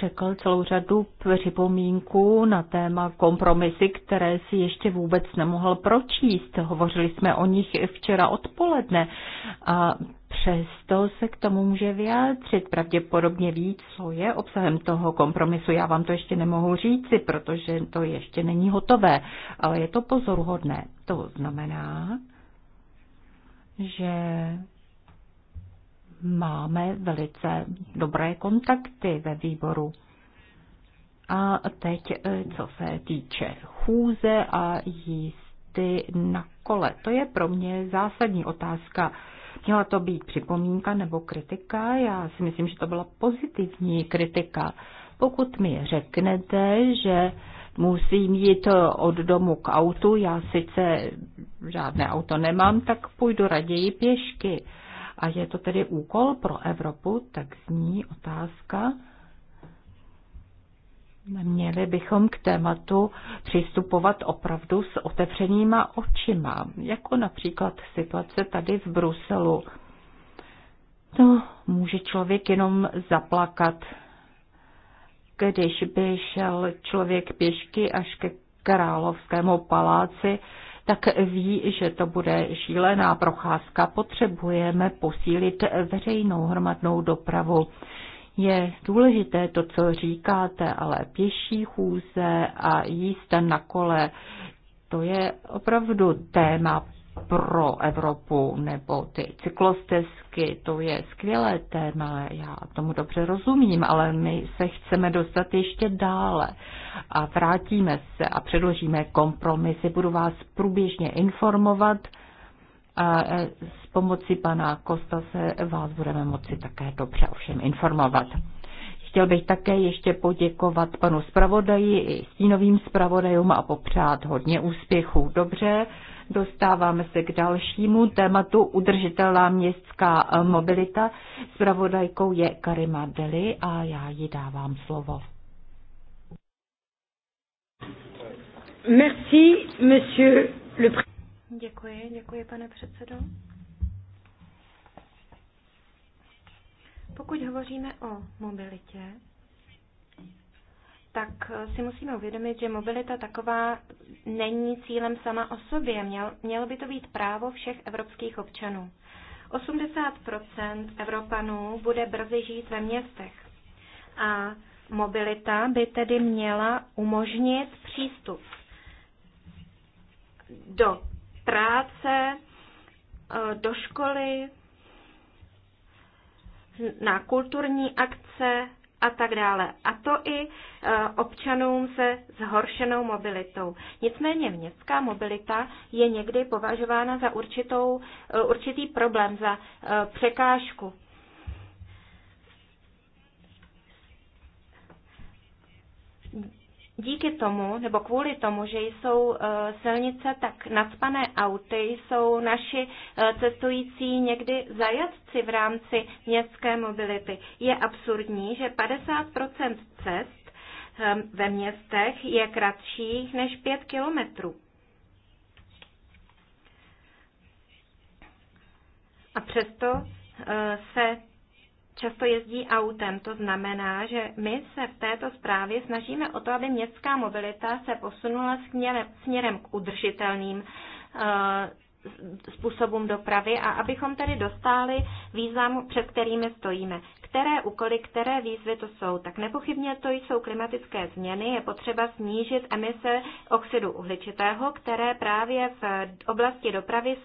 řekl celou řadu připomínků na téma kompromisy, které si ještě vůbec nemohl pročíst. Hovořili jsme o nich včera odpoledne a přesto se k tomu může vyjádřit. Pravděpodobně ví, co je obsahem toho kompromisu. Já vám to ještě nemohu říci, protože to ještě není hotové, ale je to pozoruhodné. To znamená, že máme velice dobré kontakty ve výboru. A teď, eh, co se týče chůze a jízdy na kole, to je pro mě zásadní otázka. Měla to být připomínka nebo kritika? Já si myslím, že to byla pozitivní kritika. Pokud mi řeknete, že musím jít od domu k autu, já sice žádné auto nemám, tak půjdu raději pěšky a je to tedy úkol pro Evropu, tak zní otázka. Měli bychom k tématu přistupovat opravdu s otevřenýma očima, jako například situace tady v Bruselu. To může člověk jenom zaplakat. Když by šel člověk pěšky až ke královskému paláci, tak ví, že to bude šílená procházka. Potřebujeme posílit veřejnou hromadnou dopravu. Je důležité to, co říkáte, ale pěší chůze a jízda na kole, to je opravdu téma pro Evropu nebo ty cyklostezky, to je skvělé téma, já tomu dobře rozumím, ale my se chceme dostat ještě dále a vrátíme se a předložíme kompromisy, budu vás průběžně informovat a e, s pomocí pana Kosta se vás budeme moci také dobře ovšem informovat. Chtěl bych také ještě poděkovat panu zpravodaji i stínovým zpravodajům a popřát hodně úspěchů. Dobře, Dostáváme se k dalšímu tématu udržitelná městská eh, mobilita. Spravodajkou je Karima Deli a já jí dávám slovo. Merci, monsieur le Děkuji, děkuji, pane předsedo. Pokud hovoříme o mobilitě, tak eh, si musíme uvědomit, že mobilita taková není cílem sama o sobě. Měl, mělo by to být právo všech evropských občanů. 80 Evropanů bude brzy žít ve městech. A mobilita by tedy měla umožnit přístup do práce, eh, do školy, na kulturní akce, a tak dále. A to i e, občanům se zhoršenou mobilitou. Nicméně městská mobilita je někdy považována za určitou, e, určitý problém, za e, překážku díky tomu, nebo kvůli tomu, že jsou eh, silnice tak nadspané auty, jsou naši eh, cestující někdy zajatci v rámci městské mobility. Je absurdní, že 50 cest eh, ve městech je kratších než 5 kilometrů. A přesto se často jezdí autem. To znamená, že my se v této zprávě snažíme o to, aby městská mobilita se posunula směrem, směrem k udržitelným eh, způsobům dopravy a abychom tedy dostali výzvám, před kterými stojíme. Které úkoly, které výzvy to jsou? Tak nepochybně to jsou klimatické změny. Je potřeba snížit emise oxidu uhličitého, které právě v oblasti dopravy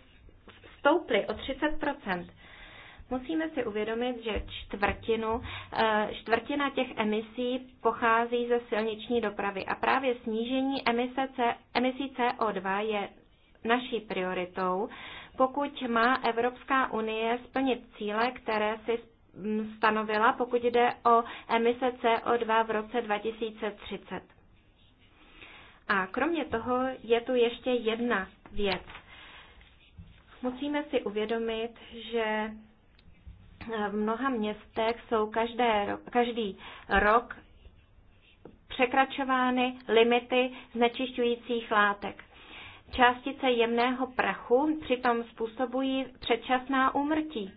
stouply o 30 Musíme si uvědomit, že čtvrtinu, eh, čtvrtina těch emisí pochází ze silniční dopravy a právě snížení emise C, emisí CO2 je naší prioritou, pokud má Evropská unie splnit cíle, které si stanovila, pokud jde o emise CO2 v roce 2030. A kromě toho je tu ještě jedna věc. Musíme si uvědomit, že v mnoha městech jsou každé, každý rok překračovány limity znečišťujících látek. Částice jemného prachu přitom způsobují předčasná úmrtí.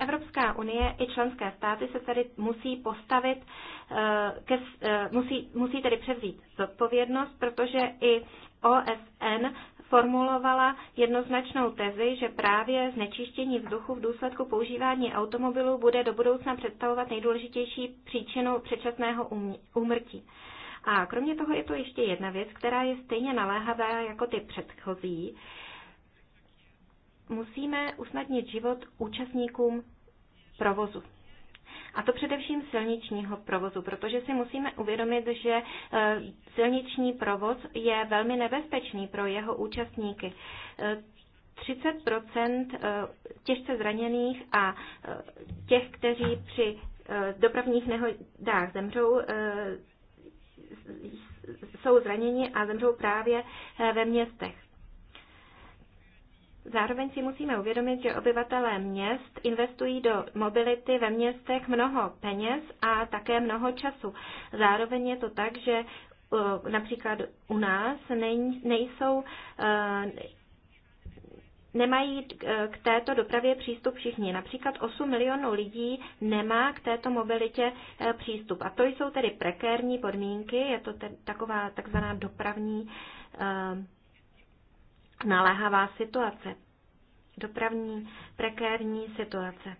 Evropská unie i členské státy se tedy musí postavit, eh, ke, eh, musí, musí tedy převzít zodpovědnost, protože i OSN formulovala jednoznačnou tezi, že právě znečištění vzduchu v důsledku používání automobilů bude do budoucna představovat nejdůležitější příčinu předčasného úmrtí. A kromě toho je to ještě jedna věc, která je stejně naléhavá jako ty předchozí. Musíme usnadnit život účastníkům provozu. A to především silničního provozu, protože si musíme uvědomit, že e, silniční provoz je velmi nebezpečný pro jeho účastníky. 30 e, e, těžce zraněných a těch, kteří při dopravních nehodách zemřou, jsou zraněni a zemřou právě ve městech. Zároveň si musíme uvědomit, že obyvatelé měst investují do mobility ve městech mnoho peněz a také mnoho času. Zároveň je to tak, že eh, například u nás nejsou eh, nemají eh, k této dopravě přístup všichni. Například 8 milionů lidí nemá k této mobilitě přístup. A to jsou tedy prekérní podmínky, je to taková takzvaná dopravní naléhavá situace, dopravní prekérní situace.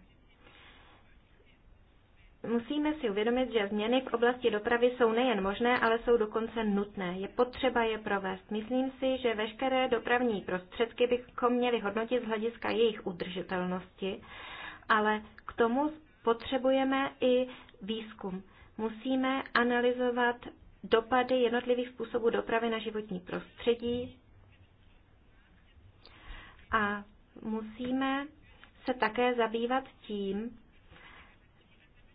Musíme si uvědomit, že změny v oblasti dopravy jsou nejen možné, ale jsou dokonce nutné. Je potřeba je provést. Myslím si, že veškeré dopravní prostředky bychom měli hodnotit z hlediska jejich udržitelnosti, ale k tomu potřebujeme i výzkum. Musíme analyzovat dopady jednotlivých způsobů dopravy na životní prostředí, a musíme se také zabývat tím,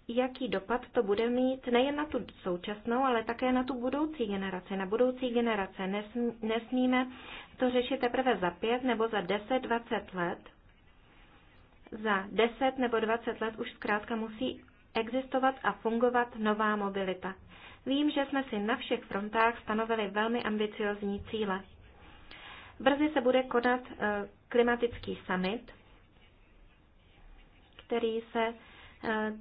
jaký dopad to bude mít nejen na tu současnou, ale také na tu budoucí generaci. Na budoucí generace nesmíme to řešit teprve za pět nebo za deset, dvacet let. Za deset nebo dvacet let už zkrátka musí existovat a fungovat nová mobilita. Vím, že jsme si na všech frontách stanovili velmi ambiciozní cíle. Brzy se bude konat eh, klimatický summit, který se eh,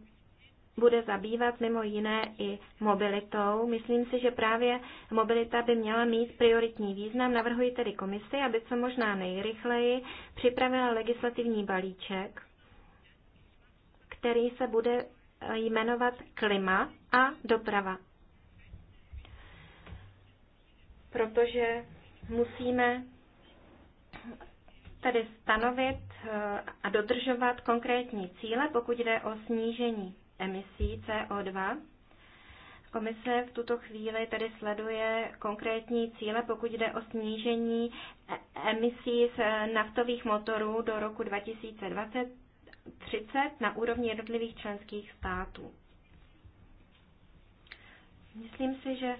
bude zabývat mimo jiné i mobilitou. Myslím si, že právě mobilita by měla mít prioritní význam. Navrhuji tedy komisi, aby co možná nejrychleji připravila legislativní balíček, který se bude eh, jmenovat klima a doprava. Protože musíme tedy stanovit eh, a dodržovat konkrétní cíle, pokud jde o snížení emisí CO2. Komise v tuto chvíli tedy sleduje konkrétní cíle, pokud jde o snížení e- emisí z eh, naftových motorů do roku 2030 na úrovni jednotlivých členských států. Myslím si, že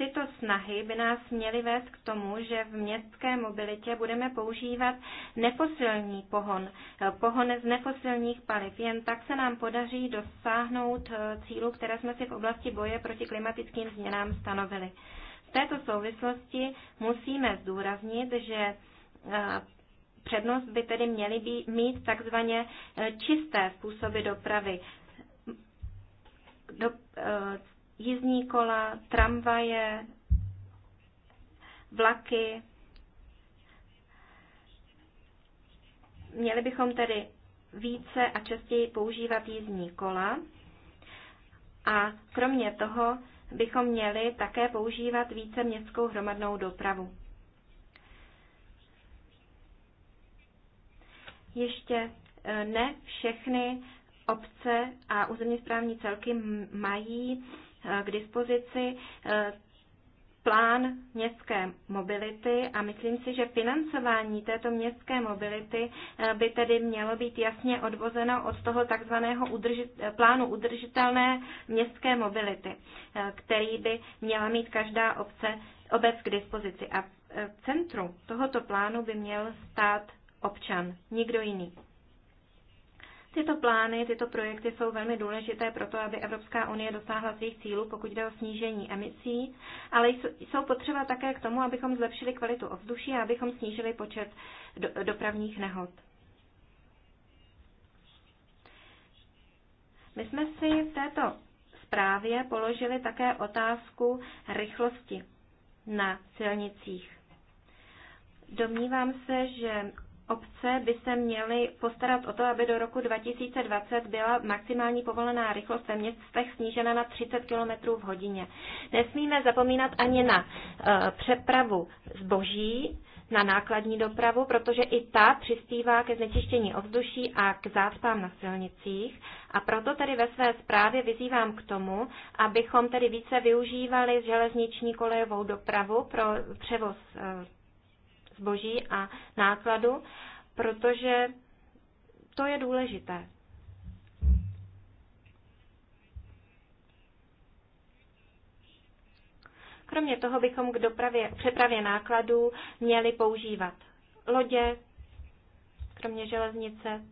tyto snahy by nás měly vést k tomu, že v městské mobilitě budeme používat nefosilní pohon, eh, pohon z nefosilních paliv. Jen tak se nám podaří dosáhnout eh, cílu, které jsme si v oblasti boje proti klimatickým změnám stanovili. V této souvislosti musíme zdůraznit, že eh, přednost by tedy měly být, mít takzvaně čisté způsoby dopravy. Do, jízdní kola, tramvaje, vlaky. Měli bychom tedy více a častěji používat jízdní kola a kromě toho bychom měli také používat více městskou hromadnou dopravu. Ještě eh, ne všechny obce a územně správní celky mají Eh, k dispozici eh, plán městské mobility a myslím si, že financování této městské mobility eh, by tedy mělo být jasně odvozeno od toho takzvaného udržit, plánu udržitelné městské mobility, který by měla mít každá obce, obec k dispozici. A v centru tohoto plánu by měl stát občan, nikdo jiný. Tyto plány, tyto projekty jsou velmi důležité pro to, aby Evropská unie dosáhla svých cílů, pokud jde o snížení emisí, ale jsou potřeba také k tomu, abychom zlepšili kvalitu ovzduší a abychom snížili počet dopravních nehod. My jsme si v této zprávě položili také otázku rychlosti na silnicích. Domnívám se, že obce by se měly postarat o to, aby do roku 2020 byla maximální povolená rychlost ve městech snížena na 30 km v hodině. Nesmíme zapomínat ani na e, přepravu zboží, na nákladní dopravu, protože i ta přispívá ke znečištění ovzduší a k zácpám na silnicích. A proto tedy ve své zprávě vyzývám k tomu, abychom tedy více využívali železniční kolejovou dopravu pro převoz e, zboží a nákladu, protože to je důležité. Kromě toho bychom k dopravě, přepravě nákladů měli používat lodě, kromě železnice.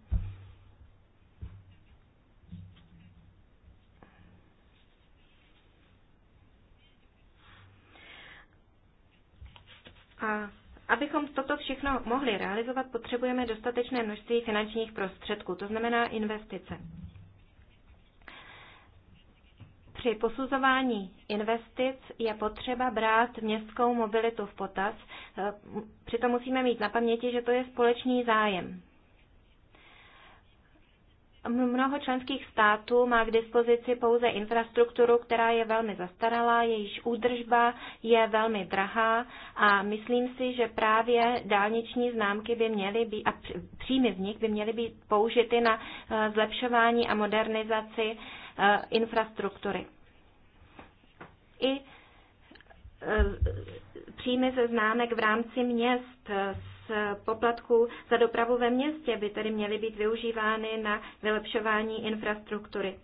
A Abychom toto všechno mohli realizovat, potřebujeme dostatečné množství finančních prostředků, to znamená investice. Při posuzování investic je potřeba brát městskou mobilitu v potaz. E, přitom musíme mít na paměti, že to je společný zájem. Mnoho členských států má k dispozici pouze infrastrukturu, která je velmi zastaralá, jejíž údržba je velmi drahá a myslím si, že právě dálniční známky by měly být a příjmy z nich by měly být použity na eh, zlepšování a modernizaci eh, infrastruktury. I eh, příjmy ze známek v rámci měst Eh, poplatků za dopravu ve městě by tedy měly být využívány na vylepšování infrastruktury.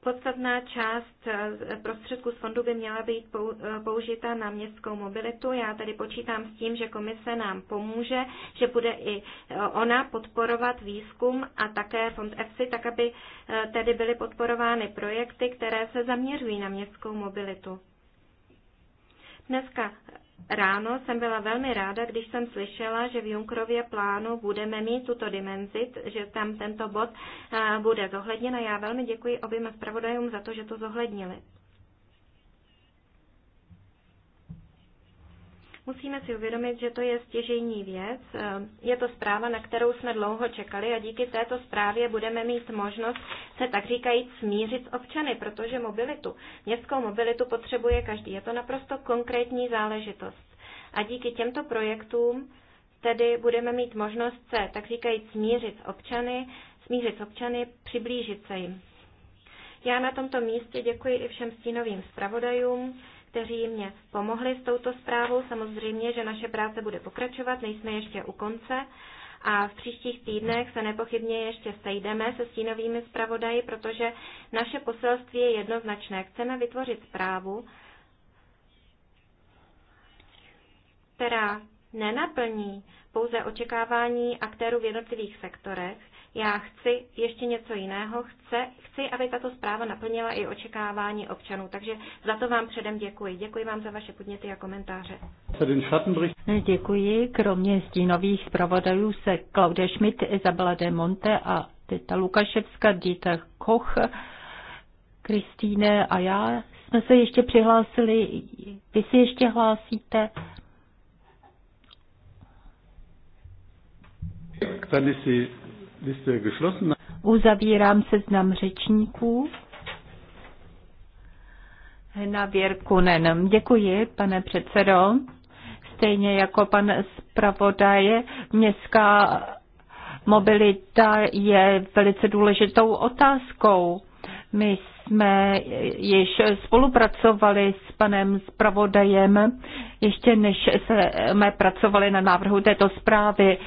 Podstatná část eh, prostředků z fondu by měla být eh, použita na městskou mobilitu. Já tady počítám s tím, že komise nám pomůže, že bude i ona podporovat výzkum a také fond EFSI, tak aby tedy byly podporovány projekty, které se zaměřují na městskou mobilitu. Dneska ráno jsem byla velmi ráda, když jsem slyšela, že v Junkrově plánu budeme mít tuto dimenzi, že tam tento bod eh, bude zohledněn a já velmi děkuji oběma zpravodajům za to, že to zohlednili. Musíme si uvědomit, že to je stěžejní věc. Je to zpráva, na kterou jsme dlouho čekali a díky této zprávě budeme mít možnost se tak říkajíc smířit s občany, protože mobilitu, městskou mobilitu potřebuje každý. Je to naprosto konkrétní záležitost. A díky těmto projektům tedy budeme mít možnost se, tak říkajíc, smířit s občany, smířit s občany, přiblížit se jim. Já na tomto místě děkuji i všem stínovým zpravodajům, kteří mě pomohli s touto zprávou. Samozřejmě, že naše práce bude pokračovat, nejsme ještě u konce a v příštích týdnech se nepochybně ještě sejdeme se stínovými zpravodaji, protože naše poselství je jednoznačné. Chceme vytvořit zprávu, která nenaplní pouze očekávání aktérů v jednotlivých sektorech, já chci ještě něco jiného. Chce, chci, aby tato zpráva naplnila i očekávání občanů. Takže za to vám předem děkuji. Děkuji vám za vaše podněty a komentáře. Děkuji. Kromě stínových zpravodajů se Klaude Schmidt, Izabela de Monte a Tita Lukaševska, Dieter Koch, Kristýne a já jsme se ještě přihlásili. Vy se ještě hlásíte? Tady si Uzavírám seznam řečníků. Na Věrkunen. Děkuji, pane předsedo. Stejně jako pan zpravodaj, městská mobilita je velice důležitou otázkou. My jsme již spolupracovali s panem zpravodajem, ještě než jsme pracovali na návrhu této zprávy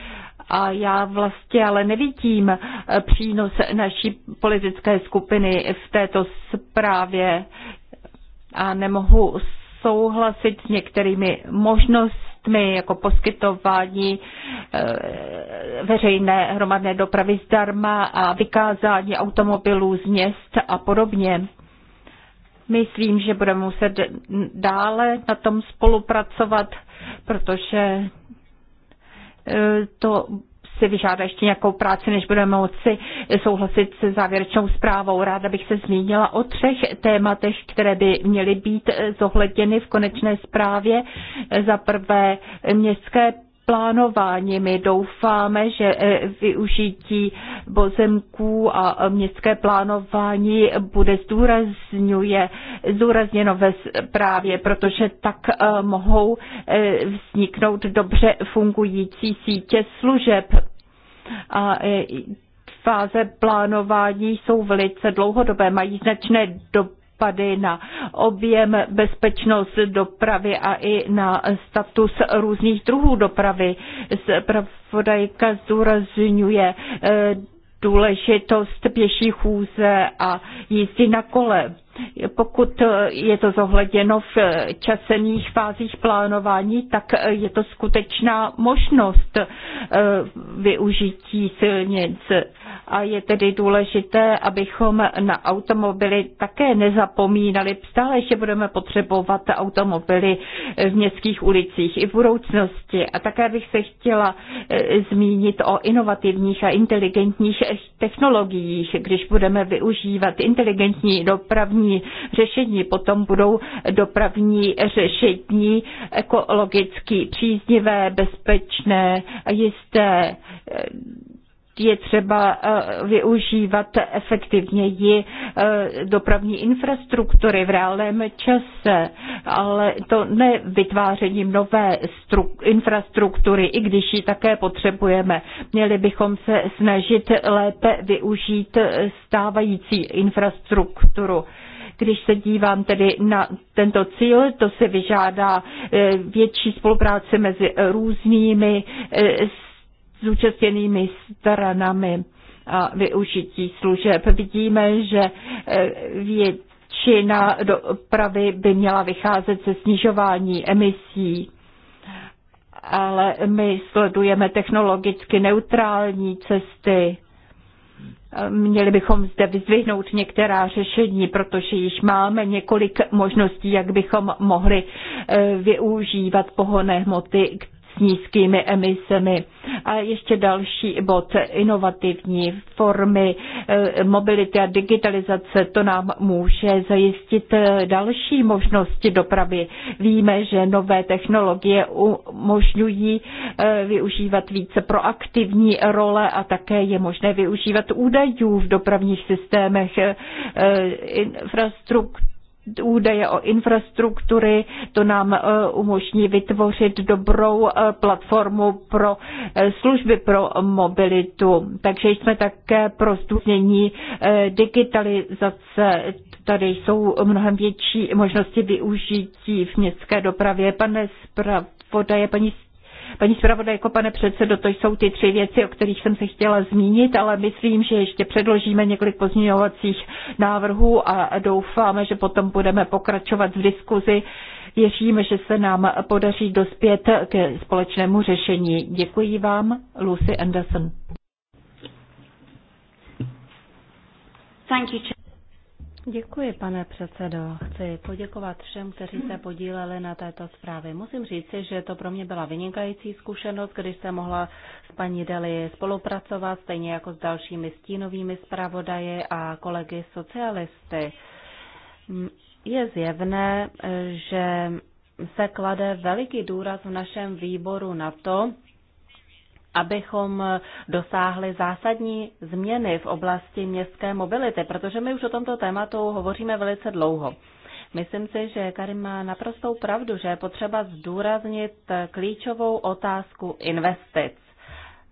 a já vlastně ale nevidím eh, přínos naší politické skupiny v této zprávě a nemohu souhlasit s některými možnostmi, jako poskytování eh, veřejné hromadné dopravy zdarma a vykázání automobilů z měst a podobně. Myslím, že budeme muset dále na tom spolupracovat, protože Eh, to si vyžádá ještě nějakou práci, než budeme moci souhlasit se závěrečnou zprávou. Ráda bych se zmínila o třech tématech, které by měly být zohledněny v konečné zprávě. Eh, za prvé městské plánování. My doufáme, že e, využití bozemků a e, městské plánování bude zdůrazňuje, zdůrazněno ve zprávě, protože tak e, mohou vzniknout dobře fungující sítě služeb. A fáze plánování jsou velice dlouhodobé, mají značné dobře dopady na objem, bezpečnost dopravy a i na status různých druhů dopravy. Zpravodajka zúrazňuje eh, důležitost pěší chůze a jízdy na kole. Pokud je to zohleděno v časených fázích plánování, tak je to skutečná možnost eh, využití silnic. A je tedy důležité, abychom na automobily také nezapomínali. Stále ještě budeme potřebovat automobily v městských ulicích i v budoucnosti. A také bych se chtěla eh, zmínit o inovativních a inteligentních technologiích. Když budeme využívat inteligentní dopravní dopravní řešení, potom budou dopravní řešení ekologicky příznivé, bezpečné a jisté je třeba eh, využívat efektivněji eh, dopravní infrastruktury v reálném čase, ale to ne vytvářením nové infrastruktury, i když ji také potřebujeme. Měli bychom se snažit lépe využít eh, stávající infrastrukturu. Když se dívám tedy na tento cíl, to se vyžádá e, větší spolupráce mezi různými e, zúčastněnými stranami a využití služeb. Vidíme, že e, většina dopravy by měla vycházet ze snižování emisí ale my sledujeme technologicky neutrální cesty Měli bychom zde vyzvihnout některá řešení, protože již máme několik možností, jak bychom mohli eh, využívat pohonné hmoty, s nízkými emisemi. A ještě další bod, inovativní formy e, mobility a digitalizace, to nám může zajistit e, další možnosti dopravy. Víme, že nové technologie umožňují e, využívat více proaktivní role a také je možné využívat údajů v dopravních systémech, infrastruktur údaje o infrastruktury, to nám e, umožní vytvořit dobrou e, platformu pro e, služby pro mobilitu. Takže jsme také pro zdůznění digitalizace. Tady jsou mnohem větší možnosti využití v městské dopravě. Pane zpravodaje, paní Paní zpravodajko, pane předsedo, to jsou ty tři věci, o kterých jsem se chtěla zmínit, ale myslím, že ještě předložíme několik pozměňovacích návrhů a doufáme, že potom budeme pokračovat v diskuzi. Věříme, že se nám podaří dospět ke společnému řešení. Děkuji vám, Lucy Anderson. Thank you. Děkuji, pane předsedo. Chci poděkovat všem, kteří se podíleli na této zprávě. Musím říci, že to pro mě byla vynikající zkušenost, když jsem mohla s paní Deli spolupracovat, stejně jako s dalšími stínovými zpravodaji a kolegy socialisty. Je zjevné, že se klade veliký důraz v našem výboru na to, abychom dosáhli zásadní změny v oblasti městské mobility, protože my už o tomto tématu hovoříme velice dlouho. Myslím si, že Karim má naprostou pravdu, že je potřeba zdůraznit klíčovou otázku investic.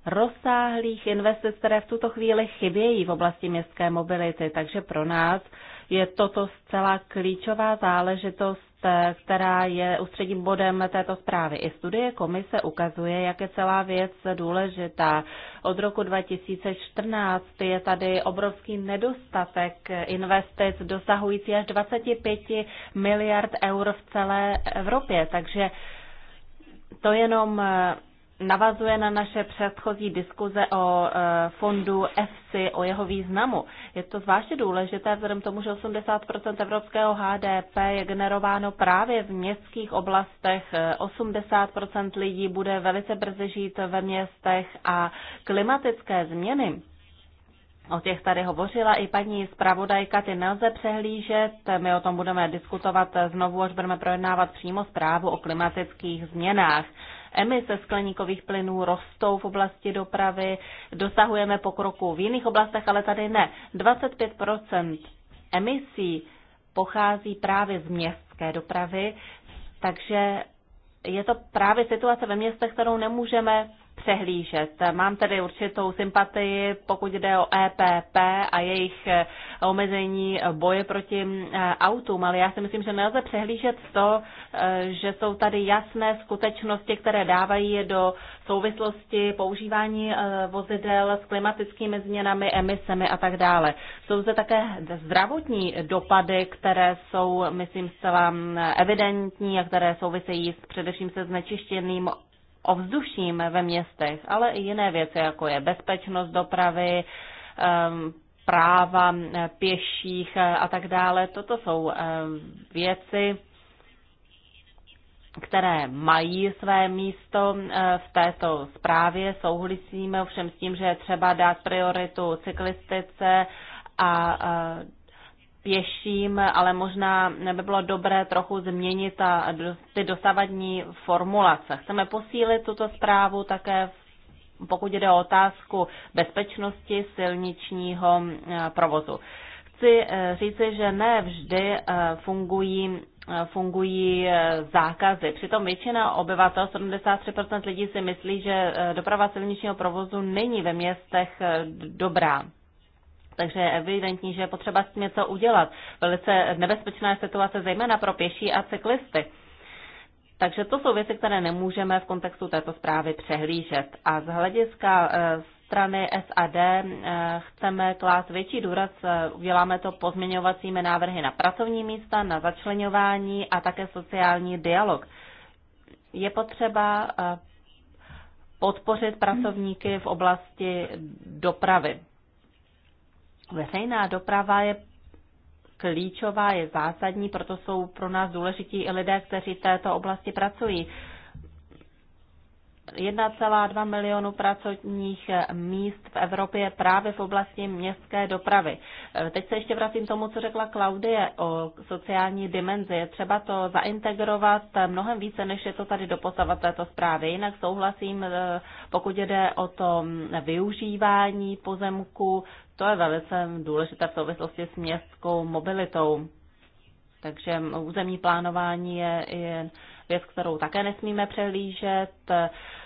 Rozsáhlých investic, které v tuto chvíli chybějí v oblasti městské mobility, takže pro nás je toto zcela klíčová záležitost která je ústředním bodem této zprávy. I studie komise ukazuje, jak je celá věc důležitá. Od roku 2014 je tady obrovský nedostatek investic dosahující až 25 miliard eur v celé Evropě, takže to jenom navazuje na naše předchozí diskuze o e, fondu EFSI, o jeho významu. Je to zvláště důležité vzhledem tomu, že 80 evropského HDP je generováno právě v městských oblastech, 80 e, lidí bude velice brzy žít ve městech a klimatické změny O těch tady hovořila i paní zpravodajka, ty nelze přehlížet. My o tom budeme diskutovat znovu, až budeme projednávat přímo zprávu o klimatických změnách. Emise skleníkových plynů rostou v oblasti dopravy, dosahujeme pokroku v jiných oblastech, ale tady ne. 25 emisí pochází právě z městské dopravy, takže je to právě situace ve městech, kterou nemůžeme přehlížet. Mám tedy určitou sympatii, pokud jde o EPP a jejich eh, omezení eh, boje proti eh, autům, ale já si myslím, že nelze přehlížet to, že jsou tady jasné skutečnosti, které dávají do souvislosti používání vozidel s klimatickými změnami, emisemi a tak dále. Jsou zde také zdravotní dopady, které jsou, myslím, zcela mm, evidentní a které souvisejí především se znečištěným ovzduším ve městech, ale i jiné věci, jako je bezpečnost dopravy, práva pěších eh, a tak dále. Toto jsou eh, věci, které mají své místo eh, v této zprávě. Souhlasíme ovšem s tím, že je třeba dát prioritu cyklistice a pěším, ale možná by bylo dobré trochu změnit ta, ty dosavadní formulace. Chceme posílit tuto zprávu také pokud jde o otázku bezpečnosti silničního eh, provozu. Chci eh, říci, že ne vždy eh, fungují fungují zákazy. Přitom většina obyvatel, 73% lidí si myslí, že doprava silničního provozu není ve městech dobrá. Takže je evidentní, že je potřeba s tím něco udělat. Velice nebezpečná situace, zejména pro pěší a cyklisty. Takže to jsou věci, které nemůžeme v kontextu této zprávy přehlížet. A z hlediska eh, strany SAD eh, chceme klást větší důraz, eh, uděláme to pozměňovacími návrhy na pracovní místa, na začlenování a také sociální dialog. Je potřeba podpořit pracovníky v oblasti dopravy. Veřejná doprava je klíčová, je zásadní, proto jsou pro nás důležití i lidé, kteří v této oblasti pracují. 1,2 milionu pracovních eh, míst v Evropě právě v oblasti městské dopravy. Eh, teď se ještě vracím tomu, co řekla Klaudie o sociální dimenzi. Je třeba to zaintegrovat eh, mnohem více, než je to tady doposavat této zprávy. Jinak souhlasím, pokud jde o to mm, využívání pozemku, to je velice důležité v souvislosti s městskou mobilitou. Takže územní plánování je, je věc, kterou také nesmíme přehlížet.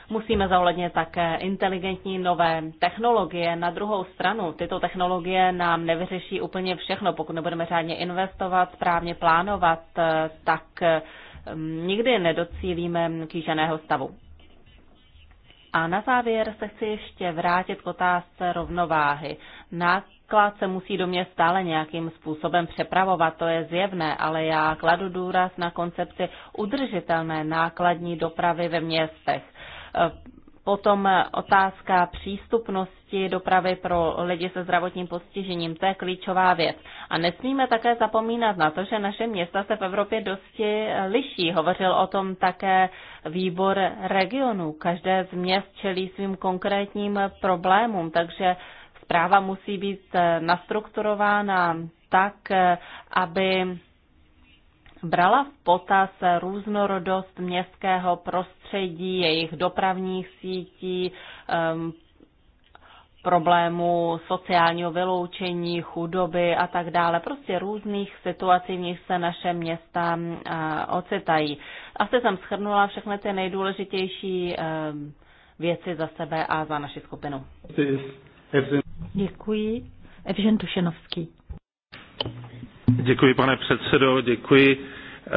Musíme zohlednit také inteligentní nové technologie. Na druhou stranu, tyto technologie nám nevyřeší úplně všechno. Pokud nebudeme řádně investovat, správně plánovat, tak mm, nikdy nedocílíme kýženého stavu. A na závěr se chci ještě vrátit k otázce rovnováhy. Náklad se musí do mě stále nějakým způsobem přepravovat, to je zjevné, ale já kladu důraz na koncepci udržitelné nákladní dopravy ve městech Potom otázka přístupnosti dopravy pro lidi se zdravotním postižením, to je klíčová věc. A nesmíme také zapomínat na to, že naše města se v Evropě dosti liší. Hovořil o tom také výbor regionů. Každé z měst čelí svým konkrétním problémům, takže zpráva musí být nastrukturována tak, aby brala v potaz různorodost městského prostředí, jejich dopravních sítí, problémů sociálního vyloučení, chudoby a tak dále. Prostě různých situací, v nich se naše města ocitají. A se tam schrnula všechny ty nejdůležitější věci za sebe a za naši skupinu. Děkuji. Evžen Tušenovský. Děkuji, pane předsedo, děkuji eh,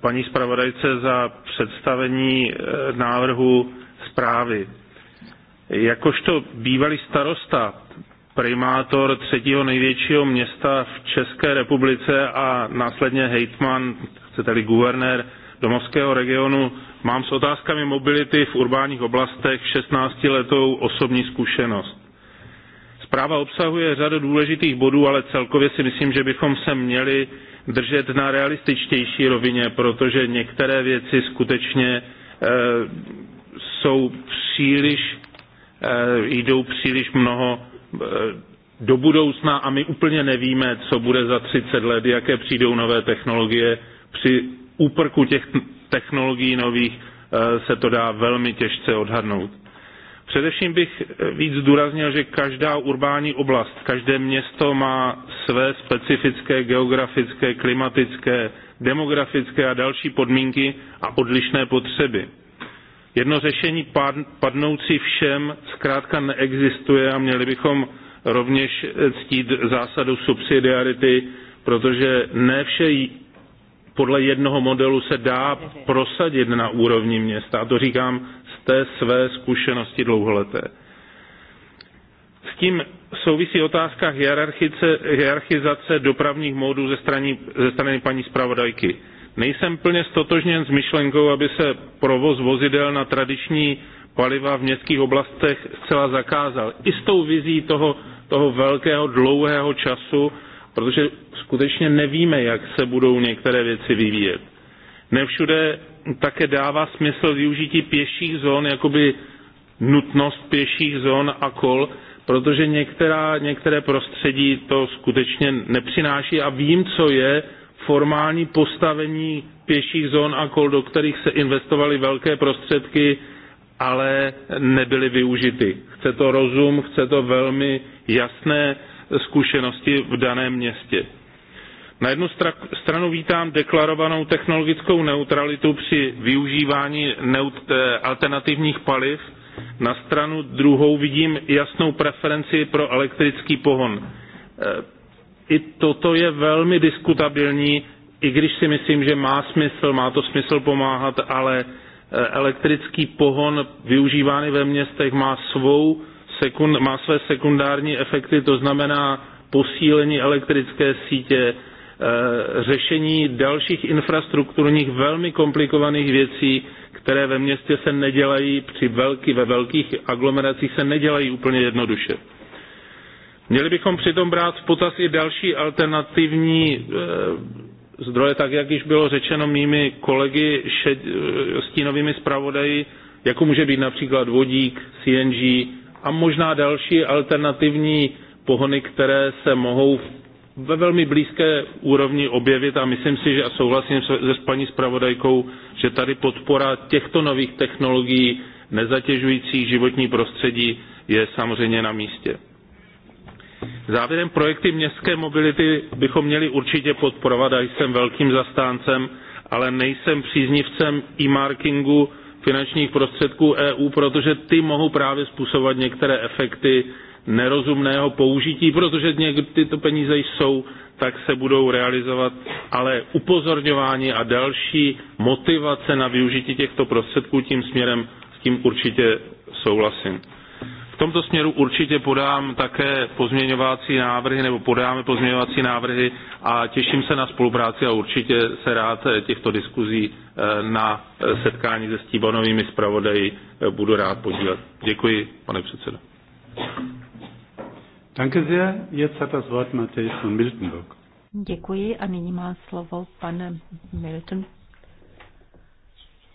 paní zpravodajce za představení eh, návrhu zprávy. Jakožto bývalý starosta, primátor třetího největšího města v České republice a následně hejtman, chcete-li guvernér domovského regionu, mám s otázkami mobility v urbánních oblastech 16 letou osobní zkušenost. Zpráva obsahuje řadu důležitých bodů, ale celkově si myslím, že bychom se měli držet na realističtější rovině, protože některé věci skutečně eh, jsou příliš, eh, jdou příliš mnoho eh, do budoucna a my úplně nevíme, co bude za 30 let, jaké přijdou nové technologie. Při úprku těch technologií nových se to dá velmi těžce odhadnout Především bych eh, víc zdůraznil, že každá urbání oblast, každé město má své specifické geografické, klimatické, demografické a další podmínky a odlišné potřeby. Jedno řešení padnoucí všem zkrátka neexistuje a měli bychom rovněž eh, ctít zásadu subsidiarity, protože ne vše podle jednoho modelu se dá prosadit na úrovni města. A to říkám té své zkušenosti dlouholeté. S tím souvisí otázka hierarchizace dopravních módů ze strany, ze strany paní zpravodajky. Nejsem plně stotožněn s myšlenkou, aby se provoz vozidel na tradiční paliva v městských oblastech zcela zakázal. I s tou vizí toho, toho velkého, dlouhého času, protože skutečně nevíme, jak se budou některé věci vyvíjet. Nevšude také dává smysl využití pěších zón, jakoby nutnost pěších zón a kol, protože některá, některé prostředí to skutečně nepřináší a vím, co je formální postavení pěších zón a kol, do kterých se investovaly velké prostředky, ale nebyly využity. Chce to rozum, chce to velmi jasné zkušenosti v daném městě. Na jednu stranu vítám deklarovanou technologickou neutralitu při využívání eh, alternativních paliv, na stranu druhou vidím jasnou preferenci pro elektrický pohon. Eh, I toto je velmi diskutabilní, i když si myslím, že má smysl, má to smysl pomáhat, ale eh, elektrický pohon využívány ve městech má, svou, sekund, má své sekundární efekty, to znamená posílení elektrické sítě, Eh, řešení dalších infrastrukturních velmi komplikovaných věcí, které ve městě se nedělají, při velký, ve velkých aglomeracích se nedělají úplně jednoduše. Měli bychom přitom brát v potaz i další alternativní eh, zdroje, tak jak již bylo řečeno mými kolegy šed, eh, stínovými zpravodaji, jako může být například vodík, CNG a možná další alternativní pohony, které se mohou v ve velmi blízké úrovni objevit a myslím si, že a souhlasím se s paní zpravodajkou, že tady podpora těchto nových technologií nezatěžující životní prostředí je samozřejmě na místě. Závěrem projekty městské mobility bychom měli určitě podporovat a jsem velkým zastáncem, ale nejsem příznivcem e-markingu finančních prostředků EU, protože ty mohou právě způsobovat některé efekty, nerozumného použití, protože někdy tyto peníze jsou, tak se budou realizovat, ale upozorňování a další motivace na využití těchto prostředků tím směrem s tím určitě souhlasím. V tomto směru určitě podám také pozměňovací návrhy, nebo podáme pozměňovací návrhy a těším se na spolupráci a určitě se rád těchto diskuzí eh, na setkání se stíbanovými zpravodaji eh, budu rád podívat. Děkuji, pane předsedo. Danke sehr. Jetzt hat das Wort Matthäus von Miltenburg. Děkuji a nyní má slovo pan Milton.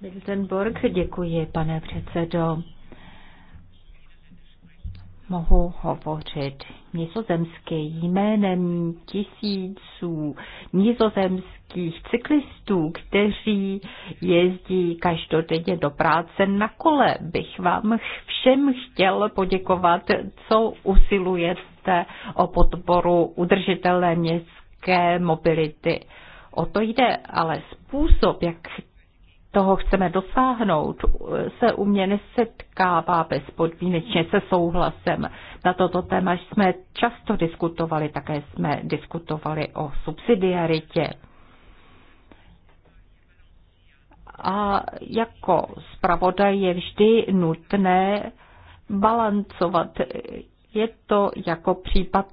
Miltenburg, děkuji, pane předsedo. Mohu hovořit nizozemsky jménem tisíců nizozemských cyklistů, kteří jezdí každodenně do práce na kole. Bych vám všem chtěl poděkovat, co usilujete jste o podporu udržitelné městské mobility. O to jde, ale způsob, jak toho chceme dosáhnout, se u mě nesetkává bezpodmínečně se souhlasem. Na toto téma jsme často diskutovali, také jsme diskutovali o subsidiaritě. A jako zpravodaj je vždy nutné balancovat je to jako případ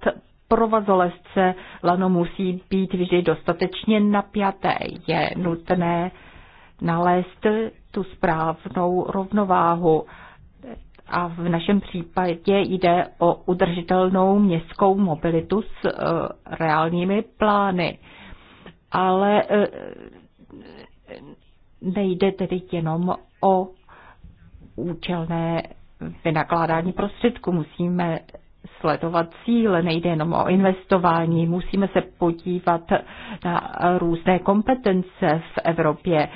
provazolesce. Lano musí být vždy dostatečně napjaté. Je nutné nalézt tu správnou rovnováhu. A v našem případě jde o udržitelnou městskou mobilitu s e, reálnými plány. Ale e, nejde tedy jenom o účelné vynakládání prostředků. Musíme sledovat cíl, nejde jenom o investování, musíme se podívat na různé kompetence v Evropě.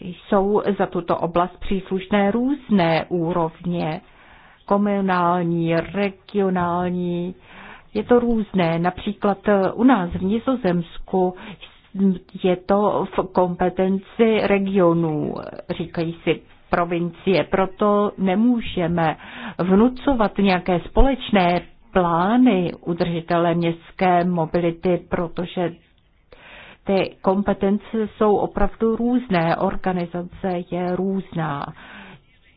Jsou za tuto oblast příslušné různé úrovně, komunální, regionální, je to různé. Například u nás v Nizozemsku je to v kompetenci regionů, říkají si provincie. Proto nemůžeme vnucovat nějaké společné plány udržitele městské mobility, protože ty kompetence jsou opravdu různé, organizace je různá.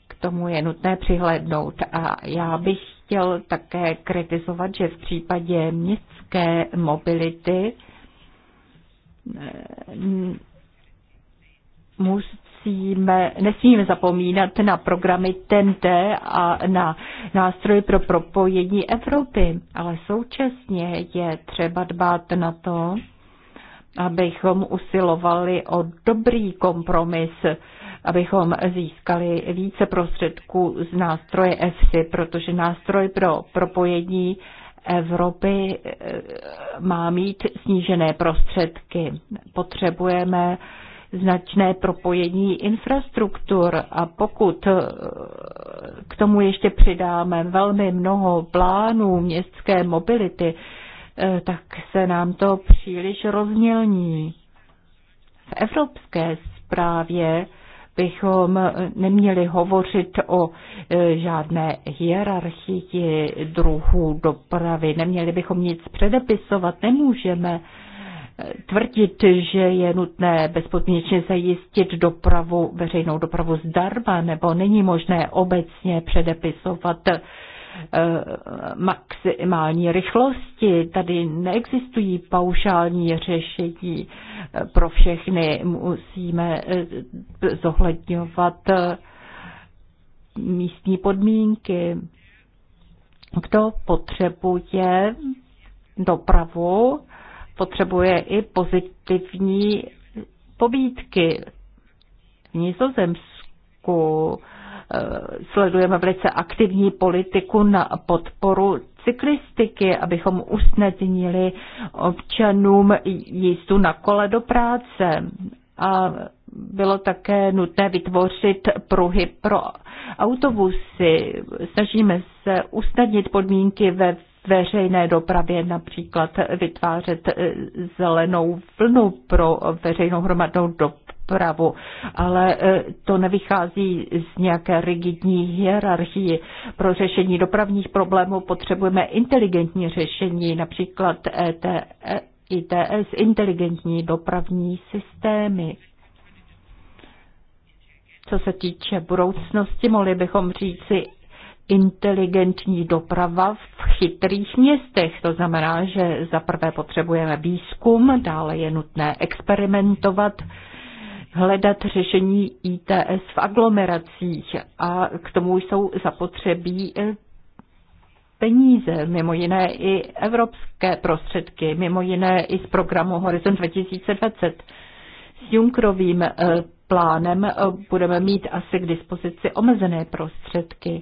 K tomu je nutné přihlednout. A já bych chtěl také kritizovat, že v případě městské mobility eh, nesmíme, nesmíme zapomínat na programy TNT a na nástroj pro propojení Evropy, ale současně je třeba dbát na to, abychom usilovali o dobrý kompromis, abychom získali více prostředků z nástroje EFSI, protože nástroj pro propojení Evropy eh, má mít snížené prostředky. Potřebujeme značné propojení infrastruktur a pokud eh, k tomu ještě přidáme velmi mnoho plánů městské mobility, eh, tak se nám to příliš rozmělní. V evropské zprávě bychom neměli hovořit o eh, žádné hierarchii druhů dopravy, neměli bychom nic předepisovat, nemůžeme tvrdit, že je nutné bezpodmínečně zajistit dopravu, veřejnou dopravu zdarma, nebo není možné obecně předepisovat eh, maximální rychlosti. Tady neexistují paušální řešení eh, pro všechny. Musíme eh, zohledňovat místní podmínky. Kdo potřebuje dopravu, potřebuje i pozitivní pobídky. V Nizozemsku eh, sledujeme velice aktivní politiku na podporu cyklistiky, abychom usnadnili občanům jízdu na kole do práce. A bylo také nutné vytvořit pruhy pro autobusy. Snažíme se usnadnit podmínky ve veřejné dopravě například vytvářet eh, zelenou vlnu pro veřejnou hromadnou dopravu, ale eh, to nevychází z nějaké rigidní hierarchii. Pro řešení dopravních problémů potřebujeme inteligentní řešení, například e e, ITS, inteligentní dopravní systémy. Co se týče budoucnosti, mohli bychom říci inteligentní doprava v chytrých městech. To znamená, že za prvé potřebujeme výzkum, dále je nutné experimentovat, hledat řešení ITS v aglomeracích a k tomu jsou zapotřebí eh, peníze, mimo jiné i evropské prostředky, mimo jiné i z programu Horizon 2020. S Junkrovým eh, plánem eh, budeme mít asi k dispozici omezené prostředky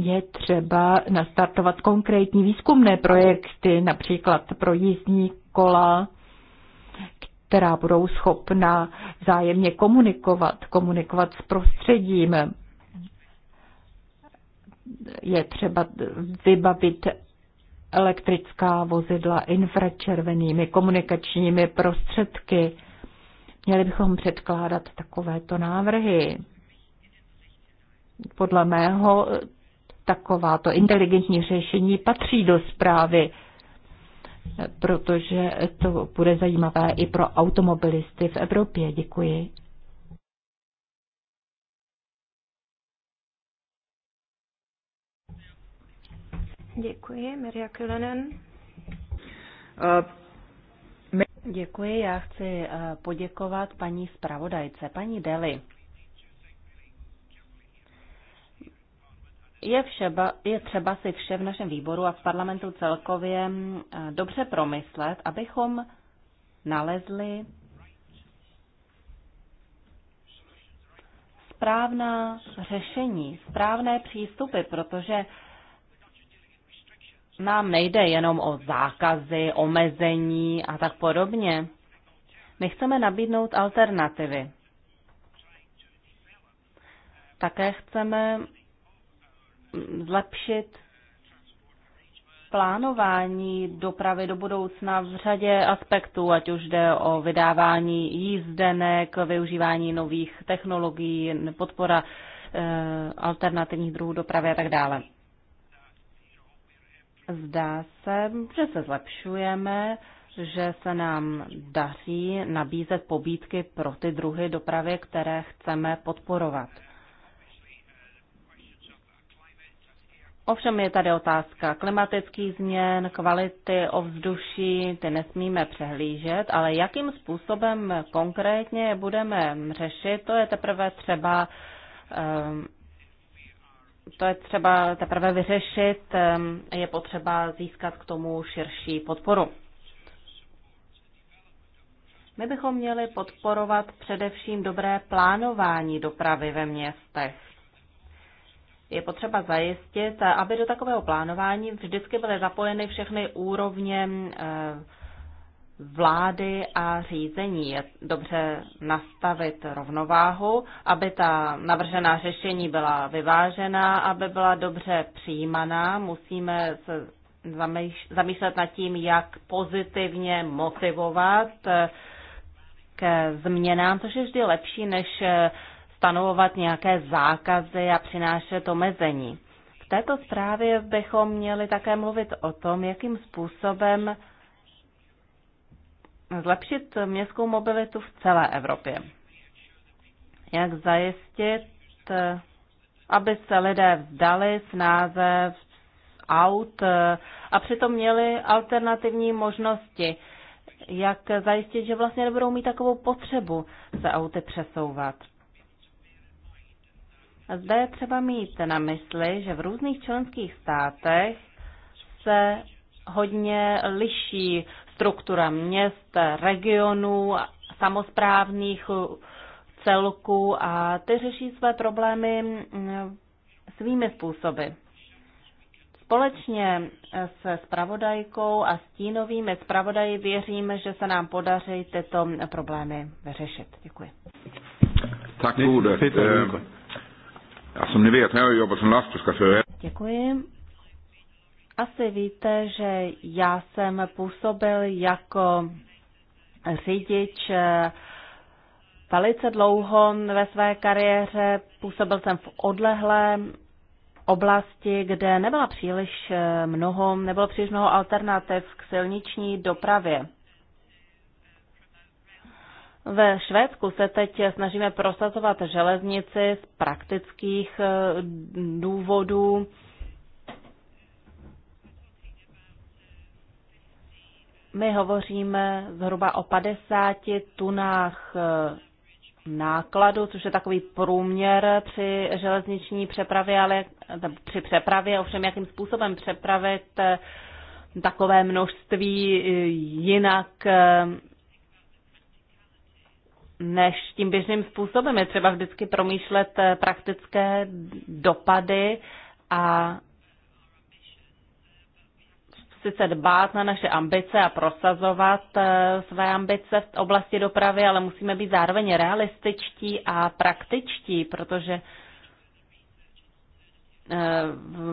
je třeba nastartovat konkrétní výzkumné projekty, například pro jízdní kola, která budou schopna zájemně komunikovat, komunikovat s prostředím. Je třeba vybavit elektrická vozidla infračervenými komunikačními prostředky. Měli bychom předkládat takovéto návrhy. Podle mého takováto inteligentní řešení patří do zprávy, protože to bude zajímavé i pro automobilisty v Evropě. Děkuji. Děkuji, Maria Kylenen. Uh, Děkuji, já chci eh, poděkovat paní zpravodajce, paní Deli. Je, všeba, je třeba si vše v našem výboru a v parlamentu celkově mm, eh, dobře promyslet, abychom nalezli správná řešení, správné přístupy, protože nám nejde jenom o zákazy, omezení a tak podobně. My chceme nabídnout alternativy. Také chceme zlepšit plánování dopravy do budoucna v řadě aspektů, ať už jde o vydávání jízdenek, využívání nových technologií, podpora eh, alternativních druhů dopravy a tak dále. Zdá se, že se zlepšujeme, že se nám daří nabízet pobídky pro ty druhy dopravy, které chceme podporovat. Ovšem je tady otázka klimatických změn, kvality ovzduší, ty nesmíme přehlížet, ale jakým způsobem konkrétně je budeme řešit, to je teprve třeba ehm, to je třeba teprve vyřešit, ehm, je potřeba získat k tomu širší podporu. My bychom měli podporovat především dobré plánování dopravy ve městech je potřeba zajistit, aby do takového plánování vždycky byly zapojeny všechny úrovně eh, vlády a řízení. Je dobře nastavit rovnováhu, aby ta navržená řešení byla vyvážená, aby byla dobře přijímaná. Musíme se zamýšlet nad tím, jak pozitivně motivovat eh, ke změnám, což je vždy lepší, než eh, stanovovat nějaké zákazy a přinášet omezení. V této zprávě bychom měli také mluvit o tom, jakým způsobem zlepšit městskou mobilitu v celé Evropě. Jak zajistit, aby se lidé vzdali snáze aut a přitom měli alternativní možnosti, jak zajistit, že vlastně nebudou mít takovou potřebu se auty přesouvat. Zde je třeba mít na mysli, že v různých členských státech se hodně liší struktura měst, regionů, samozprávných celků a ty řeší své problémy mm, svými způsoby. Společně se spravodajkou a stínovými spravodaji věříme, že se nám podaří tyto problémy vyřešit. Děkuji. Tak, Peter, já jsem nevěděl, já jobbat som lastbilschaufför. Děkuji. Asi víte, že já jsem působil jako řidič eh, velice dlouho ve své kariéře. Působil jsem v odlehlé oblasti, kde nebyla příliš eh, mnoho, nebylo příliš mnoho alternativ k silniční dopravě. Ve Švédsku se teď snažíme prosazovat železnici z praktických eh, důvodů. My hovoříme zhruba o 50 tunách eh, nákladu, což je takový průměr při železniční přepravě, ale při přepravě, ovšem jakým způsobem přepravit eh, takové množství jinak než tím běžným způsobem. Je třeba vždycky promýšlet eh, praktické dopady a sice dbát na naše ambice a prosazovat eh, své ambice v oblasti dopravy, ale musíme být zároveň realističtí a praktičtí, protože Eh,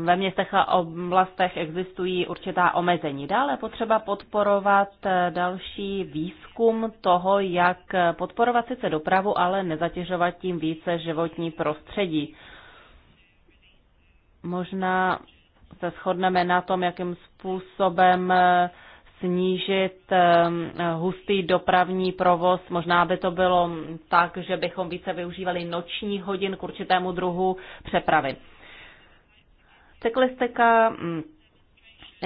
ve městech a oblastech existují určitá omezení. Dále potřeba podporovat eh, další výzkum toho, jak eh, podporovat sice dopravu, ale nezatěžovat tím více životní prostředí. Možná se shodneme na tom, jakým způsobem snížit hustý dopravní provoz. Možná by to bylo tak, že bychom více využívali noční hodin k určitému druhu přepravy. Cyklistika mm,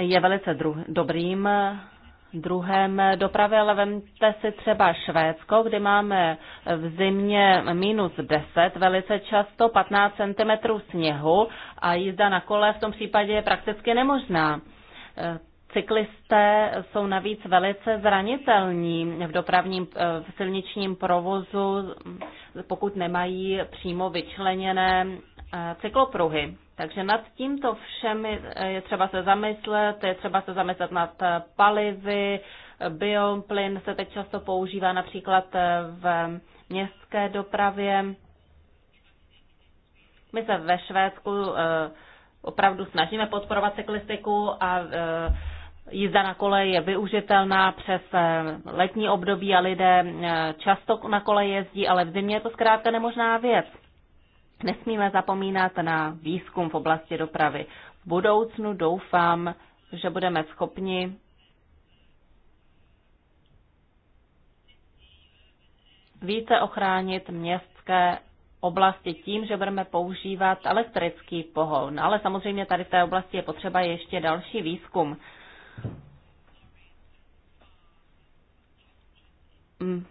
je velice dru- dobrým eh, druhem dopravy, ale vemte si třeba Švédsko, kde máme eh, v zimě minus 10, velice často 15 cm sněhu a jízda na kole v tom případě je prakticky nemožná. Eh, cyklisté jsou navíc velice zranitelní v dopravním, v silničním provozu, pokud nemají přímo vyčleněné cyklopruhy. Takže nad tímto všem eh, je třeba se zamyslet, je třeba se zamyslet nad eh, palivy, eh, bioplyn se teď často používá například v městské dopravě. My se ve Švédsku opravdu snažíme podporovat cyklistiku a jízda na kole je využitelná přes letní období a lidé často na kole jezdí, ale v zimě je to zkrátka nemožná věc. Nesmíme zapomínat na výzkum v oblasti dopravy. V budoucnu doufám, že budeme schopni více ochránit městské oblasti tím, že budeme používat elektrický pohon. No, ale samozřejmě tady v té oblasti je potřeba ještě další výzkum. Mm.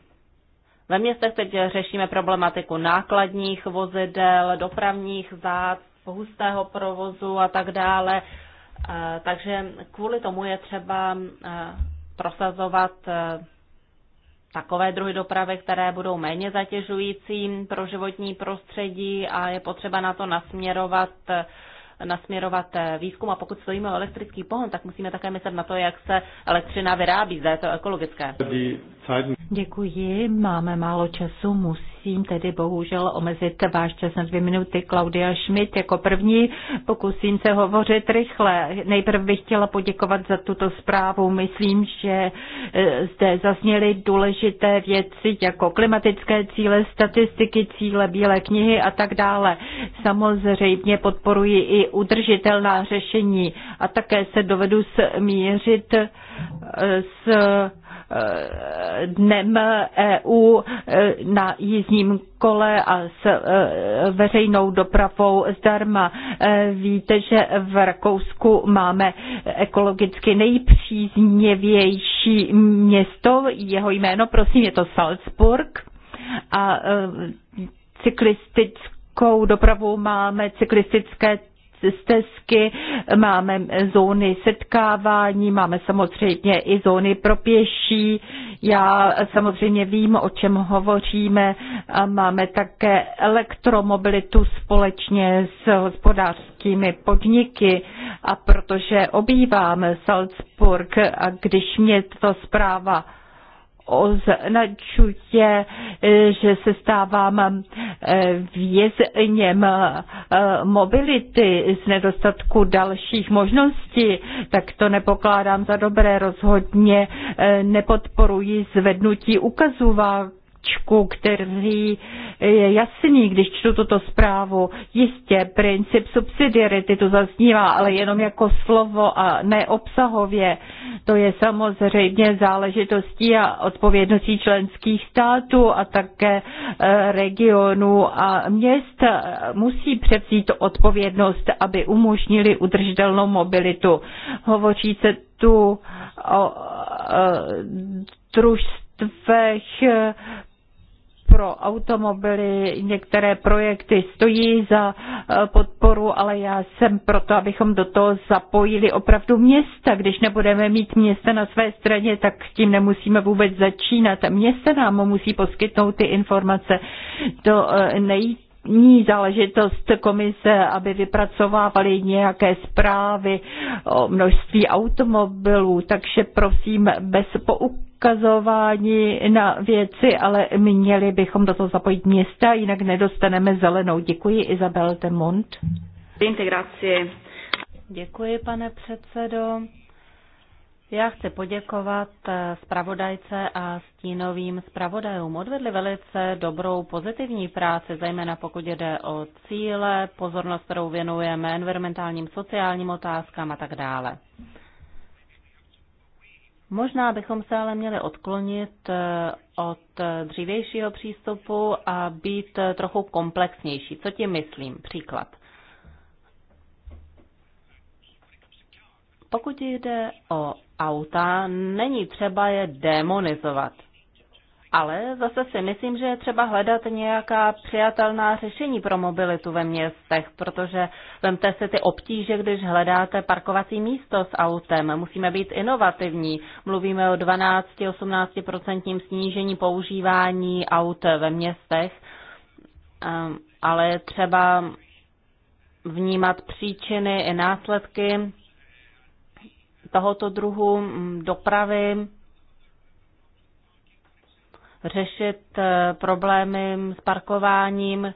Ve městech teď řešíme problematiku nákladních vozidel, dopravních zác, hustého provozu a tak dále. Eh, takže kvůli tomu je třeba eh, prosazovat eh, takové druhy dopravy, které budou méně zatěžující pro životní prostředí a je potřeba na to nasměrovat nasměrovat eh, výzkum a pokud stojíme o elektrický pohon, tak musíme také myslet na to, jak se elektřina vyrábí, zda je to ekologické. Děkuji, máme málo času, musí musím tedy bohužel omezit váš čas na dvě minuty. Klaudia Schmidt jako první, pokusím se hovořit rychle. Nejprve bych chtěla poděkovat za tuto zprávu. Myslím, že e, zde zazněly důležité věci jako klimatické cíle, statistiky, cíle Bílé knihy a tak dále. Samozřejmě podporuji i udržitelná řešení a také se dovedu smířit e, s dnem EU e, na jízdním kole a s e, veřejnou dopravou zdarma. E, víte, že v Rakousku máme ekologicky nejpříznivější město, jeho jméno, prosím, je to Salzburg a cyklistickou dopravu máme cyklistické stezky, máme zóny setkávání, máme samozřejmě i zóny pro pěší. Já samozřejmě vím, o čem hovoříme. A máme také elektromobilitu společně s hospodářskými podniky. A protože obývám Salzburg a když mě to zpráva označuje, že se stávám eh, vězněm eh, mobility z nedostatku dalších možností, tak to nepokládám za dobré. Rozhodně eh, nepodporuji zvednutí ukazováku čku, který je jasný, když čtu tuto zprávu. Jistě, princip subsidiarity to zaznívá, ale jenom jako slovo a neobsahově. To je samozřejmě záležitostí a odpovědností členských států a také eh, regionů a měst musí převzít odpovědnost, aby umožnili udržitelnou mobilitu. Hovoří se tu o eh, družstvech, pro automobily, některé projekty stojí za eh, podporu, ale já jsem proto, abychom do toho zapojili opravdu města. Když nebudeme mít města na své straně, tak s tím nemusíme vůbec začínat. Města nám musí poskytnout ty informace. To eh, nejde ní záležitost komise, aby vypracovávali nějaké zprávy o množství automobilů, takže prosím bez poukazování na věci, ale měli bychom do toho zapojit města, jinak nedostaneme zelenou. Děkuji Isabel Temont. Integraci. Děkuji, pane předsedo. Já chci poděkovat eh, zpravodajce a stínovým zpravodajům. Odvedli velice dobrou pozitivní práci, zejména pokud jde o cíle, pozornost, kterou věnujeme environmentálním, sociálním otázkám a tak dále. Možná bychom se ale měli odklonit eh, od dřívějšího přístupu a být eh, trochu komplexnější. Co tím myslím? Příklad. Pokud jde o auta, není třeba je demonizovat. Ale zase si myslím, že je třeba hledat nějaká přijatelná řešení pro mobilitu ve městech, protože vemte si ty obtíže, když hledáte parkovací místo s autem. Musíme být inovativní. Mluvíme o 12-18% snížení používání aut ve městech, ehm, ale třeba vnímat příčiny i následky tohoto druhu mm, dopravy řešit e, problémy s parkováním.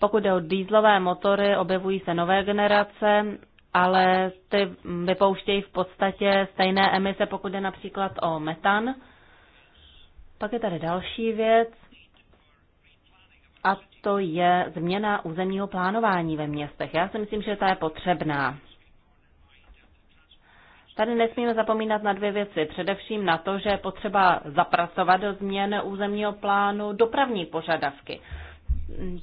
Pokud jde o dýzlové motory, objevují se nové generace, ale ty vypouštějí v podstatě stejné emise, pokud jde například o metan. Pak je tady další věc, a to je změna územního plánování ve městech. Já si myslím, že ta je potřebná. Tady nesmíme zapomínat na dvě věci. Především na to, že je potřeba zapracovat do změn územního plánu dopravní požadavky.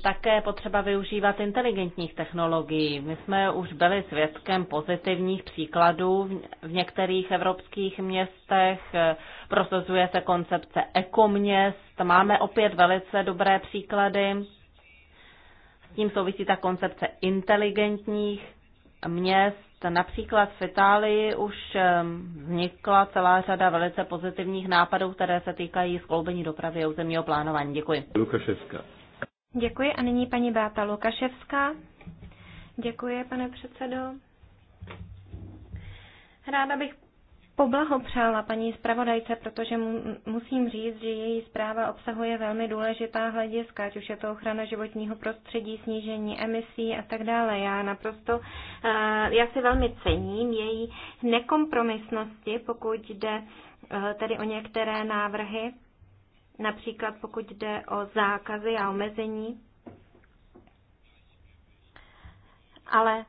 Také je potřeba využívat inteligentních technologií. My jsme už byli svědkem pozitivních příkladů v některých evropských městech. Prosazuje se koncepce ekoměst. Máme opět velice dobré příklady. S tím souvisí ta koncepce inteligentních měst. Například v Itálii už ehm, vznikla celá řada velice pozitivních nápadů, které se týkají skloubení dopravy a územního plánování. Děkuji. Lukaševská. Děkuji a nyní paní Báta Lukaševská. Děkuji, pane předsedo. Ráda bych poblahopřála paní zpravodajce, protože mu, musím říct, že její zpráva obsahuje velmi důležitá hlediska, ať už je to ochrana životního prostředí, snížení emisí a tak dále. Já naprosto, eh, já si velmi cením její nekompromisnosti, pokud jde eh, tedy o některé návrhy, například pokud jde o zákazy a omezení. Ale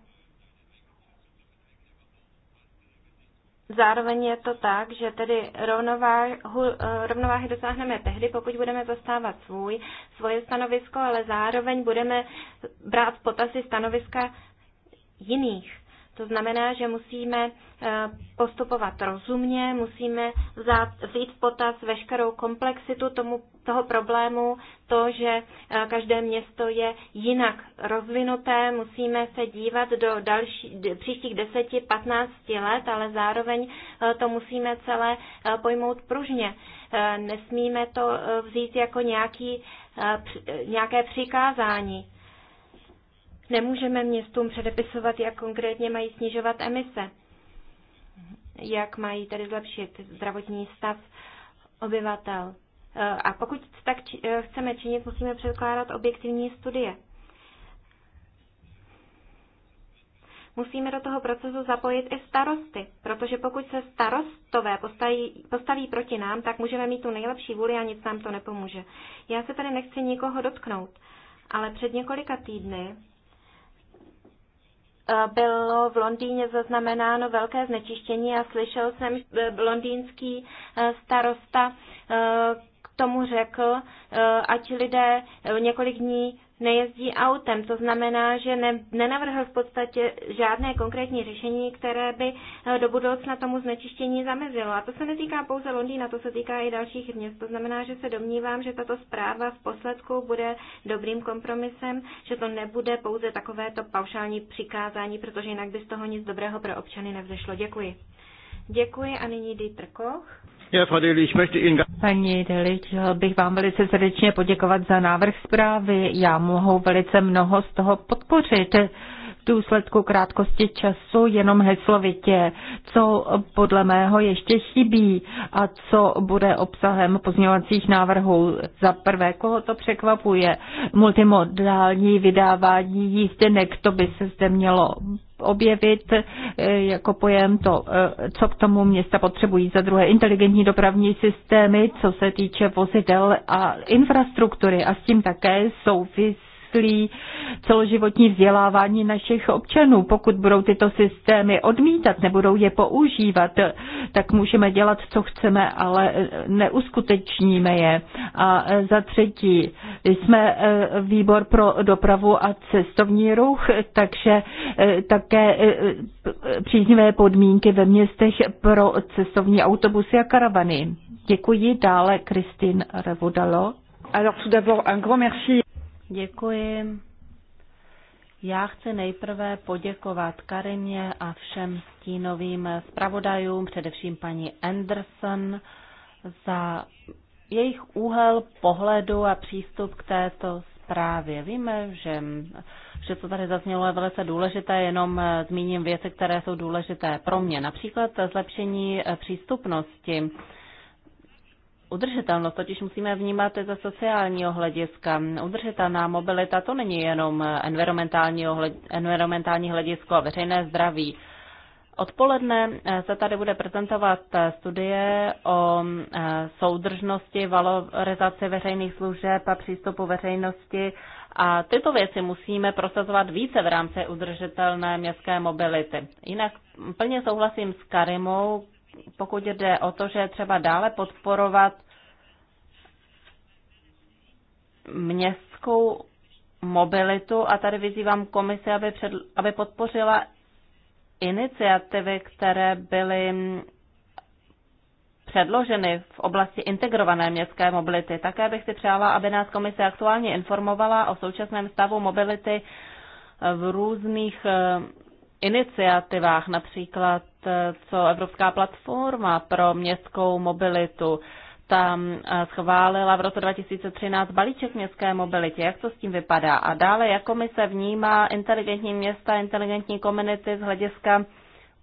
Zároveň je to tak, že tedy rovnováhu, eh, rovnováhy dosáhneme tehdy, pokud budeme zastávat svůj, svoje stanovisko, ale zároveň budeme brát v potasy stanoviska jiných. To znamená, že musíme eh, postupovat rozumně, musíme vzít v potaz veškerou komplexitu tomu, toho problému, to, že eh, každé město je jinak rozvinuté, musíme se dívat do další, příštích 10-15 let, ale zároveň eh, to musíme celé pojmout pružně. Nesmíme to vzít jako nějaký, nějaké přikázání. Nemůžeme městům předepisovat, jak konkrétně mají snižovat emise, jak mají tedy zlepšit zdravotní stav obyvatel. A pokud tak chceme činit, musíme předkládat objektivní studie. musíme do toho procesu zapojit i starosty, protože pokud se starostové postaví, postaví proti nám, tak můžeme mít tu nejlepší vůli a nic nám to nepomůže. Já se tady nechci nikoho dotknout, ale před několika týdny Eh, bylo v Londýně zaznamenáno velké znečištění a slyšel jsem, eh, londýnský eh, starosta k tomu řekl, ať lidé několik dní nejezdí autem. To znamená, že ne, nenavrhl v podstatě žádné konkrétní řešení, které by eh, do budoucna tomu znečištění zamezilo. A to se netýká pouze Londýna, to se týká i dalších měst. To znamená, že se domnívám, že tato zpráva v posledku bude dobrým kompromisem, že to nebude pouze takovéto paušální přikázání, protože jinak by z toho nic dobrého pro občany nevzešlo. Děkuji. Děkuji a nyní Dieter Koch. Paní Deli, chtěl bych vám velice srdečně poděkovat za návrh zprávy. Já mohu velice mnoho z toho podpořit důsledku krátkosti času jenom heslovitě, co podle mého ještě chybí a co bude obsahem pozměňovacích návrhů. Za prvé, koho to překvapuje, multimodální vydávání jízdenek, to by se zde mělo objevit eh, jako pojem to, eh, co k tomu města potřebují. Za druhé inteligentní dopravní systémy, co se týče vozidel a infrastruktury a s tím také souvisí myslí celoživotní vzdělávání našich občanů. Pokud budou tyto systémy odmítat, nebudou je používat, tak můžeme dělat, co chceme, ale neuskutečníme je. A za třetí, jsme eh, výbor pro dopravu a cestovní ruch, takže eh, také eh, příznivé podmínky ve městech pro cestovní autobusy a karavany. Děkuji dále Kristin Revodalo. Alors tout d'abord un grand merci. Děkuji. Já chci nejprve poděkovat Karině a všem stínovým zpravodajům, především paní Anderson, za jejich úhel pohledu a přístup k této zprávě. Víme, že, že co tady zaznělo je velice důležité, jenom zmíním věci, které jsou důležité pro mě. Například zlepšení přístupnosti Udržitelnost totiž musíme vnímat ze sociálního hlediska. Udržitelná mobilita to není jenom environmentální, ohled, environmentální hledisko a veřejné zdraví. Odpoledne eh, se tady bude prezentovat eh, studie o eh, soudržnosti, valorizaci veřejných služeb a přístupu veřejnosti a tyto věci musíme prosazovat více v rámci udržitelné městské mobility. Jinak plně souhlasím s Karimou, pokud jde o to, že je třeba dále podporovat městskou mobilitu a tady vyzývám komisi, aby, před, aby podpořila iniciativy, které byly předloženy v oblasti integrované městské mobility. Také bych si přála, aby nás komise aktuálně informovala o současném stavu mobility v různých eh, iniciativách, například co Evropská platforma pro městskou mobilitu. Tam eh, schválila v roce 2013 balíček městské mobilitě. Jak to s tím vypadá? A dále, jak komise vnímá inteligentní města, inteligentní komunity z hlediska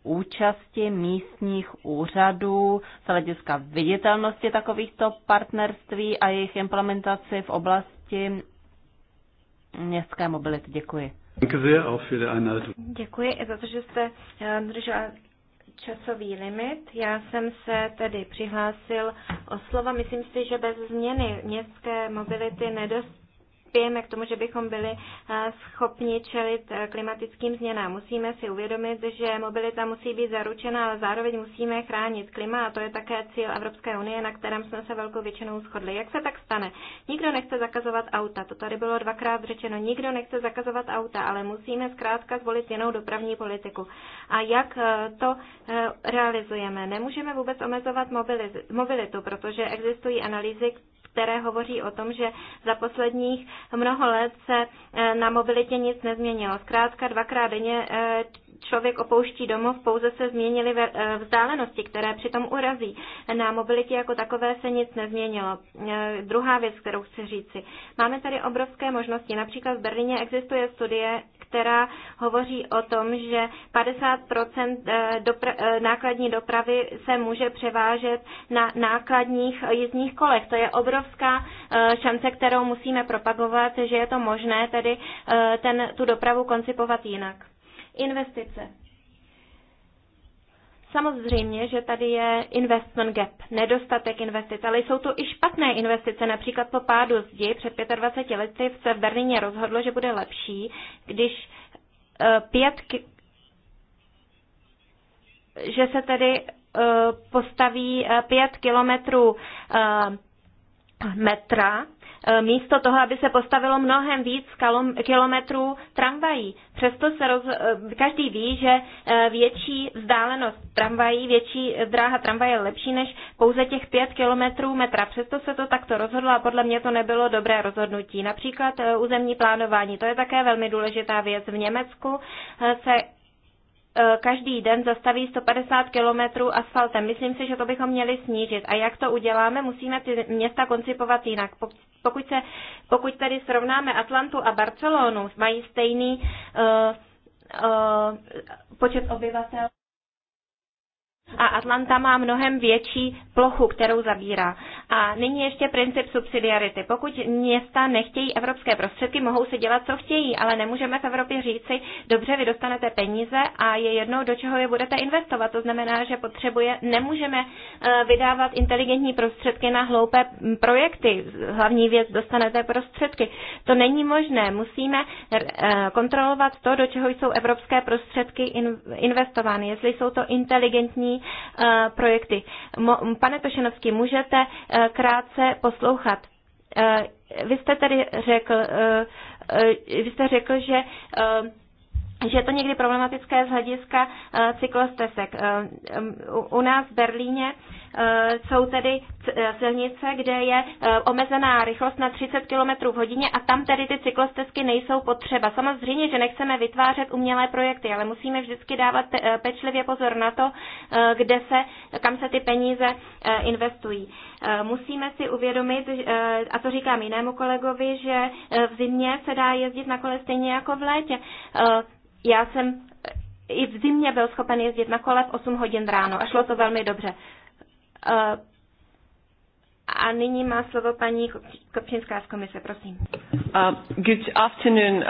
účasti místních úřadů z hlediska viditelnosti takovýchto partnerství a jejich implementaci v oblasti městské mobility. Děkuji. Děkuji i za to, že jste eh, držela časový limit. Já jsem se tedy přihlásil o slovo. Myslím si, že bez změny městské mobility nedost přispějeme k tomu, že bychom byli eh, schopni čelit eh, klimatickým změnám. Musíme si uvědomit, že mobilita musí být zaručena, ale zároveň musíme chránit klima a to je také cíl Evropské unie, na kterém jsme se velkou většinou shodli. Jak se tak stane? Nikdo nechce zakazovat auta, to tady bylo dvakrát řečeno, nikdo nechce zakazovat auta, ale musíme zkrátka zvolit jinou dopravní politiku. A jak eh, to realizujeme? Nemůžeme vůbec omezovat mobilitu, protože existují analýzy, které hovoří o tom, že za posledních mnoho let se eh, na mobilitě nic nezměnilo. Zkrátka dvakrát denně eh, člověk opouští domov, pouze se změnily eh, vzdálenosti, které přitom urazí. Na mobilitě jako takové se nic nezměnilo. Druhá věc, kterou chci říci. Máme tady obrovské možnosti. Například v Berlíně existuje studie, která hovoří o tom, že 50 eh, dopra- eh, nákladní dopravy se může převážet na nákladních jízdních kolech. To je obrovská eh, šance, kterou musíme propagovat, že je to možné tedy ten, tu dopravu koncipovat jinak. Investice. Samozřejmě, že tady je investment gap, nedostatek investic, ale jsou tu i špatné investice. Například po pádu zdi před 25 lety se v Berlíně rozhodlo, že bude lepší, když eh, pět, že se tedy eh, postaví eh, pět kilometrů metra Eh, místo toho, aby se postavilo mnohem víc kilometrů tramvají. Přesto se roz, eh, každý ví, že eh, větší vzdálenost tramvají, větší dráha tramvaje je lepší než pouze těch pět kilometrů metra. Přesto se to takto rozhodlo a podle mě to nebylo dobré rozhodnutí. Například územní plánování, to je také velmi důležitá věc. V Německu se E, každý den zastaví 150 kilometrů asfaltem. Myslím si, že to bychom měli snížit. A jak to uděláme, musíme ty města koncipovat jinak. Pokud, se, pokud tady srovnáme Atlantu a Barcelonu, mají stejný uh, uh, počet obyvatel a Atlanta má mnohem větší plochu, kterou zabírá. A nyní ještě princip subsidiarity. Pokud města nechtějí evropské prostředky, mohou si dělat, co chtějí, ale nemůžeme v Evropě říci, dobře, vy dostanete peníze a je jedno, do čeho je budete investovat. To znamená, že potřebuje, nemůžeme eh, vydávat inteligentní prostředky na hloupé hm, projekty. Hlavní věc, dostanete prostředky. To není možné. Musíme eh, kontrolovat to, do čeho jsou evropské prostředky investovány, jestli jsou to inteligentní Eh, projekty. Pane Tošenovský, můžete eh, krátce poslouchat. Eh, vy jste tady řekl, vy jste řekl, že že je to někdy problematické z hlediska eh, cyklostezek. Eh, u nás v Berlíně eh, jsou tedy silnice, kde je omezená rychlost na 30 km v hodině a tam tedy ty cyklostezky nejsou potřeba. Samozřejmě, že nechceme vytvářet umělé projekty, ale musíme vždycky dávat pečlivě pozor na to, kde se, kam se ty peníze investují. Musíme si uvědomit, a to říkám jinému kolegovi, že v zimě se dá jezdit na kole stejně jako v létě já jsem eh, i v zimě byl schopen jezdit na kole v 8 hodin ráno a šlo to velmi dobře. Eh, a nyní má slovo paní Kopčinská z komise, prosím. Uh, good afternoon. Uh...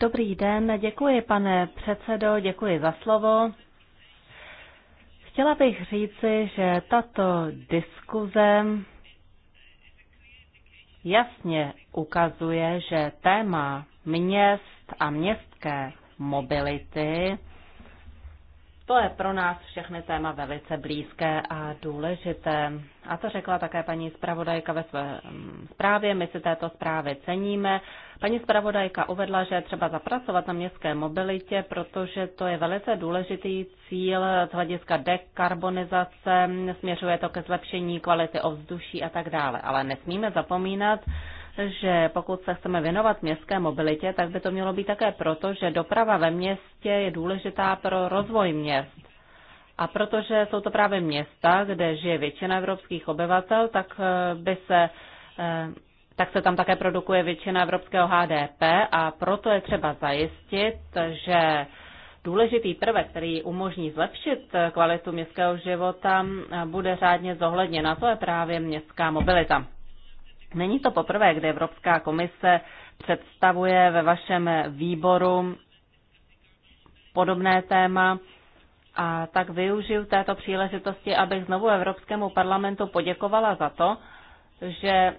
Dobrý den, děkuji pane předsedo, děkuji za slovo. Chtěla bych říci, že tato diskuze jasně ukazuje, že téma měst a městské mobility. To je pro nás všechny téma velice blízké a důležité. A to řekla také paní zpravodajka ve své mm, zprávě. My si této zprávy ceníme. Paní zpravodajka uvedla, že je třeba zapracovat na městské mobilitě, protože to je velice důležitý cíl z hlediska dekarbonizace, směřuje to ke zlepšení kvality ovzduší a tak dále. Ale nesmíme zapomínat, že pokud se chceme věnovat městské mobilitě, tak by to mělo být také proto, že doprava ve městě je důležitá pro rozvoj měst. A protože jsou to právě města, kde žije většina evropských obyvatel, tak eh, by se eh, tak se tam také produkuje většina evropského HDP a proto je třeba zajistit, že důležitý prvek, který umožní zlepšit eh, kvalitu městského života, bude řádně zohledněn. A to je právě městská mobilita. Není to poprvé, kdy Evropská komise představuje ve vašem výboru podobné téma. A tak využiju této příležitosti, abych znovu Evropskému parlamentu poděkovala za to, že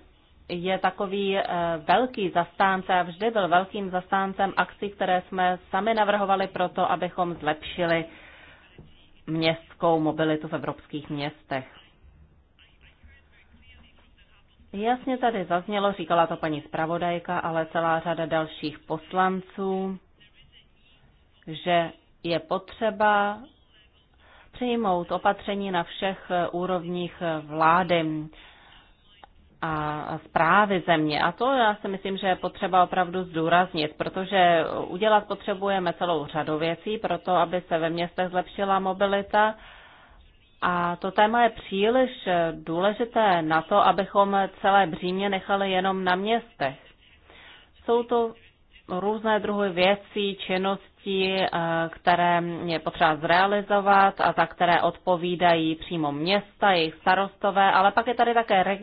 je takový eh, velký zastánce a vždy byl velkým zastáncem akcí, které jsme sami navrhovali proto, abychom zlepšili městskou mobilitu v evropských městech. Jasně tady zaznělo, říkala to paní zpravodajka, ale celá řada dalších poslanců, že je potřeba přijmout opatření na všech úrovních vlády a zprávy země. A to já si myslím, že je potřeba opravdu zdůraznit, protože udělat potřebujeme celou řadu věcí pro to, aby se ve městech zlepšila mobilita a to téma je příliš důležité na to, abychom celé břímě nechali jenom na městech. Jsou to různé druhy věcí, činností, eh, které je potřeba zrealizovat a za které odpovídají přímo města, jejich starostové, ale pak je tady také